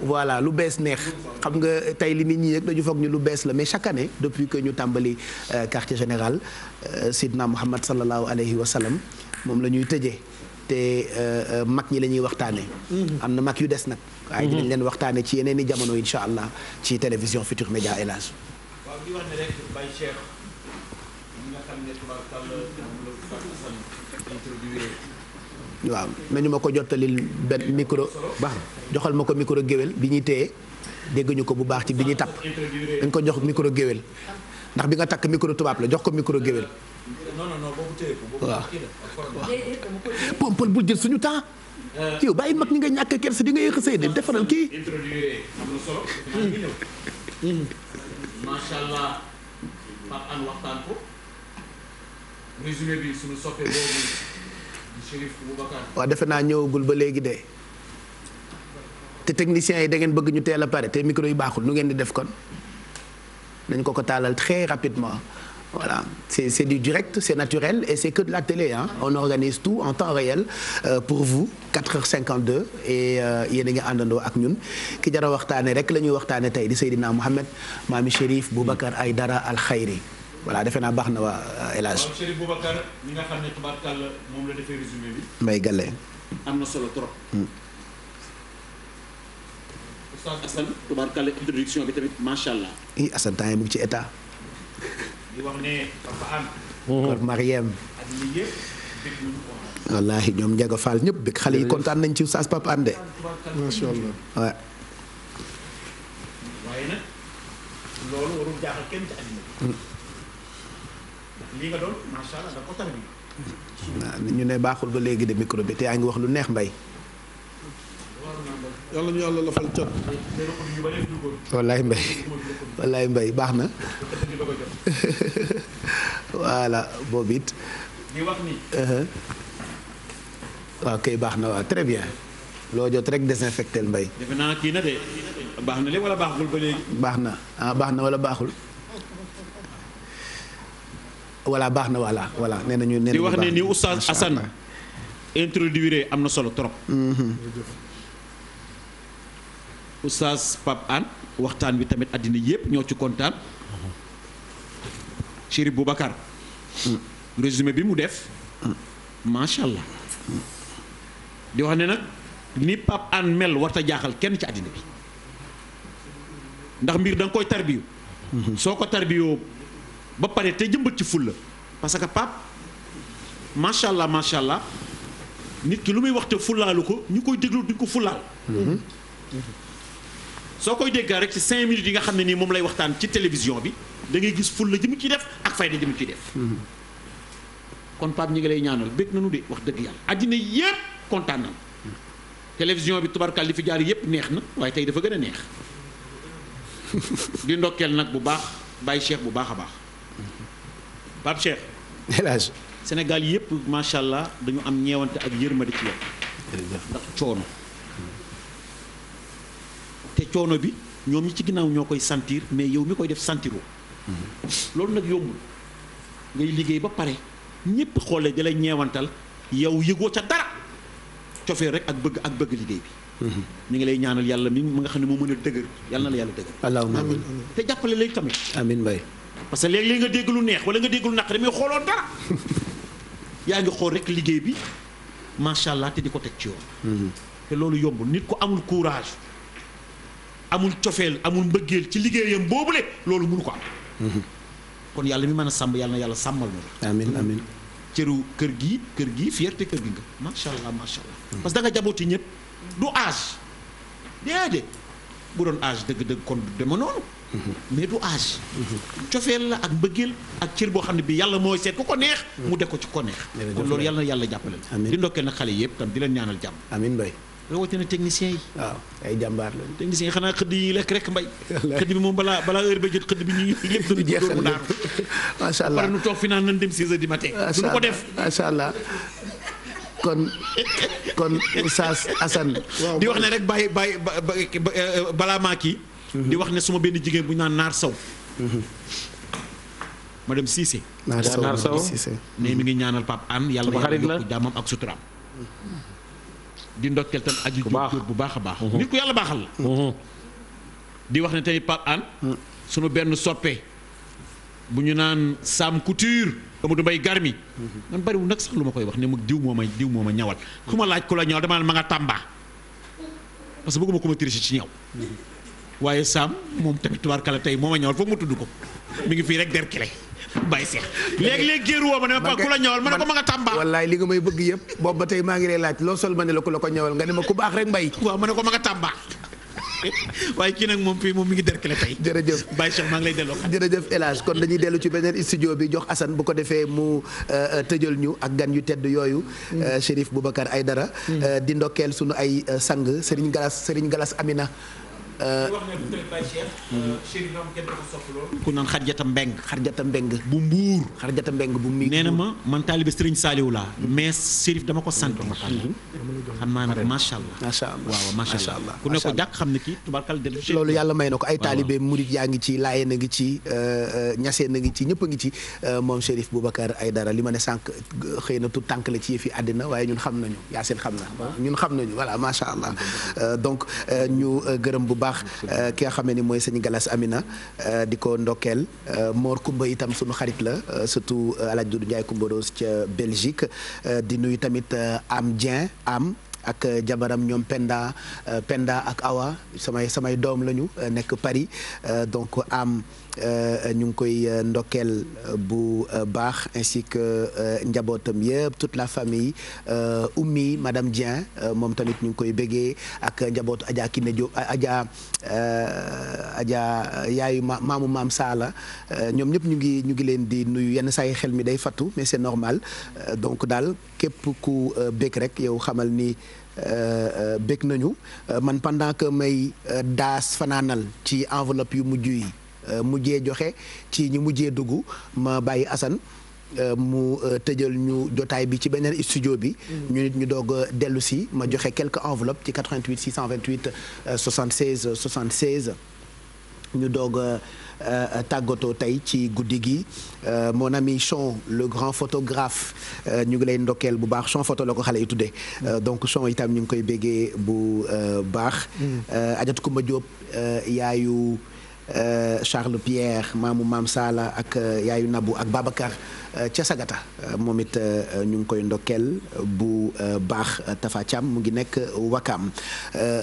voilà lu bees neex xam nga tey li nit ñi rek dañu foog ni lu bees la mais chaque année depuis que ñu tàmbali euh, quartier général euh, Sidna Muhammad sallallahu alayhi wa sallam moom la ñuy tëjee te euh, euh, mag ñi la ñuy waxtaane mm-hmm. am na mag yu des nag waaye mm-hmm. dinañ leen waxtaane ci yeneen i jamono insha allah ci télévision Futur Média El Hadj waaw nañu ma ko jottalil benn micro baax joxal ma ko micro géwél bi ñuy téye dégguñu ko bu baax ci bi ñuy tàpp dañ ko jox micro géwél ndax bi nga takk micro tubaab la jox ko micro géwél non pompal bul jël suñu temps euh. yow bàyyi mag ñi nga ñàkk kersa di nga yéex a sëy de defaral kii. introduire hmm. hmm. macha allah Pape Hann waxtaan suñu waaw defe naa ñëwagul ba léegi de te techniciens yi dangeen bëgg ñu teel a pare te micro yi baaxul nu ngeen di def kon dañ ko ko taalal très rapidement. voilà c'est c'est du direct c'est naturel et c'est que de la télé hein on organise tout en temps réel euh, pour vous 4h52 et euh, yéen ngi àndandoo ak ñun ki jara waxtaane rek la ñuy waxtaane tey di Seydina Mouhamed Mami Chérif Boubacar Aïdara Al Khayri voilà defe naa baax na waa euh, El Hadj. waaw am na solo trop. Hmm. Oustaz Assane tubaarkàlla yi mu ci état. (laughs) di wax mm-hmm. wallaahi ñoom Ndiaga Fall ñëpp bëgg xale yi kontaan nañ ci oustaz papa de. macha allah mm. waaw. ñu ne baaxul ba léegi de micro bi te yaa ngi wax lu neex mbay. yàlla ñu yàlla lafal cat. wallaay mbay wallaay mbay baax na. voilà boobu it. di uh-huh. baax na waaw très bien. loo jot rek désinfecté mbay. defe na de baax na léegi wala baaxul ba léegi. baax na ah baax na wala baaxul. voilà baax na walla voilà nee nañu nee nañu di wax ne ni Oustaz Assane introduire am na solo trop. Mm-hmm. oustaz Pape Anne waxtaan wi tamit àddina yëpp ñoo ci kontaan Chérif Boubacar résumé bi mu def macha allah di wax ne nag ni Pape Anne mel warta jaaxal kenn ci àddina bi ndax mbir da nga koy tarbiyu soo ko tarbiyoo ba pare te jëmbat ci fulla parce que Pape macha allah macha allah nit ki lu muy waxte fullaalu ko ñu koy déglu duñ ko fullaal soo koy déggaa rek ci cinq minutes yi nga xam ne nii moom lay waxtaan ci télévision bi dangay gis ful la jëm ciy def ak fayda jëm ci def mm-hmm. kon Pape ñi ngi lay ñaanal bég nañu de wax dëgg yàlla àddina yépp kontaan mm-hmm. télévision bi tubarkal li fi jaar yépp neex na waaye tey dafa gën a neex (laughs) di ndokkeel nag bu baax bàyyi Cheikh bu baax a baax mm-hmm. Pape Cheikh Sénégal yépp macha allah dañu am ñeewante ak yërmande ci yow ndax coono te coono bi ñoom ñi ci ginnaaw ñoo koy sentir mais yow mi koy def sentiroo loolu nag yombul ngay liggéey ba pare ñëpp xoolee di lay ñeewantal yow yëgoo ca dara cofee rek ak bëgg ak bëgg liggéey bi mm-hmm. ñu ngi lay ñaanal yàlla mi mu nga xam ne moo mën a dëgër yàlla na la yàlla dëgër allahumma amiin te jàppale lay tamit parce que léeg-léeg nga dégg lu neex wala nga dégg lu naqari mais xooloo dara (laughs) yaa ngi xool rek liggéey bi macha allah te di ko teg ci yoon mm-hmm. te loolu amul cofeel amul mbëggeel ci liggéeyam boobule loolu mënu ko am mhm. kon yàlla mi mën a sàmm yàlla na yàlla sàmmal na amiin amiin cëru kër gi kër gi fierté kër gi nga macha allah macha allah mhm. parce que da nga jabooti ñëpp du âge déedéet bu doon âge dëgg-dëgg kon du dema noonu mhm. mais du âge cofeel la ak mbëggeel ak cër boo xam ne bi yàlla mooy seet ku ko neex mu def ko ci ko neex kon loolu yàlla na yàlla jàppale di ndokkeel na xale yëpp tam di leen ñaanal jàmm amiin bay rawatina technicien yi. Ah, ay jàmbaar lañu. technicien yi xanaa xëdd yi lekk rek mbay. xëdd bi moom balaa balaa heure ba jot xëdd bi ñu lépp dañu jeexal mu daanu. macha nu toog fi naan nan dem 6 heures du matin. du ko def allah kon kon Oustaz Assane. di wax ne rek bàyyi balaa maa kii. Mhm. di wax ne suma benn jigéen bu ñu naan Naar Sow. Mhm. ma Cissé. Naar Sow Naar Sow ne mi ngi ñaanal Pape Anne yàlla yàlla yokk jàmmam ak suturaam. di ndokkeel tam aju jóor bu baax a baax nit ku yàlla baaxal la di wax ne tey Pape Hann sunu benn soppe bu ñu naan Sam Couture Amadou Mbaye Garmi man bariwul nag sax lu ma koy wax ne mu diw moo ma diw moo ma ñawal ku ma laaj ku la ñawal dama naan ma nga tàmbaa parce que bëgguma ku ma tricher ci ñaw waaye Sam moom tamit kale tey moo ma ñawal foog mu tudd ko mu ngi fii rek derkile bay seex léeg-léeg géer woo ma ne ma ku la ñëwal ma ne ko ma nga tàmba wallaay li nga may bëgg yëpp boobu ba tey maa ngi lay laaj loo sol ma ne la ku la ko ñëwal nga ne ma ku baax rek mbay waaw ma ne ko ma nga tàmba waaye ci nag moom fii moom mi ngi derkale tey jërëjëf Baye Cheikh maa ngi lay delloo jërëjëf El Hadj kon dañuy dellu ci beneen studio bi jox Assane bu ko defee mu euh, tëjal ñu ak gan yu tedd yooyu mm. euh, Chérif Boubacar Aïdara mm. euh, di ndokkeel sunu ay sang Serigne Galas Serigne Galas Amina Euh, euh, mm-hmm. ku naan xarjata mbeng xarjata mbeng bu mbuur xarjata mbeng bu mii nee na ma man taalibe sëriñ Saaliw laa mm-hmm. mais Sérif dama ko sant mm-hmm. xam naa macha allah macha waaw macha ku ne ko jàkk xam ne kii tubarkal de loolu yàlla may na ko ay taalibe murit yaa ngi ci laayeen a ngi ci euh, ñaseen na ngi ci ñëpp a ngi ci moom Chérif ay dara li ma ne sànq xëy na tout tànk la ci fi àddina waaye ñun xam nañu yaa seen xam na ñun xam nañu voilà macha allah donc ñu gërëm bu baax baax euh, ki nga xam ne ni mooy sëñ Galas Amina euh, di ko ndokkeel euh, Mor Kumba itam sunu xarit la surtout El Hadj Doudou Ndiaye Kumba Rose ca Belgique di nuyu tamit Am Dieng Am. ak jabaram ñoom Penda Penda ak Awa samay samay doom lañu nekk Paris donc am Euh, ñu ngi koy euh, ndokkeel euh, bu baax ainsi que njabootam yëpp toute la famille ummi madame Dieng moom tamit ñu ngi koy bëggee ak njaboot Adja Kiné Diop Adja Adja yaayu maamu maam Saala ñoom ñëpp ñu ngi ñu ngi leen di nuyu yenn saa xel mi day fattu mais c'est normal donc daal képp ku bég rek yow xamal ni. Euh, euh, bëgg nañu euh, man pendant que may daas fanaanal ci enveloppe yu mujj yi Euh, mujje joxe ci ñi mujjee dugg ma bàyyi Assane euh, mu euh, tëjal ñu jotaay bi ci beneen studio bi. Mm. ñu nit ñu doog a dellu si ma joxe quelques enveloppes ci 88 628 76 76. ñu doog a tàggatoo tey ci guddi gi mon ami Chon le grand photographe ñu ngi lay ndokkeel bu baax Chon photo la ko xale yi tuddee. Mm. donc son itam ñu ngi koy béggee bu baax. Mm. Ajat Kumba Diop yaayu. Euh, Charles Pierre maamu maam Sala ak euh, yaayu Nabou ak Babacar Euh, ca Sagata euh, moom it euh, ñu ngi koy ndokkeel bu baax Tafa Thiam mu ngi nekk Wakaam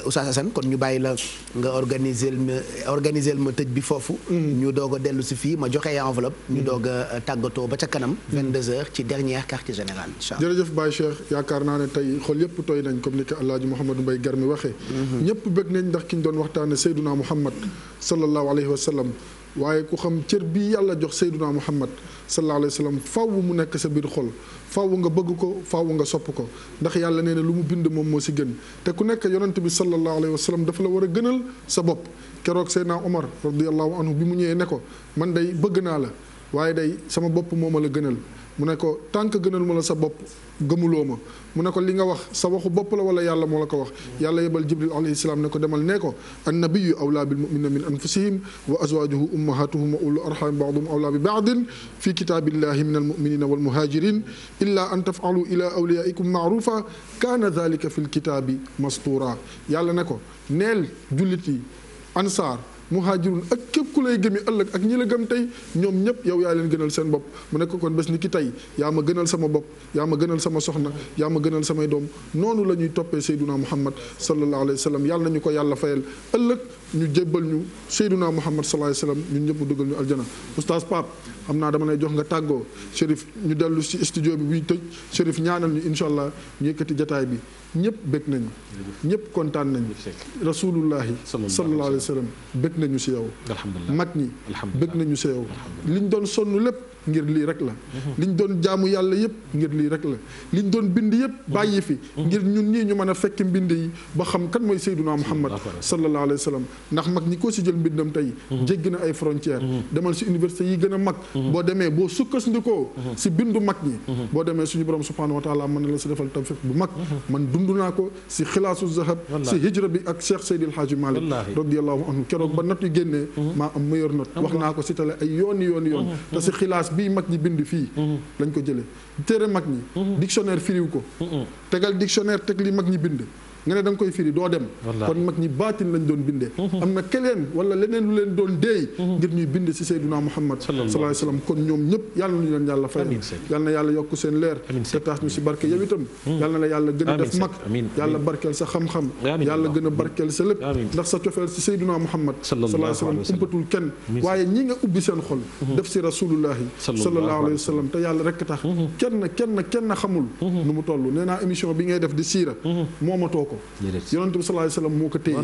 Oustaz Assane kon ñu bàyyi la nga organiser ma organiser ma tëj bi foofu. Mm. ñu doog a dellu si fii ma joxe enveloppe. ñu mm. doog a tàggatoo ba ca kanam. 22 mm. ci dernière quartier général incha allah. jërëjëf Baye yaakaar naa ne tey xol yëpp tooy nañ comme ni ko El Hadj Mouhamadou Mbaye Garmi waxee. Mm-hmm. ñëpp bëgg nañ ndax ki ñu doon waxtaanee Seydouna Mouhamad sallallahu alayhi wa sallam. waaye ku xam cër bii yàlla jox sayduna muhammad sallallahu alayhi wa sallam faww mu nekk sa biir xol faww nga bëgg ko faww nga sopp ko ndax yàlla nee na lu mu bind moom moo si gën te ku nekk yonent bi sallallahu alayhi wa sallam dafa la war gënal sa bopp keroog seydna omar radiallahu anhu bi mu ñëwee ne ko man dey bëgg naa la waaye day sama bopp moo ma la gënal mu ne ko tànk gënal ma la sa bopp gëmuloo ma mu ne ko li nga wax sa waxu bopp la wala yàlla moo la ko wax yàlla yebal jibril alayhi salaam ne ko demal nee ko annabiyu awlaa bil muminina min anfusihim wa azwajuhu ummahatuhum wa ullu arham baaduhum awlaa bi baadin fi kitaabillahi min almuminina walmuhajirin illa an tafaalu ila awliyaikum maarufa kaana dalika fi lkitaabi mastura yàlla ne ko neel jullit yi ansaar muhaajirun ak képp ku lay gëmi ëllëg ak ñi la gëm tey ñoom ñëpp yow yaa leen gënal seen bopp mu nekk kon bés ni ki tey yaa ma gënal sama bopp yaa ma gënal sama soxna yaa ma gënal samay doom noonu la ñuy toppee Seyduna Muhammad sallallahu alayhi wa sallam yàlla nañu ko yàlla fayal ëllëg ñu jébbal ñu Seydina Muhammad sallallahu alayhi wa sallam ñun ñëpp dugal ñu aljana oustaz Pape xam naa dama nay jox nga tàggoo Chérif ñu dellu ci studio bi bu ñu tëj Chérif ñaanal ñu incha allah ñu yëkkati jataay bi ñëpp bëgg nañu ñëpp kontaan nañu rasulullahi sallallahu alayhi wa sallam bëgg nañu ci yow mag ñi bëgg nañu ci li liñ doon sonn lépp ngir lii rek la liñ doon jaamu yàlla yëpp ngir lii rek la liñ doon bind yëpp bàyyi fi ngir ñun ñii ñu mën a fekk mbind yi ba xam kan mooy sayduna muhammad sallallahu alayhi wa ñi koo si jël mbindam tey jéggi na ay frontières demal si université yi gën a mag boo demee boo sukkasndikoo si bindu mag ñi boo demee suñu borom subhanahu wa taala mën na la si defal tawfiq bu mag man dund naa ko si xilaasu zahab si hijra bi ak cheikh seydi alhaaji malik radiallahu anhu keroog ba not yu génnee maa am meilleur note wax naa si tale yoon te si bii mag ñi bind fii mhm. lañ ko jële téere mag ñi mhm. dictionnaire firiw ko mhm. tegal dictionnaire teg li mag ñi bind nga ne da nga koy firi doo dem kon mag ñi baatin lañ doon bindee mhm. am na keleen wala leneen lu leen doon déey mhm. ngir ñuy bind si Seydina Muhammad sallallahu alayhi wasallam kon ñoom ñëpp yàlla nañu leen yàlla fayal yàlla na yàlla yokk seen leer te taas ñu si barke yow itam mhm. yàlla na la yàlla gën a def mag yàlla barkeel sa xam-xam yàlla gën a barkeel sa lépp ndax sa cofeel si Seydina Muhammad sallallahu alayhi wasallam umpatul kenn waaye ñi nga ubbi seen xol def si rasulullahi sallallahu alayhi wasallam te yàlla rekk tax kenn kenn kenn xamul nu mu toll nee naa émission bi ngay def di siira moomatoo ko ko yonent bi sallallahu alayhi wasallam moo ko téye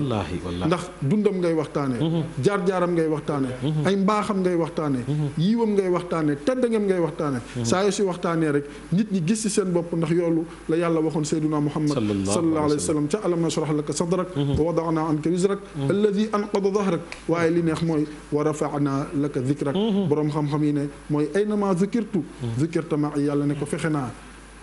ndax dundam ngay waxtaane mhm. jaar-jaaram ngay waxtaane mhm. ay mbaaxam ngay waxtaane mhm. yiiwam ngay waxtaane teddangam ngay waxtaane saa yoo si waxtaanee rek nit ñi gis ci seen bopp ndax yoolu la yàlla waxoon sayyiduna muhammad sallallahu alayhi wasallam ca alam nashrah laka sadrak wa wada'na anka wizrak alladhi anqada dhahrak waaye li neex mooy wa rafa'na laka dhikrak borom xam-xam yi ne mooy aynama zikirtu zikirta yàlla ne ko fexe naa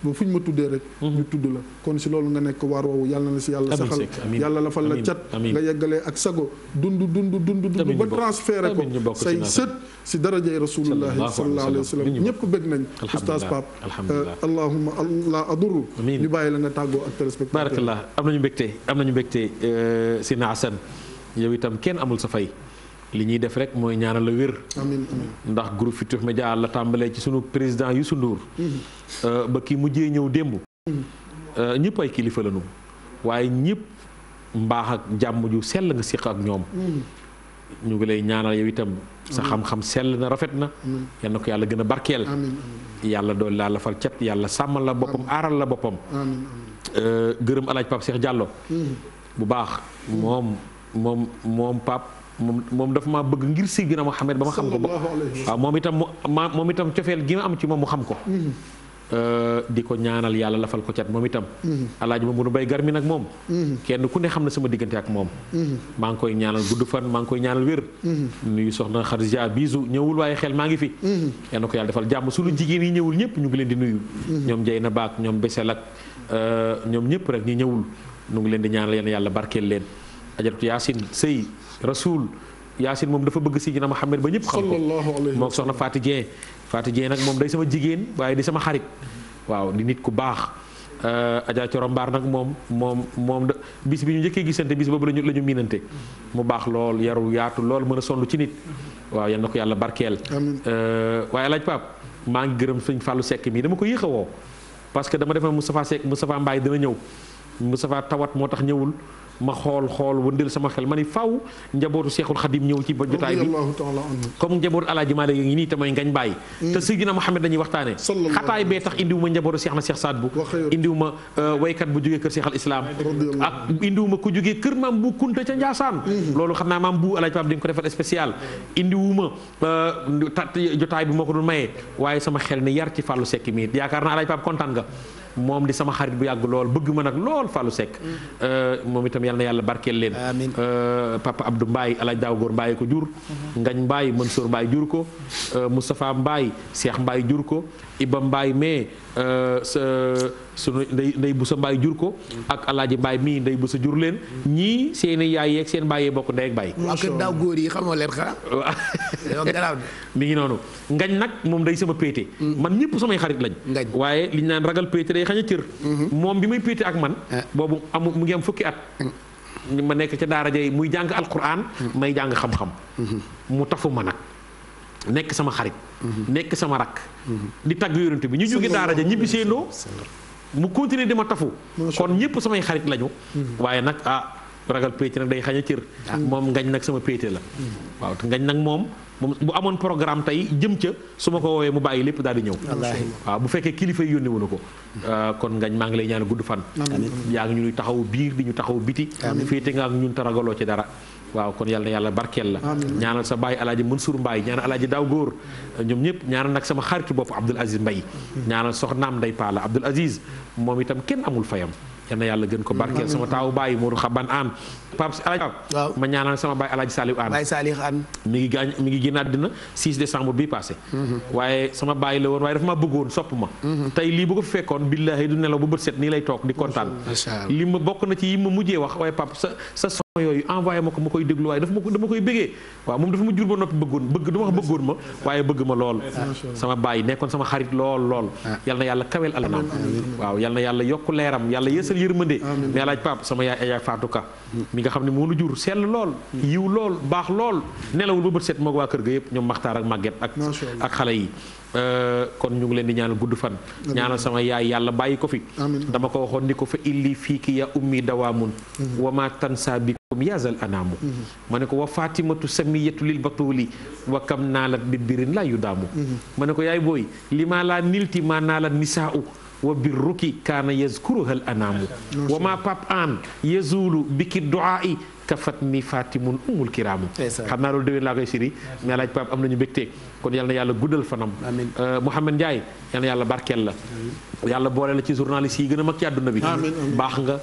bu fu ñu ma tuddee rek mhm. ñu tudd la kon si loolu nga nekk waar woowu yàlla na si yàlla saxal yàlla la fal la cat nga yeggalee ak sago dund dund dund dund ba transféré ko say sët si darajay rasulullahi sallallahu alayhi wa sallam ñëpp bëgg nañ oustaz Pape allahuma la aduru ñu bàyyi la nga tàggoo ak téléspectateur barakallah am nañu mbégte am nañu mbégte euh, Sina Assane yow itam kenn amul sa fay li ñuy def rek mooy ñaanal la wér. ndax groupe Futurs Médias la tàmbalee ci sunu président Youssou Ndour. Mm-hmm. Euh, ba kii mujjee ñëw démb. Mm-hmm. Euh, ñëpp ay kilifa la ñu waaye ñëpp mbaax ak jàmm ju sell nga siq ak ñoom. Mm-hmm. ñu ngi lay ñaanal yow itam. sa xam-xam sell na rafet na. yal na ko yàlla gën a barkeel. yàlla dool laa la fal cet yàlla sàmmal la boppam aaral la boppam. Euh, gërëm alaaj Pape Cheikh Diallo. bu baax moom moom moom Pape. moom moom dafa maa bëgg ngir na Muhammad ba ma xam ko ba waaw moom itam ma moom itam cofeel gi ma am ci moom mu xam ko mhm. euh, di ko ñaanal yàlla lafal ko cat moom itam mhm. alaaji ma bunu bay gar mi nag moom mhm. kenn ku ne xam na sama diggante ak moom maa ngi koy ñaanal gudd fan maa ngi koy ñaanal wér nuyu soxna Xadija bisu ñëwul waaye xel maa ngi fi yal ko yàlla defal jàmm suñu jigéen yi ñëwul ñëpp ñu ngi leen di nuyu ñoom jay na baak ñoom besel ak euh, ñoom ñëpp rek ñi ñëwul ñu ngi leen di ñaanal yal yàlla barkeel leen ajaratu Yaasin sëy rasul Yacine moom dafa bëgg na Sidina Muhammad ba ñëpp xam ko moo soxna Fatou Dieng Fatou Dieng nag moom day sama jigéen waaye di sama xarit waaw di nit ku baax euh, Adja Coro Mbaar nag moom moom moom da bis bi ñu njëkkee gisante bis boobu lañu la ñu miinante mu baax lool yaru yaatu lool mën a sonn ci nit waaw yal na ko yàlla barkeel euh, waaye laaj Pape maa ngi gërëm sëñ Fallou sekk mii dama ko yéex a woo parce que dama defoon Moustapha Seck Moustapha Mbaye dina ñëw Moustapha tawat moo tax ñëwul ma xool xool wëndeel sama xel ma ni faaw njabootu Seexul Xadim ñëw ci ba jotaay bi comme njabootu Alaaji Maalik ngi nii te mooy ngañ bàyyi mm. te Seydina Muhammad dañuy waxtaane xataay bee tax indiwuma njabootu Seex na Seex Saad bu indiwuma euh, waykat bu jógee kër Seexal Islaam ak indiwuma ku jógee kër maam bu Kunta ca Njaasaan mm-hmm. loolu xam naa maam bu Alaaji Paap dañ ko defal spécial indiwuma euh, jotaay bi moo ko doon mayee waaye sama xel ne yar ci fàllu sekk mi yaakaar naa Alaaji Paap kontaan nga moom di sama xarit bu yàgg lool bëgg ma nag lool Fallou Seck mm-hmm. euh, moom itam yal na yàlla barkeel leen euh, papa Abdou Mbaye alaaj daaw góor Mbaye ko jur mm-hmm. Ngañ Mbaye Mansour Mbaye jur ko euh, Moustapha mbaay Cheikh Mbaye jur ko Iba Mbaye mais sunu ndey ndey bu sa mbaay jur ko ak alaaji mbaay mii ndey bu sa jur leen ñii seeni yaay yeeg seen bàyyee bokk ndey ak bàyyi waa góor yi xamoo leen xanaa (laughs) yow garaaw mi ngi noonu ngañ nag moom day sama péete mm. man ñëpp samay xarit lañ waaye li ñu naan ragal péete day xañ a cër mm-hmm. moom bi may péete ak man eh. boobu amu mu ngi am fukki at mm. ma nekk ca daara ja muy jàng alquran mm. may jàng xam-xam mm-hmm. mu tafu ma nag nekk sama xarit mm-hmm. nekk sama rakk di tagg yorantu bi ñu jóge daara ja ñibbi seendoo mu continuer di ma tafu kon ñëpp samay xarit lañu hmm. waaye nag ah ragal péete nag day xañ a cër hmm. ah, moom ngañ nag sama péete la hmm. waaw ngañ nag moom moom bu amoon programme tey jëm ca su ma ko woowee mu bàyyi lépp daal di ñëw waaw bu fekkee kilifa yi yónni wunu ko ah, kon ngañ maa ngi lay ñaan gudd fan yaa ngi ñuy taxaw biir di ñu taxaw biti féete nga ak ñun te ragaloo ci dara waaw kon yàlla yàlla barkeel la ñaanal sa baay alaaji Mansour Mbaye ñaanal alaaji daaw góor ñoom ñëpp ñaanal nag sama xaritu bopp Abdoul Aziz Mbaye ñaanal soxnaam nday paala Abdoul Aziz moom itam kenn amul fayam yal na yàlla gën ko barkeel sama taawu baay Modou Xaban Aan Pape si alaaji ma ñaanal sama baay alaaji Saliou Aan mi ngi gaañ mi ngi génn àddina 6 décembre bii passé mhm. waaye sama baay la woon waaye dafa ma bëggoon sopp ma mhm. tey lii bu ko fekkoon billaahi du nelaw bu bët set nii lay toog di kontaan li ma bokk na ci yi yooyu envoyé ma ko ma koy déglu waaye dafa ma ko dama koy bëggee waaw moom dafa ma jur ba noppi bëggoon bëgg du ma wax bëggoon ma waaye bëgg ma lool sama bàyyi nekkoon sama xarit lool lool ah. yal yàlla kawel alanaam waaw yal na yàlla yokk leeram yàlla yeesal yërmande mais laaj pap sama yaay yaay Fatou Ka mi nga xam ne moo nu jur sell lool yiw lool baax lool nelawul ba bët set moog waa kër ga yëpp ñoom maxtaar ak màgget ak ak xale yi Euh, kon ñu ngi leen di ñaanal gudd fan ñaanal sama yaay yàlla bàyyi ko fi dama ko waxoon ni ko fa illi fii ki ya ummi dawaamun wa ma tansa bi comme yaazal anaamu ma ne ko wa fatimatu samiyatu lil batuuli wa kam naalat bi birin la yu daamu ma ne ko yaay booy li maa laa nilti maa naalat nisaa'u wa birruki kaana yazkuruha al anaamu wa ma pap an yazulu biki du'aa'i kafat ni fatimun umul kiraamu xam naa loolu déwén laa koy siri mais laaj Pape am nañu mbégte kon yal na yàlla guddal fanam euh, Mouhamed Ndiaye yal na yàlla barkeel la yàlla boole la ci journaliste yi gën a mag ci àdduna bi baax nga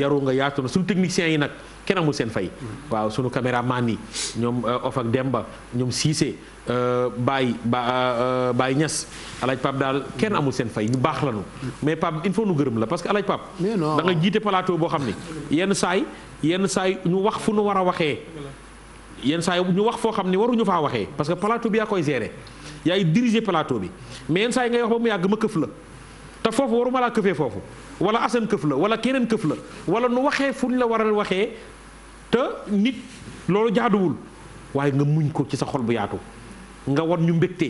yaru nga yaatu na suñu techniciens yi nag kenn amul seen fay waaw suñu caméraman yi ñoom euh, Ofak Demba ñoom Cissé Euh, Baye ba euh, Baye Niass alaaj Pape daal kenn amul seen fay ñu baax lañu mais Pape il faut nu gërëm la parce que alaaj Pape da nga jiite plateau boo xam ni yenn saay yenn saay ñu wax fu nu war a waxee yenn saay ñu wax foo xam ni waruñu faa waxee parce que plateau bi yaa koy gérer yaay diriger palaato bi mais yenn saay ngay wax ba mu yàgg ma këf la te foofu waruma laa këfee foofu wala asan këf la wala keneen këf la wala nu waxee fu ñu la waral waxee te nit loolu jaaduwul waaye nga muñ ko ci sa xol bu yaatu nga won ñu mbégte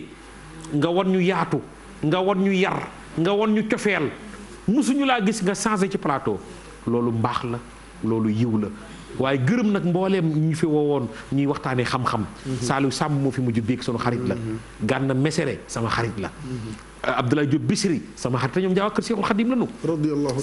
nga won ñu yaatu nga won ñu yar nga won ñu cofeel musuñu laa gis nga changé ci plateau loolu mbaax la loolu yiw la waaye gërëm nag mbooleem ñu fi woowoon ñuy waxtaanee xam-xam mhm. Saliou Samb moo fi mujj béeg sunu xarit la mhm. Gana mesere sama xarit la mhm. euh, Abdoulaye Diop Bisri sama xarit la ñoom jaawaa kër Seexul Xadim la nu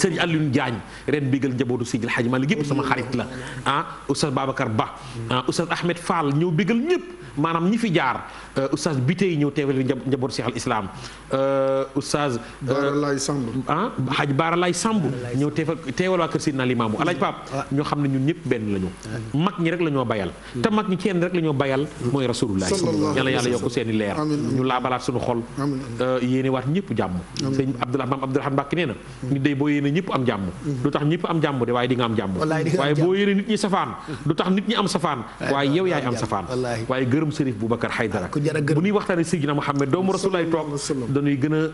sëñ Alioune Diagne ren bégal njabootu Seydil ma la yëpp sama xarit la ah Oustaz Babacar Ba ah Oustaz Ahmed Fall ñëw bégal ñëpp maanaam ñi fi jaar euh, oustaz bité yi ñëw teewal njaboot Cheikh al Islam euh, oustaz. Euh, Baaralaay Samb. ah Hadj Baaralaay Samb. ñëw teewal teewal waa kër Sidna Limaamu alaaj Paap ah. ñoo xam ne ñun ñëpp benn la ñu. mag ñi rek lañoo bayal. te mag ñi kenn rek lañoo ñoo bayal mooy rasulullah. yàlla yàlla yokk seen i leer. ñu laabalaat suñu xol. yéene waat ñëpp jàmm. sëñ Abdoulaye maam Abdourahmane Mbàkke nee na. nit day boo yéene ñëpp am jàmm. du tax ñëpp am jàmm de waaye di nga am jàmm. waaye boo yéene nit ñi safaan du tax nit ñi am yow yaay am safaan gërëm Serif Boubacar Haydara ah, bu ñuy waxtaanee Seydina Mouhamed doomu rasulaay toog dañuy gën a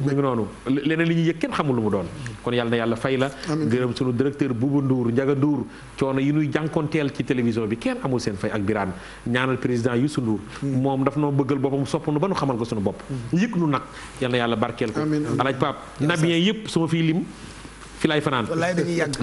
mu ngi noonu leneen li ñuy yëg kenn xamul lu mu doon kon yàlla na yàlla fay la gërëm sunu directeur Bouba Ndour Ndiaga Ndour coono yi nuy jànkonteel ci télévision bi kenn amul seen fay ak Birane ñaanal président Youssou Ndour hmm. moom daf noo bëggal boppam sopp nu ba nu xamal ko sunu bopp hmm. yëg nu nag yàlla na yàlla barkeel ko alaaj Pape nabien yëpp su ma fi laay fanaan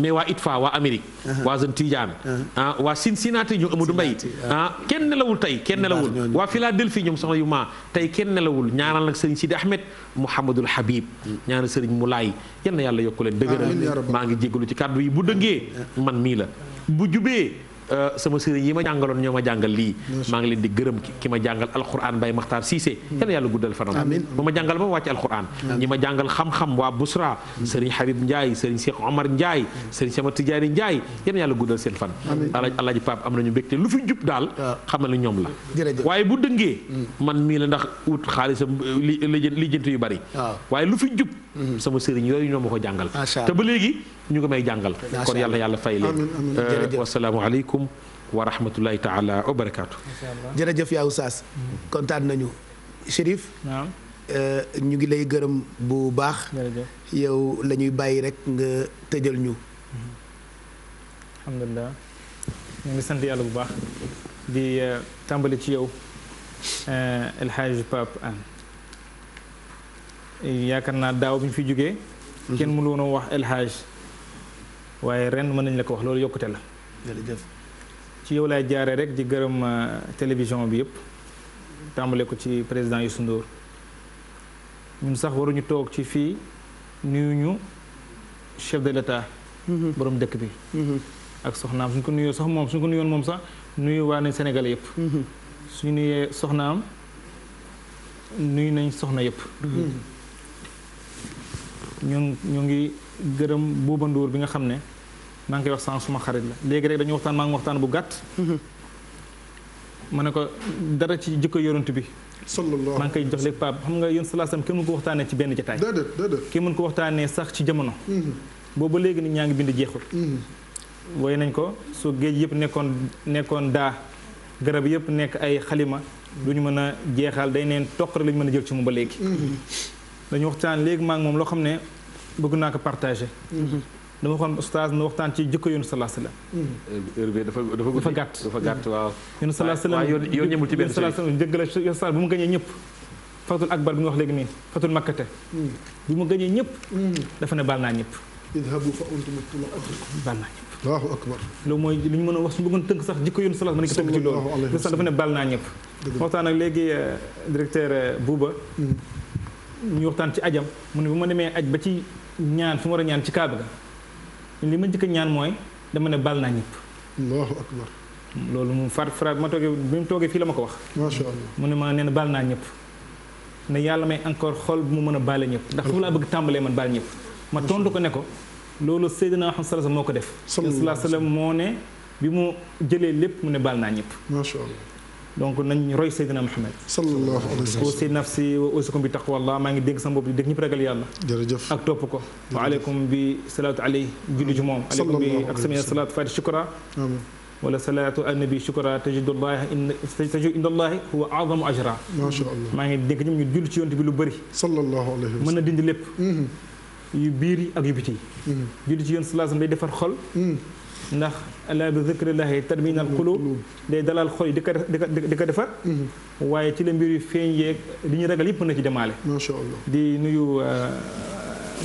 mais waa ITFA waa Amérique uh-huh. waa Zone Tidiane uh-huh. ah waa Cincinnati ñoom Amadou Mbaye uh-huh. ah kenn nelawul tey kenn nelawul waa Philadelphie ñoom soxna yu ma tey kenn nelawul ñaanal nag Serigne Sidi Ahmed Mouhamadul Habib ñaanal Serigne Moulay yal na yàlla yokku leen dëgëral maa ngi jégalu ci kàddu yi bu dëggee man mii la bu jubee Euh, sama sëriñ yi ma jàngaloon ñoo ma jàngal lii maa ngi leen di gërëm ki ma jàngal alquran Baye Makhtar Cissé hmm. yal na yàlla guddal fanam ba ma jàngal ba ma wàcc alquran ñi ma jàngal xam-xam waa Busra hmm. sëriñ Habib Ndiaye sëriñ Cheikh Omar Ndiaye hmm. sëriñ Sama na yàlla guddal seen lu fi jub daal ah. xam na la ñoom la waaye bu dëngee man mii la ndax ut xaalisam li lijjanti yu bari ah. waaye lu fi jub Mm-hmm. sama sëriñ yooyu ñoo ma ko jàngal te ba léegi ñu ngi may jàngal kon yàlla yàlla fay leen euh, wasalaamualeykum wa rahmatullahi taala wa barakaatu jërëjëf mm-hmm. kontaan nañu Chérif euh, ñu ngi lay gërëm bu baax yow lañuy bàyyi rek nga tëjal ñu mm-hmm. alhamdulilah ñu sant yàlla bu baax di euh, tàmbali ci yow El yaakaar naa daaw bi ñu fi jógee mhm. kenn mënu woon wax El waaye ren mën nañ la ko wax loolu yokkute la jërëjëf ci yow laay jaaree rek di gërëm euh, télévision bi yëpp tàmbale ko ci président Youssou Ndour ñun sax waruñu toog ci fii nuyu ñu chef de l'état mhm. borom dëkk bi mhm. ak soxnaam suñ ko nuyoo sax moom suñ ko moom sax nuyu waa nañ Sénégalais yëpp suñu nuyee soxnaam nuy nañ soxna yëpp ñu ñu ngi gërëm Bouba Ndour bi nga xam ne maa ngi koy wax sànq suma xarit la léegi rek dañu waxtaan maa ngi waxtaan bu gàtt. Mhm. ma ne ko dara ci jikko yoront bi. sallallahu maa ngi koy jox léegi Pape xam nga yoon salaasam kenn mën ko waxtaanee ci benn jotaay. déedéet déedéet kenn mën ko waxtaanee sax ci jamono. Mhm. boobu ba léegi nit ñaa ngi bind jeexul. Mhm. woy nañ ko su géej yëpp nekkoon nekkoon daa garab yëpp nekk ay xalima. du mën a jeexal day neen toq rek la mën a jël ci moom ba léegi. dañu waxtaan léegi maa ngi moom loo xam ne bëgg naa ko partage mm-hmm. dama waxoon oustaz nu waxtaan ci jikko Yunus salaa salaam. Mm-hmm. heure bi dafa dafa dafa gàtt dafa gàtt waaw. Yunus salaa salaam yow ñëmul ci benn si Yunus salaa salaam dëgg la Yunus salaa bu mu gañee ñëpp. fatul akbar bi nga wax léegi mm-hmm. ñëpp. dafa ne baal naa ñëpp. idhabu fa antum baal naa ñëpp. Allahu akbar ñu mën a wax su bëggoon sax jikko Yunus salaa salaam mën nañu ko tënk ci loolu. dafa ne baal naa ñëpp. waxtaan ak léegi euh, directeur euh, Bouba. ñu waxtaan ci ajam mu ne bu ma demee aj ba ci ñaan fi mu war a ñaan ci kaaba ga li ma njëkk ñaan mooy dama ne baal naa ñëpp. allahu akbar. loolu mu far faraat ma toogee bi mu toogee fii la ma ko wax. macha allah mu ne ma nee na baal naa ñëpp. ne yàlla may encore xol bu mu mën a baale ñëpp. ndax fu laa bëgg tàmbalee man baal ñëpp. ma tontu ko ne ko loolu Seydina naa sallallahu alayhi wasallam moo ko def. sallallahu alayhi wasallam moo ne bi mu jëlee lépp mu ne baal naa ñëpp. macha donc nañ roy Seydina Muhammad sallallahu alayhi wa sallam aussi nafsi wa usikum bi maa ngi dénk sama bopp di dégg ñëpp yàlla jërëjëf ak topp ko wa aleykum bi salaatu aley julli ju moom aleykum bi ak samia salaatu fati shukra wala salaatu annabi shukra tajidullah tajid indallahi huwa azamu ajra maa sha allah maa ngi dénk ñoom ñu julli ci yonte bi lu bëri sallallahu alayhi wa mën na dindi lépp mm-hmm. yu biir ak yu biti yi mm-hmm. julli ci yoon salaasam day defar xol mm-hmm. ndax ala bi zikrillahi tatma'innul qulub day dalal xol yi di ko di di ko defar mhm. waaye ci la mbir yu feeñ yeeg li ñu ragal yëpp na ci demaale macha allah di nuyu euh,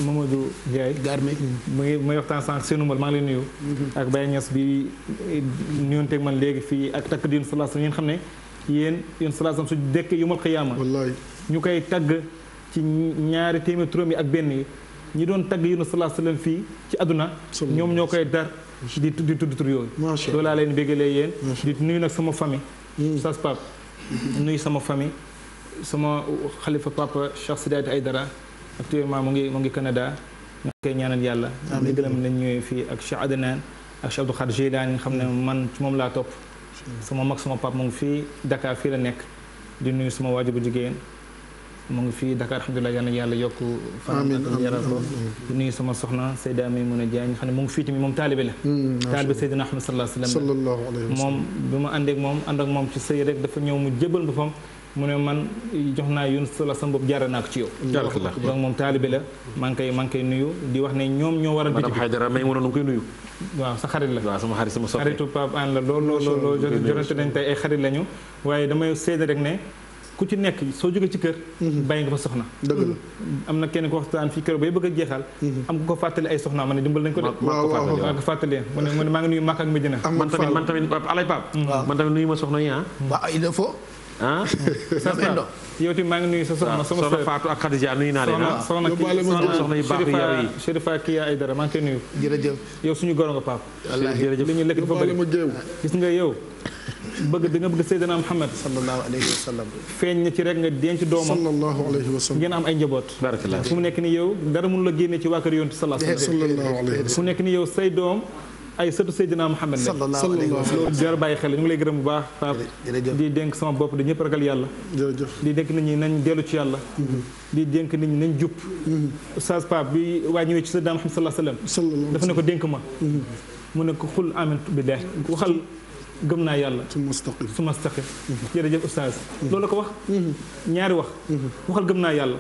Mamadou Ndiaye garme mhm. mu ngi may waxtaan sànq seenumal maa ngi lay nuyu mhm. ak Baye Niass bi eh, nuyonteeg man léegi fii ak takk diin salaa ngeen xam ne yéen yéen salaa su dekk yawmal qiyaama wallaay ñu koy tagg ci ñaari téeméer turam yi ak benn yi ñi doon tagg yéen salaa sallam fii ci àdduna ñoom ñoo koy dar di tudd tudd tur yooyu. macha allah loolu laa leen bégalee yéen. di nuyu nag sama famille. Hmm. sas pap nuyu sama famille sama xalifa papa Cheikh ay dara actuellement mu ngi mu ngi Canada. ñu koy ñaanal yàlla. amiin gërëm nañ ñëwee fii ak Cheikh Adnan ak Cheikh Abdou Khadre Jeylani nga xam ne hmm. man ci moom laa topp. sama mag sama pap mu ngi fii Dakar fii la nekk. di nuy sama waajur bu jigéen. mu ngi fii Dakar alhamdulilah na yàlla yokk fan ak yaram ko di nuyu sama soxna Seyda Maymuna Jaañ xam ne mu ngi fii tamit moom taalibe la hmm, taalibe Seydina Ahmad sallallahu alayhi wa sallam moom bi ma àndeek moom ànd mu ne man jox naa yun sala sama bopp jaare naa ko ci yow donc la maa ngi koy maa a sa xarit la waaw sama xarit sama soppe xaritu Pape An la lool lool lool jonante nañ tey ay xarit lañu waaye damay seede rek ne ku ci nekk soo jógee ci kër mhm. bàyyi nga fa soxna mhm. am na kenn ko waxtaan fii kër bay bëgg a jeexal mhm. am ku ko fàttali ay soxna ma ne dimbal nañ ko de ko fàttali mu ne mu ne maa ngi nuyu Màkka man tamit man alay Pape man tamit nuyu ma soxna yi ah waaw il faut ah. (laughs) yow tamit maa ngi nuyu sa soxna sama soxna Fatou ak Khadija nuyu naa leen ah soxna soxna yu baax yi Chérifa Kia Aïdara maa ngi koy nuyu jërëjëf yow suñu goro nga Pape jërëjëf li ñu lekk dafa gis nga yow bëgg da nga bëgg Seydina Muhammad sallallahu alayhi wa sallam feeñ na ci rek nga denc doomam sallallahu alayhi wa sallam ngeen am ay njaboot barakallah fu mu nekk ni yow dara mënu la génne ci waa kër yonent sallallahu alayhi wa sallam fu mu nekk ni yow say doom ay sëtu Seydina Muhammad ne loolu jar bàyyi xel ñu ngi lay gërëm bu baax Pape di dénk sama bopp di ñëpp ragal yàlla di dénk nit ñi nañ dellu ci yàlla mm-hmm. di dénk nit ñi nañ jub mm-hmm. Oustaz Pape bi waa ñëwee ci Seydina Muhammad sallallahu alayhi wa sallam dafa ne ko dénk ma mm-hmm. mu ne ko xul amint bi dee waxal gëm naa yàlla su mastaqim mm-hmm. jërëjëf oustaz mm-hmm. loolu la ko wax mm-hmm. ñaari wax waxal gëm naa yàlla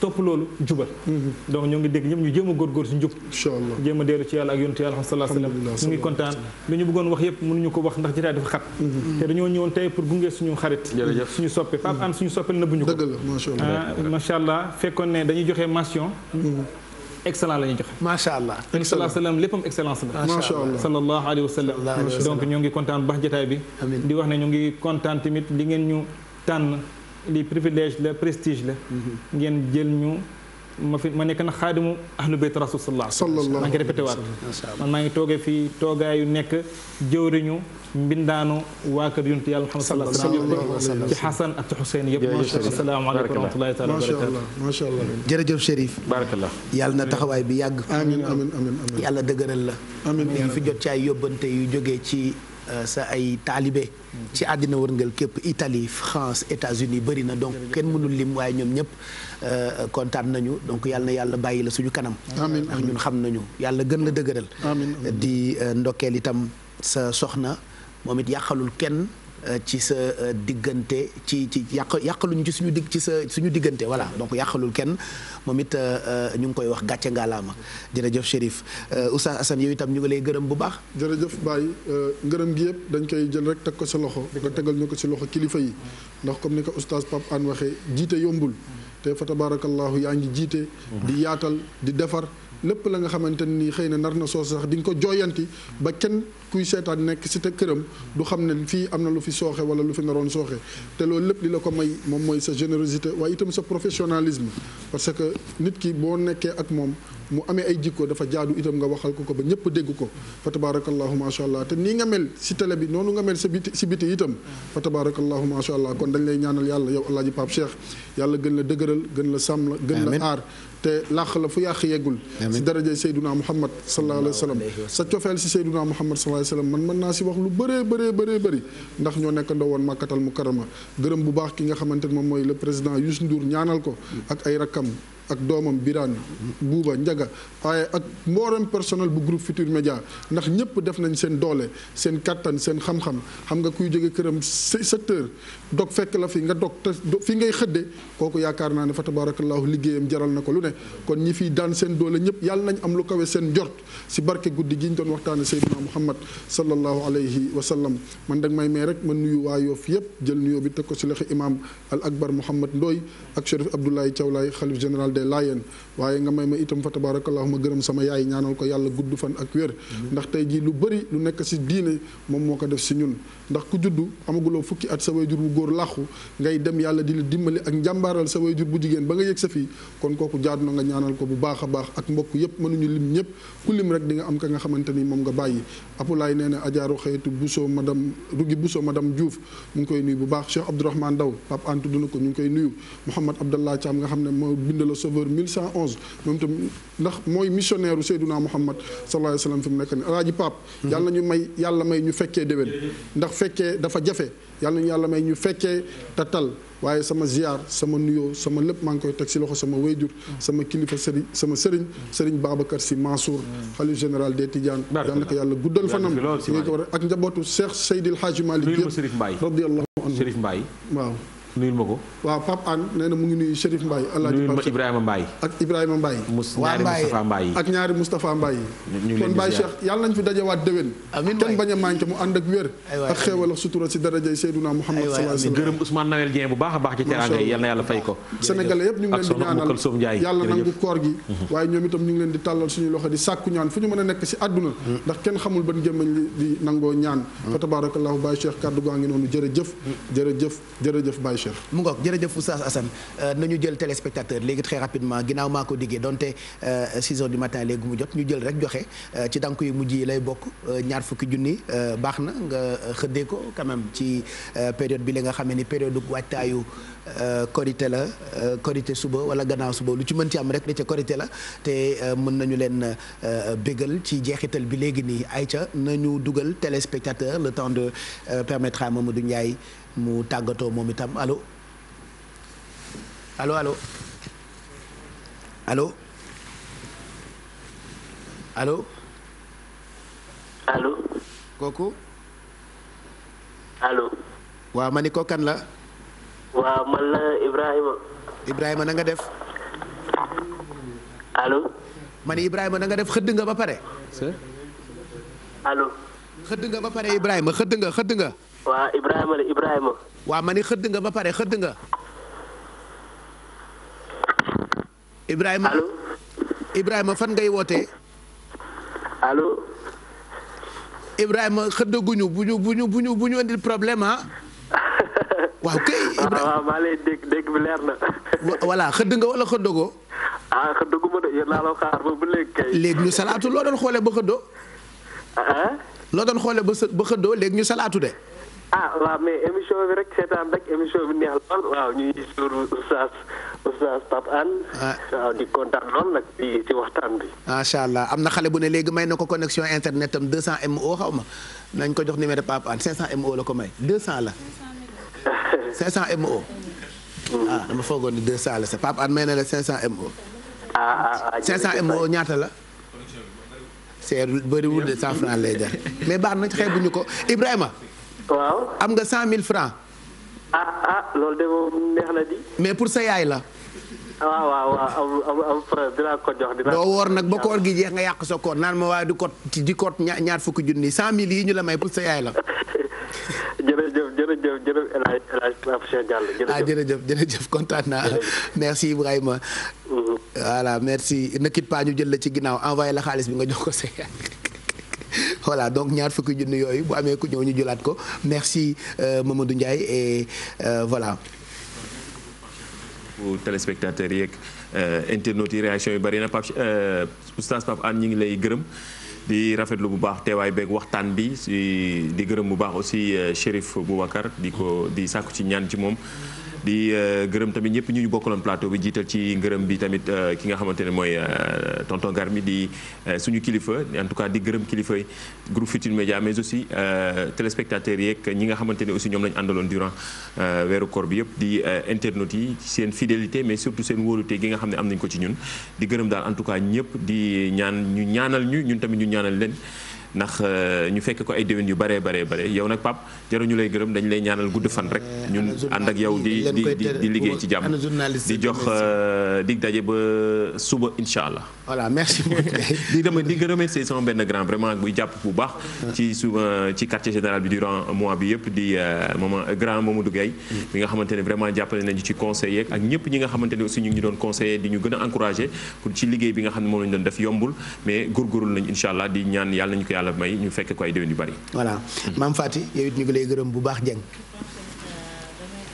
topp loolu jubal donc ñoo ngi dégg ñëpp ñu jéem a góorgóor si njub inchallah jéem a ci yàlla ak yontu yàlla sallallahu alayhi wa ñu ngi kontaan lu ñu bëggoon wax yëpp mënuñu ko wax ndax jotaay dafa xat te dañoo ñëwoon tey pour gunge suñu xarit suñu soppe Pape Anne suñu soppe la nëbbuñu ko dëgg la macha allah ah, fekkoon ne dañuy joxee mention excellent la ñuy joxe. macha allah excellent salaam léppam excellence la. macha allah sallallahu alayhi wa sallam donc ñoo ngi kontaan baax jotaay bi. di wax ne ñu kontaan tamit li ngeen ñu tànn li privilège la prestige la. Mm-hmm. ngeen jël ñu. ma fi ma nekk na xaadimu ahlu bayt rasul sallallahu alayhi maa ngi répété waat man maa ngi toogee fii toogaayu nekk jëwriñu mbindaanu waa kër yonent yàlla Muhammad sallallahu alayhi wa sallam ci Xasan ak ci Xuseyn yëpp asalaamaaleykum wa rahmatullahi taala wa barakaatu macha allah jërëjëf Chérif barakallah yàlla na taxawaay bi yàgg amiin amiin amiin yàlla dëgëral la amiin fi jot ci ay yóbbante yu jógee ci Euh, sa ay taalibe ci àddina wërngal képp itali France États-Unis bëri na donc kenn mënul lim waaye ñoom ñëpp euh, kontaan nañu donc yàlla yàlla bàyyi la suñu kanam ndax ñun xam nañu yàlla gën la dëgëral di euh, ndokkeel itam sa soxna moom it yàqalul kenn Euh, ci sa euh, diggante ci ci yàq yàqaluñu ci suñu dig ci sa suñu diggante voilà donc yàqalul kenn moom it euh, ñu ngi koy wax gàcce ngaalaama jërëjëf Chérif Oustaz Assane yow itam ñu ngi lay gërëm bu baax. jërëjëf Baye ngërëm gi yëpp dañ koy jël rek teg ko sa loxo nga tegal ñu ko si loxo kilifa yi ndax comme ni ko Oustaz Pape Hann waxee jiite yombul te fa tabaarakallaahu yaa ngi jiite. di yaatal di defar. lépp la nga xamante ni xëy na nar na soosu sax di nga ko jooyanti ba kenn kuy seetaan nekk si te këram du xam ne fii am na lu fi sooxe wala lu fi naroon sooxe te loolu lépp li la ko may moom mooy sa générosité waaye itam sa professionnalisme parce que nit ki boo nekkee ak moom mu amee ay jikko dafa jaadu itam nga waxal ko ko ba ñëpp dégg ko fa tabarakallahu macha allah te nii nga mel si télé bi nga mel sa biti si biti itam fa tabarakallahu macha allah kon dañ lay ñaanal yàlla yow alaaji Pape Cheikh yàlla gën la dëgëral gën la sàmm la gën la te làq la fu yàq yeggul si daraja Seyduna Muhammad sallallahu alayhi wa sallam sa cofeel si Seyduna Muhammad sallallahu alayhi wa sallam man mën naa si wax lu bëree bëree bëree bëri ndax ñoo nekk ndaw woon Makkatal Mukarrama gërëm bu baax ki nga xamante ne moom mooy la président Youssou Ndour ñaanal ko ak ay rakkam ak doomam Birane Bouba njaga waaye ak mbooram personnel bu group Futur Média ndax ñëpp def nañ seen doole seen kattan seen xam-xam xam nga kuy jóge këram sa heures dog fekk la fi nga dog te fi ngay xëdde kooku yaakaar naa ne fa tabaarakallaahu liggéeyam jaral na ko lu ne kon ñi fiy daan seen doole ñëpp yàlla nañ am lu kawe seen jot si barke guddi gi ñu doon waxtaane Seydina Muhammad sallallahu alayhi wa sallam man dag may may rek ma nuyu waa Yoff yëpp jël nuyoo bi teg ko si loxo imaam al akbar Mouhamed Ndoye ak Chérif Abdoulaye Thiaw Laye xalif général des Lions waaye nga may ma itam fa tabarakallah ma gërëm sama yaay ñaanal ko yàlla gudd fan ak wér ndax tey jii lu bëri lu nekk si diine moom moo ko def si ñun ndax ku juddu amaguloo fukki at sa wayjur bu góor làqu ngay dem yàlla di la dimbali ak njàmbaaral sa wayjur bu jigéen ba nga yëg sa fii kon kooku jaadu na nga ñaanal ko bu baax a baax ak mbokk yëpp mënuñu lim ñëpp ku lim rek di nga am ka nga xamante ni moom nga bàyyi apulaay nee na ajaaru xëyatu Bousso madame Rugi Bousso madame Diouf mu ngi koy nuyu bu baax Cheikh Abdourahmane Daw Pape Antou ko ñu ngi koy nuyu Mouhamad xam ne moo bindala 11 moom tam ndax mooy missionnaire u Seydina Muhammad sallallahu alayhi wa sallam fi mu nekk nii alaaji Pape mhm. yàlla nañu may yàlla may ñu fekkee déwén ndax fekkee dafa jafe yàlla ñu yàlla may ñu fekkee te tal waaye sama ziar sama nuyoo sama lépp maa ngi koy teg si loxo sama wayjur mhm. sama kilifa sëriñ sama sëriñ sëriñ Babacar si Mansour mhm. xalif général des Tidiane yal na ko yàlla guddal fanam ngi ko war ak njabootu Cheikh Seydil Hadji Malick radiyallahu anhu Chérif Mbaye waaw nuyul ma ko. waaw Pape Anne nee na mu ngi nuyu Chérif Mbaye. alaaji nuyul ma Ibrahima Mbaye. ak Ibrahima Mbaye. waa Mbaye ak ñaari Moustapha Mbaye. ñu ngi kon Baye Cheikh yàlla bañ a manqué mu ànd ak wér. ak xéewal ak sutura si darajay a yi yal na yàlla fay yàlla nangu koor gi. Mhm. waaye ñoom itam ñu ngi leen di tàllal suñu loxo di sàkku ñaan fu ñu mën a nekk si àdduna mhm. ndax kenn xamul ban gémmañ li di nangoo ñaan mhm. fa tabarakallahu Baye Cheikh kàddu gaa ngi noonu jërëjëf jërëjëf jërëjëf mu ngoog jërëjëf Oustaz Assane euh, nañu jël téléspectateur léegi très rapidement ginnaaw maa ko diggee donte 6 euh, heures du matin léegi mu jot ñu jël rek joxe euh, ci dànku yu mujj yi lay bokk ñaar fukki junni baax na nga xëddee ko quand ci période bi li nga xam ne ni période waajtaayu korité la korité suba wala gannaaw suba lu ci mën ci am rek da ca korité la te mën nañu leen bégal ci jeexital bi léegi nii ay ca nañu dugal téléspectateur le temps de permettre à Mamadou Ndiaye mu tàggatoo moom itam alo allo alo allo allo. allo. kooku. allo. waaw ma ni ko kan la. waaw man la Ibrahima. Ibrahima na nga def. allo. ma ni Ibrahima na nga def xëdd nga ba pare. allo. xëdd nga ba pare Ibrahima xëdd nga xëdd nga. waa Ibrahima la Ibrahima. waa man ni xëdd nga ba pare xëdd nga. Ibrahima allo. Ibrahima fan ngay wootee. allo. Ibrahima xëdd guñu bu ñu bu ñu bu problème ah. (laughs) waaw kay ah, Ibrahima waaw maa lay dégg dégg bi leer na. xëdd nga wala xëddagoo. ah xëddagu ma de yéen laa la xaar ba bu léegi kay. léegi ñu salaatu loo doon xoolee ba xëddoo. Ah? loo doon xoole ba sa ba xëddoo léegi ñu salaatu de. ah waaw mais émission bi rek seetaan rek émission bi neex lool waaw ñuy suur oustaz oustaz ah. waaw di kontaan lool nag ci ci waxtaan bi. macha allah am na xale bu ne léegi may na ko connexion internet am 200 MO xaw ma nañ ko jox numéro Pape Hann 500 MO la ko may 200 la. 500 (laughs) MO. Mm. ah dama foogoon ni 200 la sa Pape Hann may na la MO. Ah, ah, ñaata la. seer bëriwul de 100 francs lay jar mais baax na xeebuñu ko Ibrahima. waaw am nga cent mille francs ah ah loolu de moom neex na di. mais pour sa yaay la. Ah, waaw woo woor nag ba koor gi jeex nga yàq sa koor naan ma waaye di kot di kot ñaar fukki junni cent mille yi ñu la may pour sa yaay la. (laughs) jërëjëf jërëjëf jërëjëf El Hadj El Hadj Pape Cheikh Diallo ah jërëjëf jërëjëf kontaan naa merci Ibrahima. Mm-hmm. voilà jël la ci ginnaaw envoyé la xaalis bi nga jox ko sa yaay. (laughs) voilà donc ñaar fukki junni yooyu bu amee ko ñëw ñu jëlaat ko merci euh, Mamadou Ndiaye et euh, voilà. pour téléspectateurs yeeg euh, internautes yi réaction yi bari na Pape oustaz Pape Hann ñu ngi lay gërëm. di rafetlu bu baax teewaay beeg waxtaan bi si di gërëm bu baax aussi bu Boubacar di ko di sàkku ci ñaan ci moom. di euh, gërëm tamit ñëpp ñu ñu bokkaloon plateau bi jiital ci ngërëm bi tamit euh, ki nga xamante ne mooy euh, tonton Garmi di suñu kilifa en tout cas di gërëm kilifa groupe Futurs Médias mais aussi téléspectateurs yeeg ñi nga xamante ne aussi ñoom lañu àndaloon durant weeru koor bi yëpp di internautes yi seen fidélité mais surtout seen wóolute gi nga xam ne am nañ ko ci ñun di gërëm daal en tout cas ñëpp di ñaan ñu ñaanal ñu ñun tamit ñu ñaanal leen ndax euh, ñu fekk ko ay déwén yu baree baree bare yow nag Pape jaruñu lay gërëm dañu lay ñaanal gudd fan rek euh, ñu ànd ak yow di di di liggéey ci jàmm di jox euh, dig daje ba suba incha allah voilà merci beaucoup. (laughs) di remercier sama benn grand vraiment buy jàpp bu baax. ci su ci quartier général bi durant mois bi yëpp di euh, maman euh, grand Mamadou Gueye. Mm. ci conseiller ak ñëpp ñi nga xamante ne aussi ñu ngi doon conseiller di ñu ne moom lañu def yombul mais góorgóorlu nañu incha allah di ñaan yàlla nañu ko yàlla may ñu fekk ko ay yu bari. maam mm. Fati yow ñu ngi gërëm bu baax Dieng.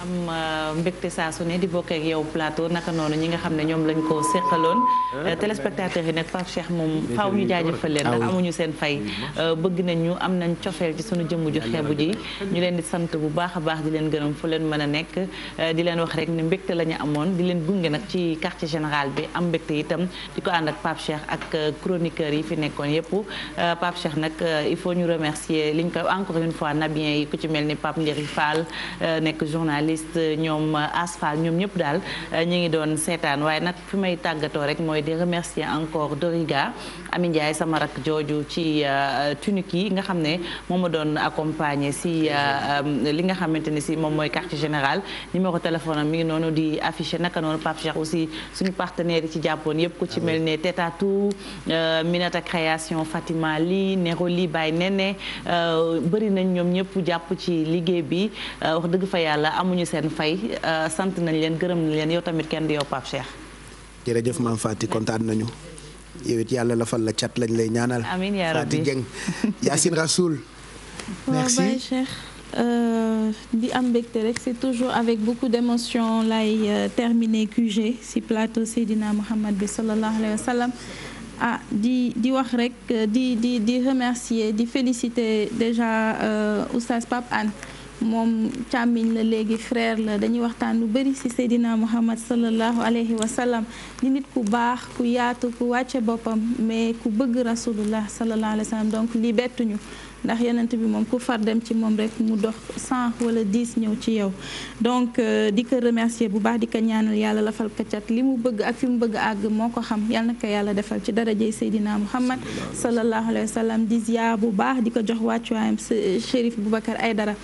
am euh, mbégte saa su ne di bokk ak plateau naka noonu ñi nga xam ne ñoom lañ ko séqaloon eh, euh, téléspectateurs yi nag Pape Cheikh moom faaw ñu jaajëfal leen ah ndax amuñu seen fay euh, bëgg nañ ñu am nañ cofeel ci sunu jëmm ju xeebu ji ñu leen di sant bu baax a baax di leen gërëm fu leen mën a nekk di leen wax rek ne mbégte lañu amoon di leen gunge nag ci quartier général bi am mbégte itam di ko ànd ak Pape Cheikh ak chroniqueurs yi fi nekkoon yépp Pape Cheikh nag il faut ñu remercier liñ koy encore une yi ku ci mel ni Pape Ndiéri Fall journaliste ñoom daal euh, ñu ngi doon seetaan waaye nag fi may tàggatoo rek mooy di remercier encore Doriga Ami Ndiaye sama rak jooju ci euh, tunique yi nga xam ne moom ma doon accompagner si euh, li nga xamante ne si moom mooy quartier général numéro téléphone am mi ngi noonu di affiché naka noonu Pape Cheikh aussi suñu partenaires yi ci jàppoon yëpp ku ci mel ni Tetatou Minata Création Fatima Li lii Baye Nene bëri nañ ñoom ñëpp jàpp ci liggéey bi wax dëgg fa yàlla amuñu amuñu seen fay euh, sant nañ leen gërëm nañ leen yow kenn di yow Pape Cheikh. jërëjëf maam Fati kontaan nañu. yow yàlla la fal la cat lañ lay ñaanal. amiin yaa rabbi Fati Dieng (laughs) Yacine Rassoul. merci waaw Baye Cheikh euh, di am mbégte rek c'est toujours avec beaucoup d'émotion lay euh, terminer QG ci plateau Seydina Mohamed bi sallallahu alayhi wa sallam. ah di di wax rek di remercier di féliciter déjà Oustaz Pape Anne. moom càmmiñ la léegi frère la dañuy waxtaan lu bari ci Seydina Muhammad sallallahu alayhi wa sallam di nit ku baax ku yaatu ku wàcce boppam mais ku bëgg rasulullah sallallahu alayhi wa donc lii bettuñu ndax yonent bi moom ku far dem ci moom rek mu dox 100 wala 10 ñëw ci yow donc euh, di ko remercier bu baax di ko ñaanal yàlla la fal cat li mu bëgg ak fi mu bëgg àgg moo ko xam yal na ko yàlla defal ci darajey Seydina Muhammad sallallahu alayhi wa sallam di ziar bu baax di ko jox wàccuwaayam Chérif ay dara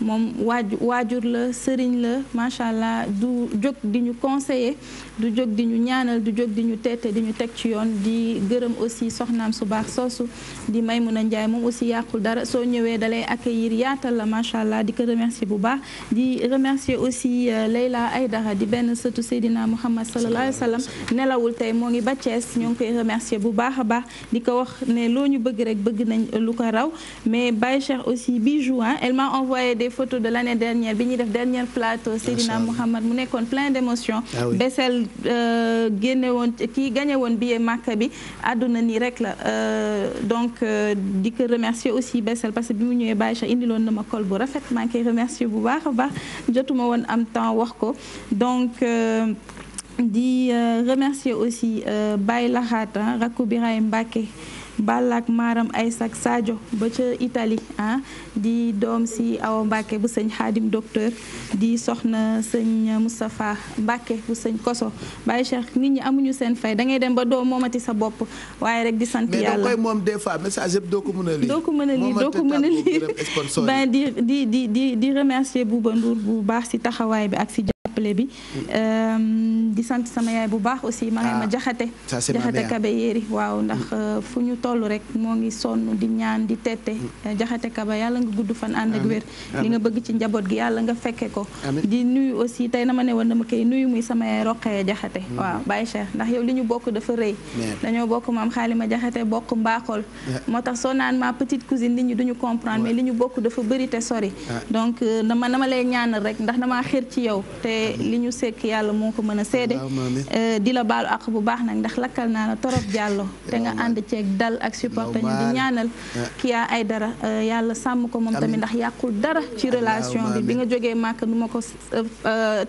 moom waaju waajur la sëriñ la macha allah du jóg di ñu conseiller du jóg di ñu ñaanal du jóg di ñu teete di ñu teg ci yoon di gërëm aussi soxnaam su baax soosu di may mun a Njaay moom aussi yàqul dara soo ñëwee dalay accueillir yaatal la macha allah di ko remercier bu baax di remercier aussi euh, ay dara di benn sëtu Seydina Muhammad sallallahu alayhi wa sallam nelawul tey moo ngi ba Thiès ñoo ngi koy remercier bu baax a baax di ko wax ne loo ñu bëgg rek bëgg nañ lu ko raw les photos de l'année dernière bi ñuy def dernier plateau Seydina Mouhamad mu nekkoon plein d'émotion ah Bessel euh, génne woon kii gagné woon billet bi àdduna nii rek la euh, donc euh, di ko remercier aussi Bessel parce que bi mu ñëwee Baye Cheikh indiloon na ma col bu rafet maa koy remercier bu baax a baax jotuma woon am temps wax ko donc di remercier aussi Baye Lahat rakku Birahim Mbacké Balla ak Maram ay sag Sadio ba ca Italie ah di doom si Awa Mbacke bu sëñ Xaadim docteur di soxna sëñ Moustapha Mbacke bu sëñ Koso Baye Cheikh nit ñi amuñu seen fay da ngay dem ba doo moomati sa bopp waaye rek di sant yàlla mais koy moom des fois message yëpp doo ko mën lii doo ko mën a lii doo di di di di di remercier bu baax si taxawaay bi ak si complet euh, di sant sama yaay bu baax aussi. ma ah, ma jaxate jaxate kabe yéeri waaw ndax mm. euh, fu ñu toll rek moo ngi sonn di ñaan di tette. Mm. Euh, jaxate kaba yàlla nga gudd fan ànd ak wér. li nga bëgg ci njaboot gi yàlla nga fekke ko. di nuyu aussi tey na ma ne woon ma koy nuyu muy sama yaay roqee jaxate. Mm. waaw bàyyi Cheikh ndax yow li ñu bokk dafa rëy. dañoo bokk maam ma jaxate bokk mbaaxool eh. moo tax soo naan ma petite cousine nit ñi duñu comprendre mais li ñu bokk dafa bëri te sori. Eh. donc dama dama lay ñaanal rek ndax ci yow te li ñu sekk yàlla moo ko mën a seede eh, di la baalu àq bu baax nag ndax lakkal naa la torop jàllo (laughs) te nga ànd ceeg dal ak supporter ñu di ñaanal eh. ay dara eh, yàlla sàmm ko moom tamit ndax yàqul dara ci relation bi bi nga jógee màkk nu ma ko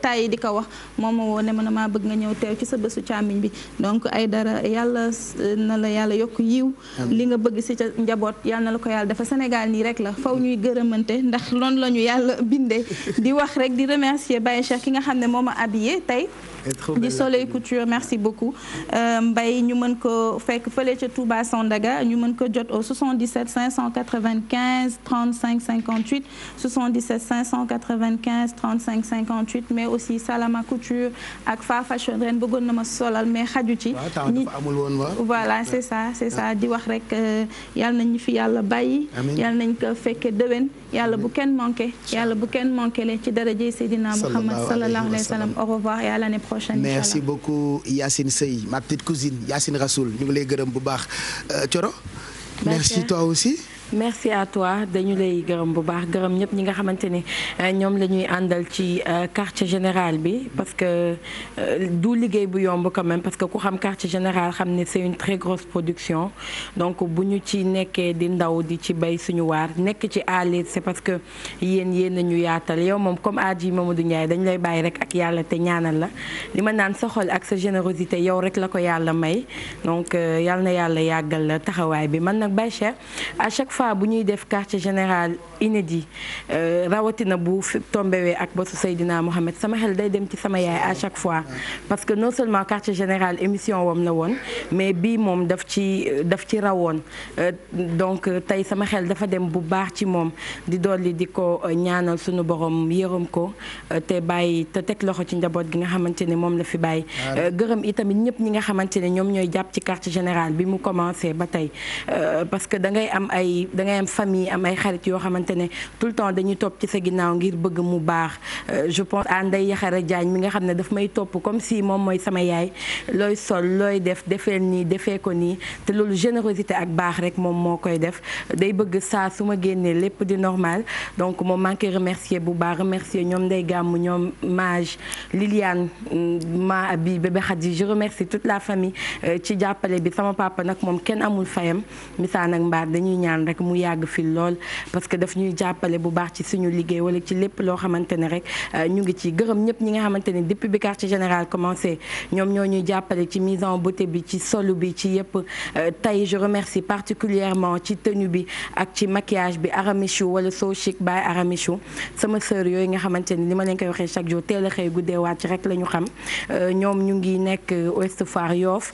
tàyyi di ko wax moom ma woo ne ma maa bëgg nga ñëw teew ci sa bésu càmmiñ bi donc Aidara yàlla na la yàlla yokk yiw li nga bëgg si ca njaboot yàlla na la ko yàlla dafa Sénégal nii rek la faw ñuy gërëmante ndax loolu la yàlla bindee (laughs) di wax rek di remercier Baye Cheikh ki nga nga xam ne moo ma habillé tey di Soleil Couture merci beaucoup euh, mbay ñu mën ko fekk fële ca Touba Sandaga ñu mën ko jot au 77 595 35 58 77 595 35 58 mais aussi Salama Couture ak Fa Fashion ren bëggoon na ma solal mais xaju ci voilà c'est ça c'est ça di wax rek euh, yàlla ñu fi yàlla bàyyi yàlla nañ ko fekke déwén yàlla bu kenn manqué yàlla bu kenn manqué le ci darajey Seydina Mouhammad sallallahu alayhi wa sallam au revoir et à l'année prochaine merci beaucoup Yacine Seye ma petite cousine Yacine ñu ngi lay gërëm bu baax euh, Thioro merci toi aussi merci à toi dañu lay gërëm bu baax gërëm ñëpp ñi nga xamante ni euh, ñoom la ñuy àndal ci euh, quartier général bi parce que euh, du liggéey bu yomb quand même parce que ku xam quartier général xam ne c'est une très grosse production donc bu ñu ci nekkee di ndaw di ci bay suñu waar nekk ci à l'aise c'est parce que yéen yéen ñu yaatal yow moom comme moom Mamadou ñaay dañu lay bàyyi rek ak yàlla te ñaanal la li ma naan sa xol ak sa générosité yow rek la ko yàlla may donc yàlla na yàlla yàggal taxawaay bi man fois bu ñuy def quartier général inédit euh, rawatina bu tombewee ak bosu Seydina Mohamed sama xel day dem ci sama yaay à chaque fois parce que non seulement quartier général émission wam la woon mais bii moom daf ci daf ci rawoon euh, donc euh, tey sama xel dafa dem bu baax ci moom di dool dolli di ko ñaanal suñu borom yërëm ko te bàyyi te teg loxo ci njaboot gi nga xamante ne moom la fi bàyyi gërëm itamit ñëpp ñi nga xamante ne ñoom ñooy jàpp ci quartier général bi mu dangay am famille am ay xarit yoo xamante ne tout le temps dañuy topp ci sa ginnaaw ngir bëgg mu baax euh, je pense à Ndeye Yaxara Diagne mi nga xam ne daf may topp comme si moom mooy sama yaay looy sol looy def defee nii defee ko nii te loolu générosité ak baax rek moom moo koy def day bëgg saa su ma génnee lépp di normal donc moom maa remercier bu baax remercier ñoom Ndeye Gàmmu ñoom Mage lilian mm, ma bi bébé Khady je remercie toute la famille euh, ci jàppale bi sama papa nag moom kenn amul fayam misaan ak mbaar dañuy ñaan rek mu yàgg fi lool parce que daf ñuy jàppale bu baax ci suñu liggéey wala ci lépp loo xamante ne rek euh, ñu ngi ci gërëm ñëpp ñi nga xamante ne depuis bi quartier général commencé ñoom ñoo ñuy jàppale ci mise en beauté bi ci solu bi ci yëpp euh, tey je remercie particulièrement ci tenue bi ak ci maquillage bi aramichou wala so chic by aramichou sama sœur yooyu nga xamante ni li ma leen koy waxee chaque jour teel a xëy guddee wàcc rek la ñu xam euh, ñoom ñu ngi nekk Ouest Foire Yoff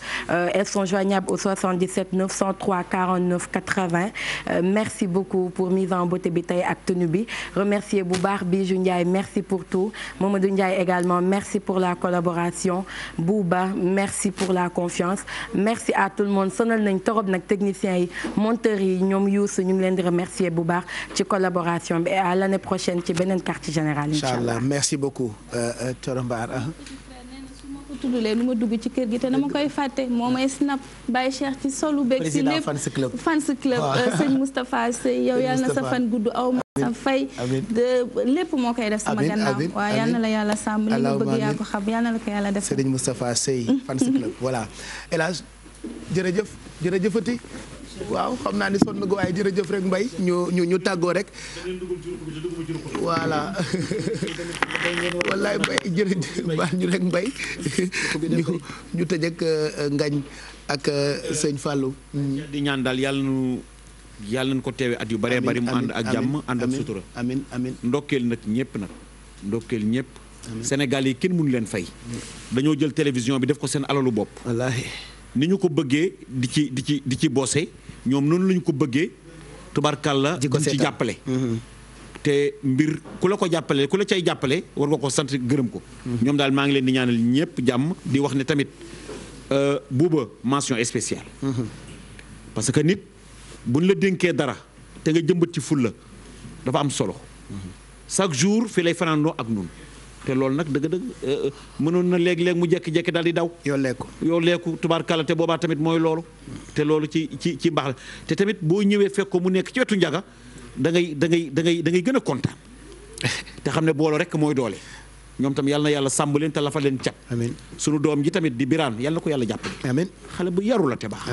elles sont joignables au 77 903 49 80 Euh, merci beaucoup pour mise en beauté bi tey ak tenue bi remercier bu baax Bijou Ndiaye merci pour tout Mamadou Ndiaye également merci pour la collaboration Bouba merci pour la confiance merci à tout le monde sonal nañ torop nag techniciens yi monteurs yi ñoom Youssou ñu ngi leen di remercier bu baax ci collaboration bi et à l'année prochaine ci beneen quartier général incha allah merci beaucoup euh, euh, Thioro bu tuddulee lu ma dugg ci kër gi te dama koy fàtte moo may snap bàyyi Cheikh ci solu beeg si lépp fans club euh, sëñ Moustapha Sey yow yal na sa fan gudd aw ma sa fay de lépp moo koy def sama gannaaw waaw yal na la yàlla sàmm li nga bëgg yaa ko xam yal na la ko yàlla def sëriñ Moustapha Sey fans club voilà El Hadj jërëjëf jërëjëfati waaw xam naa ni sonn nga waaye jërëjëf rek Mbaye ñu ñu ñu tàggoo rek voilà (laughs) wallaay Mbaye jërëjëf baal ñu rek Mbaye (laughs) ñu tëj ak euh, ngañ ak euh, sëñ Fallou hmm. di ñaan daal yàlla nu yàlla nañ ko teewee at yu bëree bëri mu ànd ak jàmm ànd ak sutura ndokkeel nag ñëpp nag ndokkeel ñëpp Sénégal yi kenn mënu leen fay dañoo jël télévision bi def ko seen alalu bopp ni ñu ko bëggee di ci di ci di ci boose ñoom noonu lañu ko bëggee tubarkalla duñ ci jàppale mm-hmm. te mbir ku la ko jàppale ku la cay jàppale war nga ko sant gërëm ko mm-hmm. ñoom daal maa ngi leen di ñaanal ñëpp jàmm di wax ne tamit euh, buuba mention spéciale mm-hmm. parce que nit buñ la dénkee dara te nga jëmbat ci fulla dafa am solo chaque jour fii lay fanaandoo ak nun te loolu nag dëgg-dëgg euh, mënoon na léeg-léeg mu jékki-jékki daal di daw. yoo leeku yoo leeku tubaarkàlla te boobaa tamit mooy loolu. te loolu ci ci ci mbaax la te tamit boo ñëwee fekk ko mu nekk ci wetu njaga da ngay dangay dangay da gën a kontaan (laughs) te xam ne booloo rek mooy doole. ñoom tam yàlla na yàlla sàmb leen te lafa leen cat. amiin sunu doom ji tamit di biraan yàlla na ko yàlla jàppale. xale bu yaru la te baax.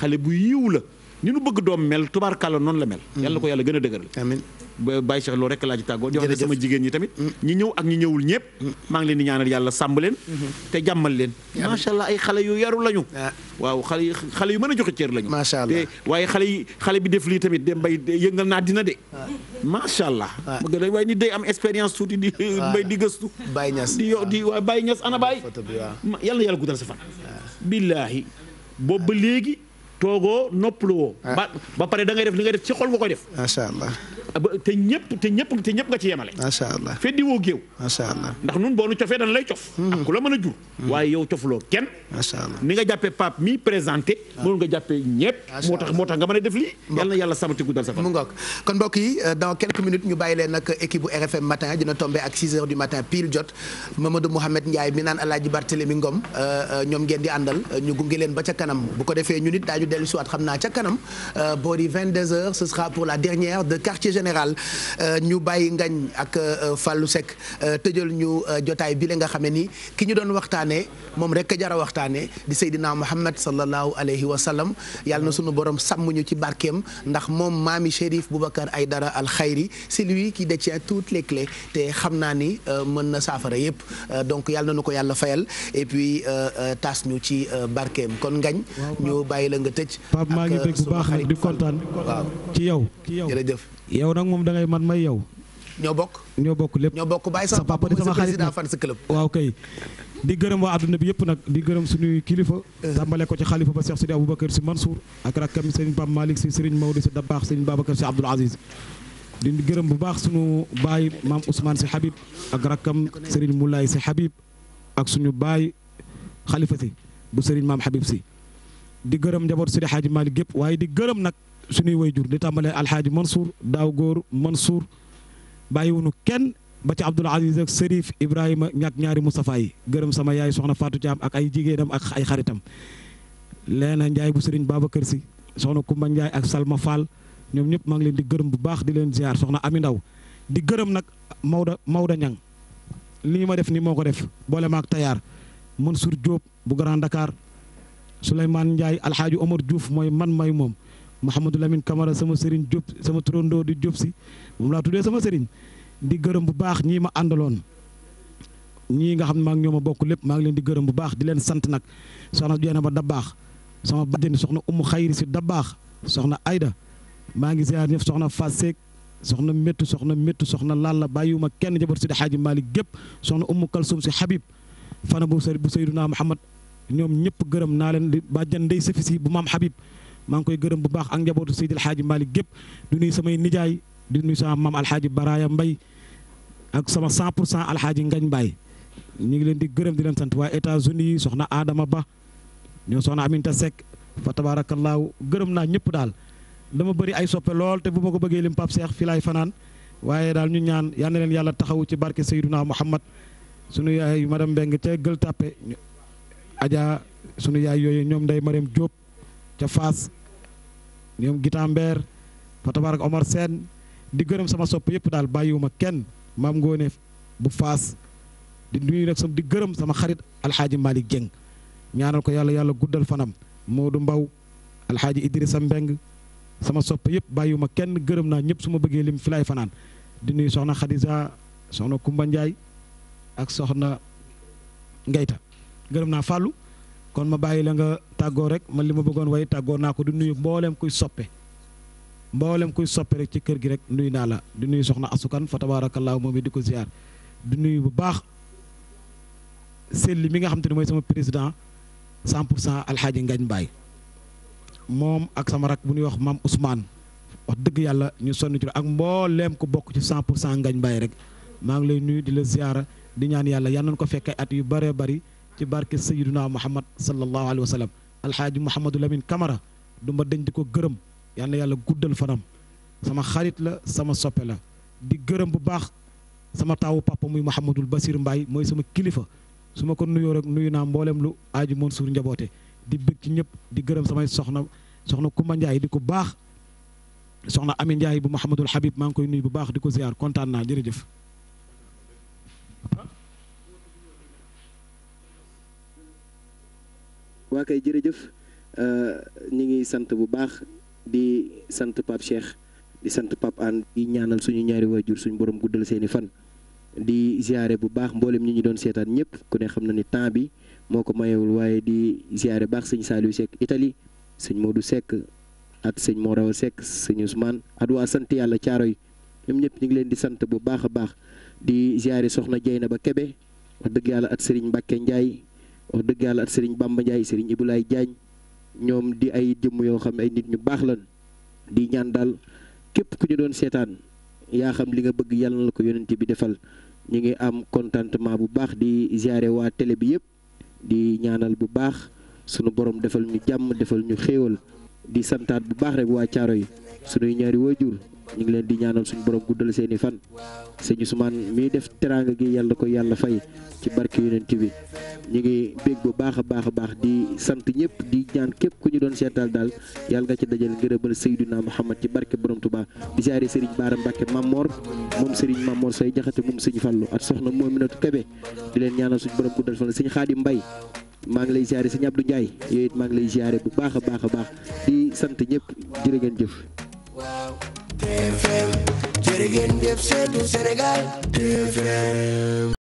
xale bu yiw la ni nu bëgg doom mel tubaarkàlla noonu la mel. Mm. yàlla ko yàlla gën a dëgëral. amiin Baye Cheikh loolu rek laaj ci tàggoo di wax sama jigéen ñi tamit mm. ñi ñëw ak ñi ñëwul ñëpp mm. maa ngi leen di ñaanal yàlla sàmm leen mm-hmm. te jàmmal leen macha allah ay xale yu yaru lañu ah. waaw xale yu xale yu mën a joxe cër lañu macha allah waaye xale yi xale bi def lii tamit de mbay yëngal naa dina de ah. macha allah ah. bëgg na waaye nit day am expérience tuuti di (laughs) mbay di gëstu Baye Niass di yow di waaye Baye Niass ana Baye yàlla yàlla guddal sa fan billaahi boobu ba léegi toogoo noppalu woo ba pare da def li ngay def ci xol nga koy def macha allah te ñëpp te ñëpp te ñëpp nga ci yemale. macha géew. ndax nun boo nu cofee dañ lay cof. Hmm. ku la mën a jur. Hmm. waaye yow cofuloo kenn. ni nga jàppee pape mi présenté. Ah. moo tax nga mën a def lii. yal na yàlla samati guddal sa fan. mu ngoog kon mbokk euh, dans quelques minutes ñu bàyyi leen nag équipe bu RFM matin dina tombé ak 6 heures du matin pile jot Mamadou Mouhamed Ndiaye mi naan El Hadj Barthélémy euh, euh, ñoom ngeen di àndal ñu gunge leen ba ca kanam bu ko defee ñun it daañu dellu siwaat de général euh, ñu bàyyi ngañ ak euh, Fallou Seck euh, tëjal ñu jotaay bi la nga xame ni ki ñu doon waxtaanee moom rek a jara waxtaanee di Seydina Muhammad sallallahu alayhi wa sallam yàlla na sunu borom sàmm ñu ci barkeem ndax moom maami Chérif Boubacar Aïdara Al Khayri c'est lui qui détient toutes les clés te xam naa ni mën na saafara yëpp donc yàlla na nu ko yàlla fayal et puis tas ñu ci barkeem kon ngañ ñu bàyyi la nga tëj. Pape maa ngi di kontaan. ci yow yow nag moom da man may yow. ñoo bokk ñoo bokk lépp ñoo bokk bàyyi sa papa di sama xarit fan sa club waaw kay di gërëm waa bi yëpp nag di gërëm suñuy kilifa eh. tàmbale ko ci xalifa ba Cheikh Sidi Aboubacar si Mansour ak rakkam Serigne Pape Malick si Serigne Maodo si Dabakh Serigne Babacar si Abdoul Aziz di gërëm bu baax suñu baay maam Ousmane si Habib ak rakkam Serigne Moulay si Habib ak suñu baay xalifa si bu Serigne maam Habib si di gërëm njaboot Sidi xaaj Malick gépp waaye di gërëm nag suñuy jur di tàmbalee alxaaji Mansour daaw góor Mansour bàyyiwunu kenn ba ca Abdoul Aziz ak Serif Ibrahima ñàkk ñaari Moustapha gërëm sama yaay soxna Fatou Thiam ak ay jigéenam ak ay xaritam Leena njaay bu Serigne baaba kërsi soxna Kumba Ndiaye ak Salma Fall ñoom ñëpp maa ngi leen di gërëm bu baax di leen ziar soxna Ami Ndaw di gërëm nag Maodo Maodo Niang lii ma def nii moo ko def boole maag tayaar Mansour Diop bu Grand Dakar Souleymane Ndiaye Alxaaji Omar Diouf mooy man may moom Mouhamadou Lamine Camara sama sëriñ Diop sama turandoo di Diop si moom laa tuddee sama sëriñ di gërëm bu baax ñii ma àndaloon ñii nga xam ne maa ngi ñoom ma bokk lépp maa ngi leen di gërëm bu baax di leen sant nag soxna Jeena ba Dabaax sama bàjjen soxna Umu Xayri si Dabaax soxna Ayda maa ngi ziar soxna Fass Seck soxna méttu soxna méttu soxna Lalla bàyyiwuma kenn jabar si di Xaaji Maalik gépp soxna Umu Kalsum si Habib fana bu Seydunaa Muhammad ñoom ñëpp gërëm naa leen di bàjjan ndey safisi bu maam Habib maa ngi koy gërëm bu baax ak njabootu Seydi El Hadji Malick gépp du nuyu samay nijaay du nuyu sama maam Alxaaji Baraya Mbay ak sama 100 pour cent Alxaaji Ngañ Mbaay ñu ngi leen di gërëm di leen sant waa États-Unis soxna Adama Ba ñoo soxna Aminta Seck fa tabaarakallaahu gërëm naa ñëpp daal dama bëri ay soppe lool te bu ma ko bëggee lim Pape Cheikh fi laay fanaan waaye daal ñu ñaan yal na leen yàlla taxawu ci barke Seydouna Muhammad sunu yaay madame Mbengue ca Gël Tàppe Adja sunu yaay yooyu ñoom nday Mariam jóob ca Faas ñoom Gitambeer fa tabarak Omar Sène di gërëm sama sopp yëpp daal bàyyiwuma kenn maam ngoone bu faas di nuyu nag di gërëm sama xarit alxaaji Malick Dieng ñaanal ko yàlla yàlla guddal fanam Modou Mbaw alxaaji sa Mbeng sama sopp yëpp bàyyiwuma kenn gërëm naa ñëpp su ma bëggee lim fi fanaan di nuyu soxna Khadija soxna Kumba njaay ak soxna Ngeyta gërëm naa Fallou kon ma bàyyi la nga tàggoo rek man li ma bëggoon way tàggoo naa ko di nuyu mboolem kuy soppe mboolem kuy soppe rek ci kër gi rek nuyu naa la di nuyu soxna asukan fa tabaarakallaahu moom it di ko ziar di nuyu bu baax selli mi nga xam te ne mooy sama président 100 pour cent alxaaji ngañ mbaay moom ak sama rak bu ñuy wax maam Ousmane wax dëgg yàlla ñu sonn ci ak mbooleem ku bokk ci 100 pour cent ngañ mbaay rek maa ngi lay nuyu di la ziara di ñaan yàlla yal ci barke Sayyiduna Muhammad sallallahu alayhi wa sallam alxaaji Mouhamadou Lamine Camara du ma deñ di ko gërëm yal yàlla guddal fanam sama xarit la sama soppe la di gërëm bu baax sama taawu papa muy Mouhamadul Basir Mbaye mooy sama kilifa su ma ko nuyoo rek nuyu naa mboolem lu aaju Mansour njaboote di bëgg ci ñëpp di gërëm samay soxna soxna Kumba Ndiaye di ko baax soxna Ami Ndiaye bu Mouhamadul Habib maa ngi koy nuyu bu baax di ko ziar kontaan naa jërëjëf. waa kay jërëjëf euh, ñu ngi sant bu baax di sant Pape Cheikh di sant Pape Hann yi ñaanal suñu ñaari waajur suñu borom guddal seeni fan di ziare bu baax mboolem ñi ñu doon seetaan ñëpp ku ne xam na ni temps bi moo ko mayewul waaye di ziare baax sëñ Saliou Seck Italie sëñ Modou Seck ak sëñ Moraw Seck sëñ Ousmane at waa sant yàlla caaro yi ñoom ñëpp ñu ngi leen di sant bu baax a baax di ziare soxna na ba Kebe wax dëgg yàlla at Serigne Mbacke Ndiaye wax dëgg yàlla ak sëriñ Bamba Ndiaye sëriñ Ibulaay Diagne ñoom di ay jëmm yoo xam ne ay nit ñu baax lan di ñaan daal képp ku ñu doon seetaan yaa xam li nga bëgg yàlla na la ko yonent bi defal ñu ngi am contentement bu baax di ziare waa télé bi yëpp di ñaanal bu baax sunu borom defal ñu jàmm defal ñu xéewal di santaat bu baax rek waa caaro yi sunuy ñaari waajur ñu ngi leen di ñaanal suñu borom guddal seen i fan sëñ Ousmane miy def teraanga gi yàlla ko yàlla fay ci barke yonent bi ñu ngi bég bu baax a baax a baax di sant ñëpp di ñaan képp ku ñu doon seetal daal yàlla nga ci dajal ngërëmal Seydina Muhammad ci barke borom Touba di siyaare Serigne Baara Mbacke Mamor moom Serigne Mamor say jaxate moom sëñ Fallu ak soxna Mominatu Kebe di leen ñaanal suñu borom guddal fan sëñ Xaadim Mbay maa ngi lay ziare sëñ Abdou Ndiaye yooyu it maa lay ziare bu baax a baax a baax di sant ñëpp jërë ngeen jëf TFM jërëjëf seetu Sénégal TFM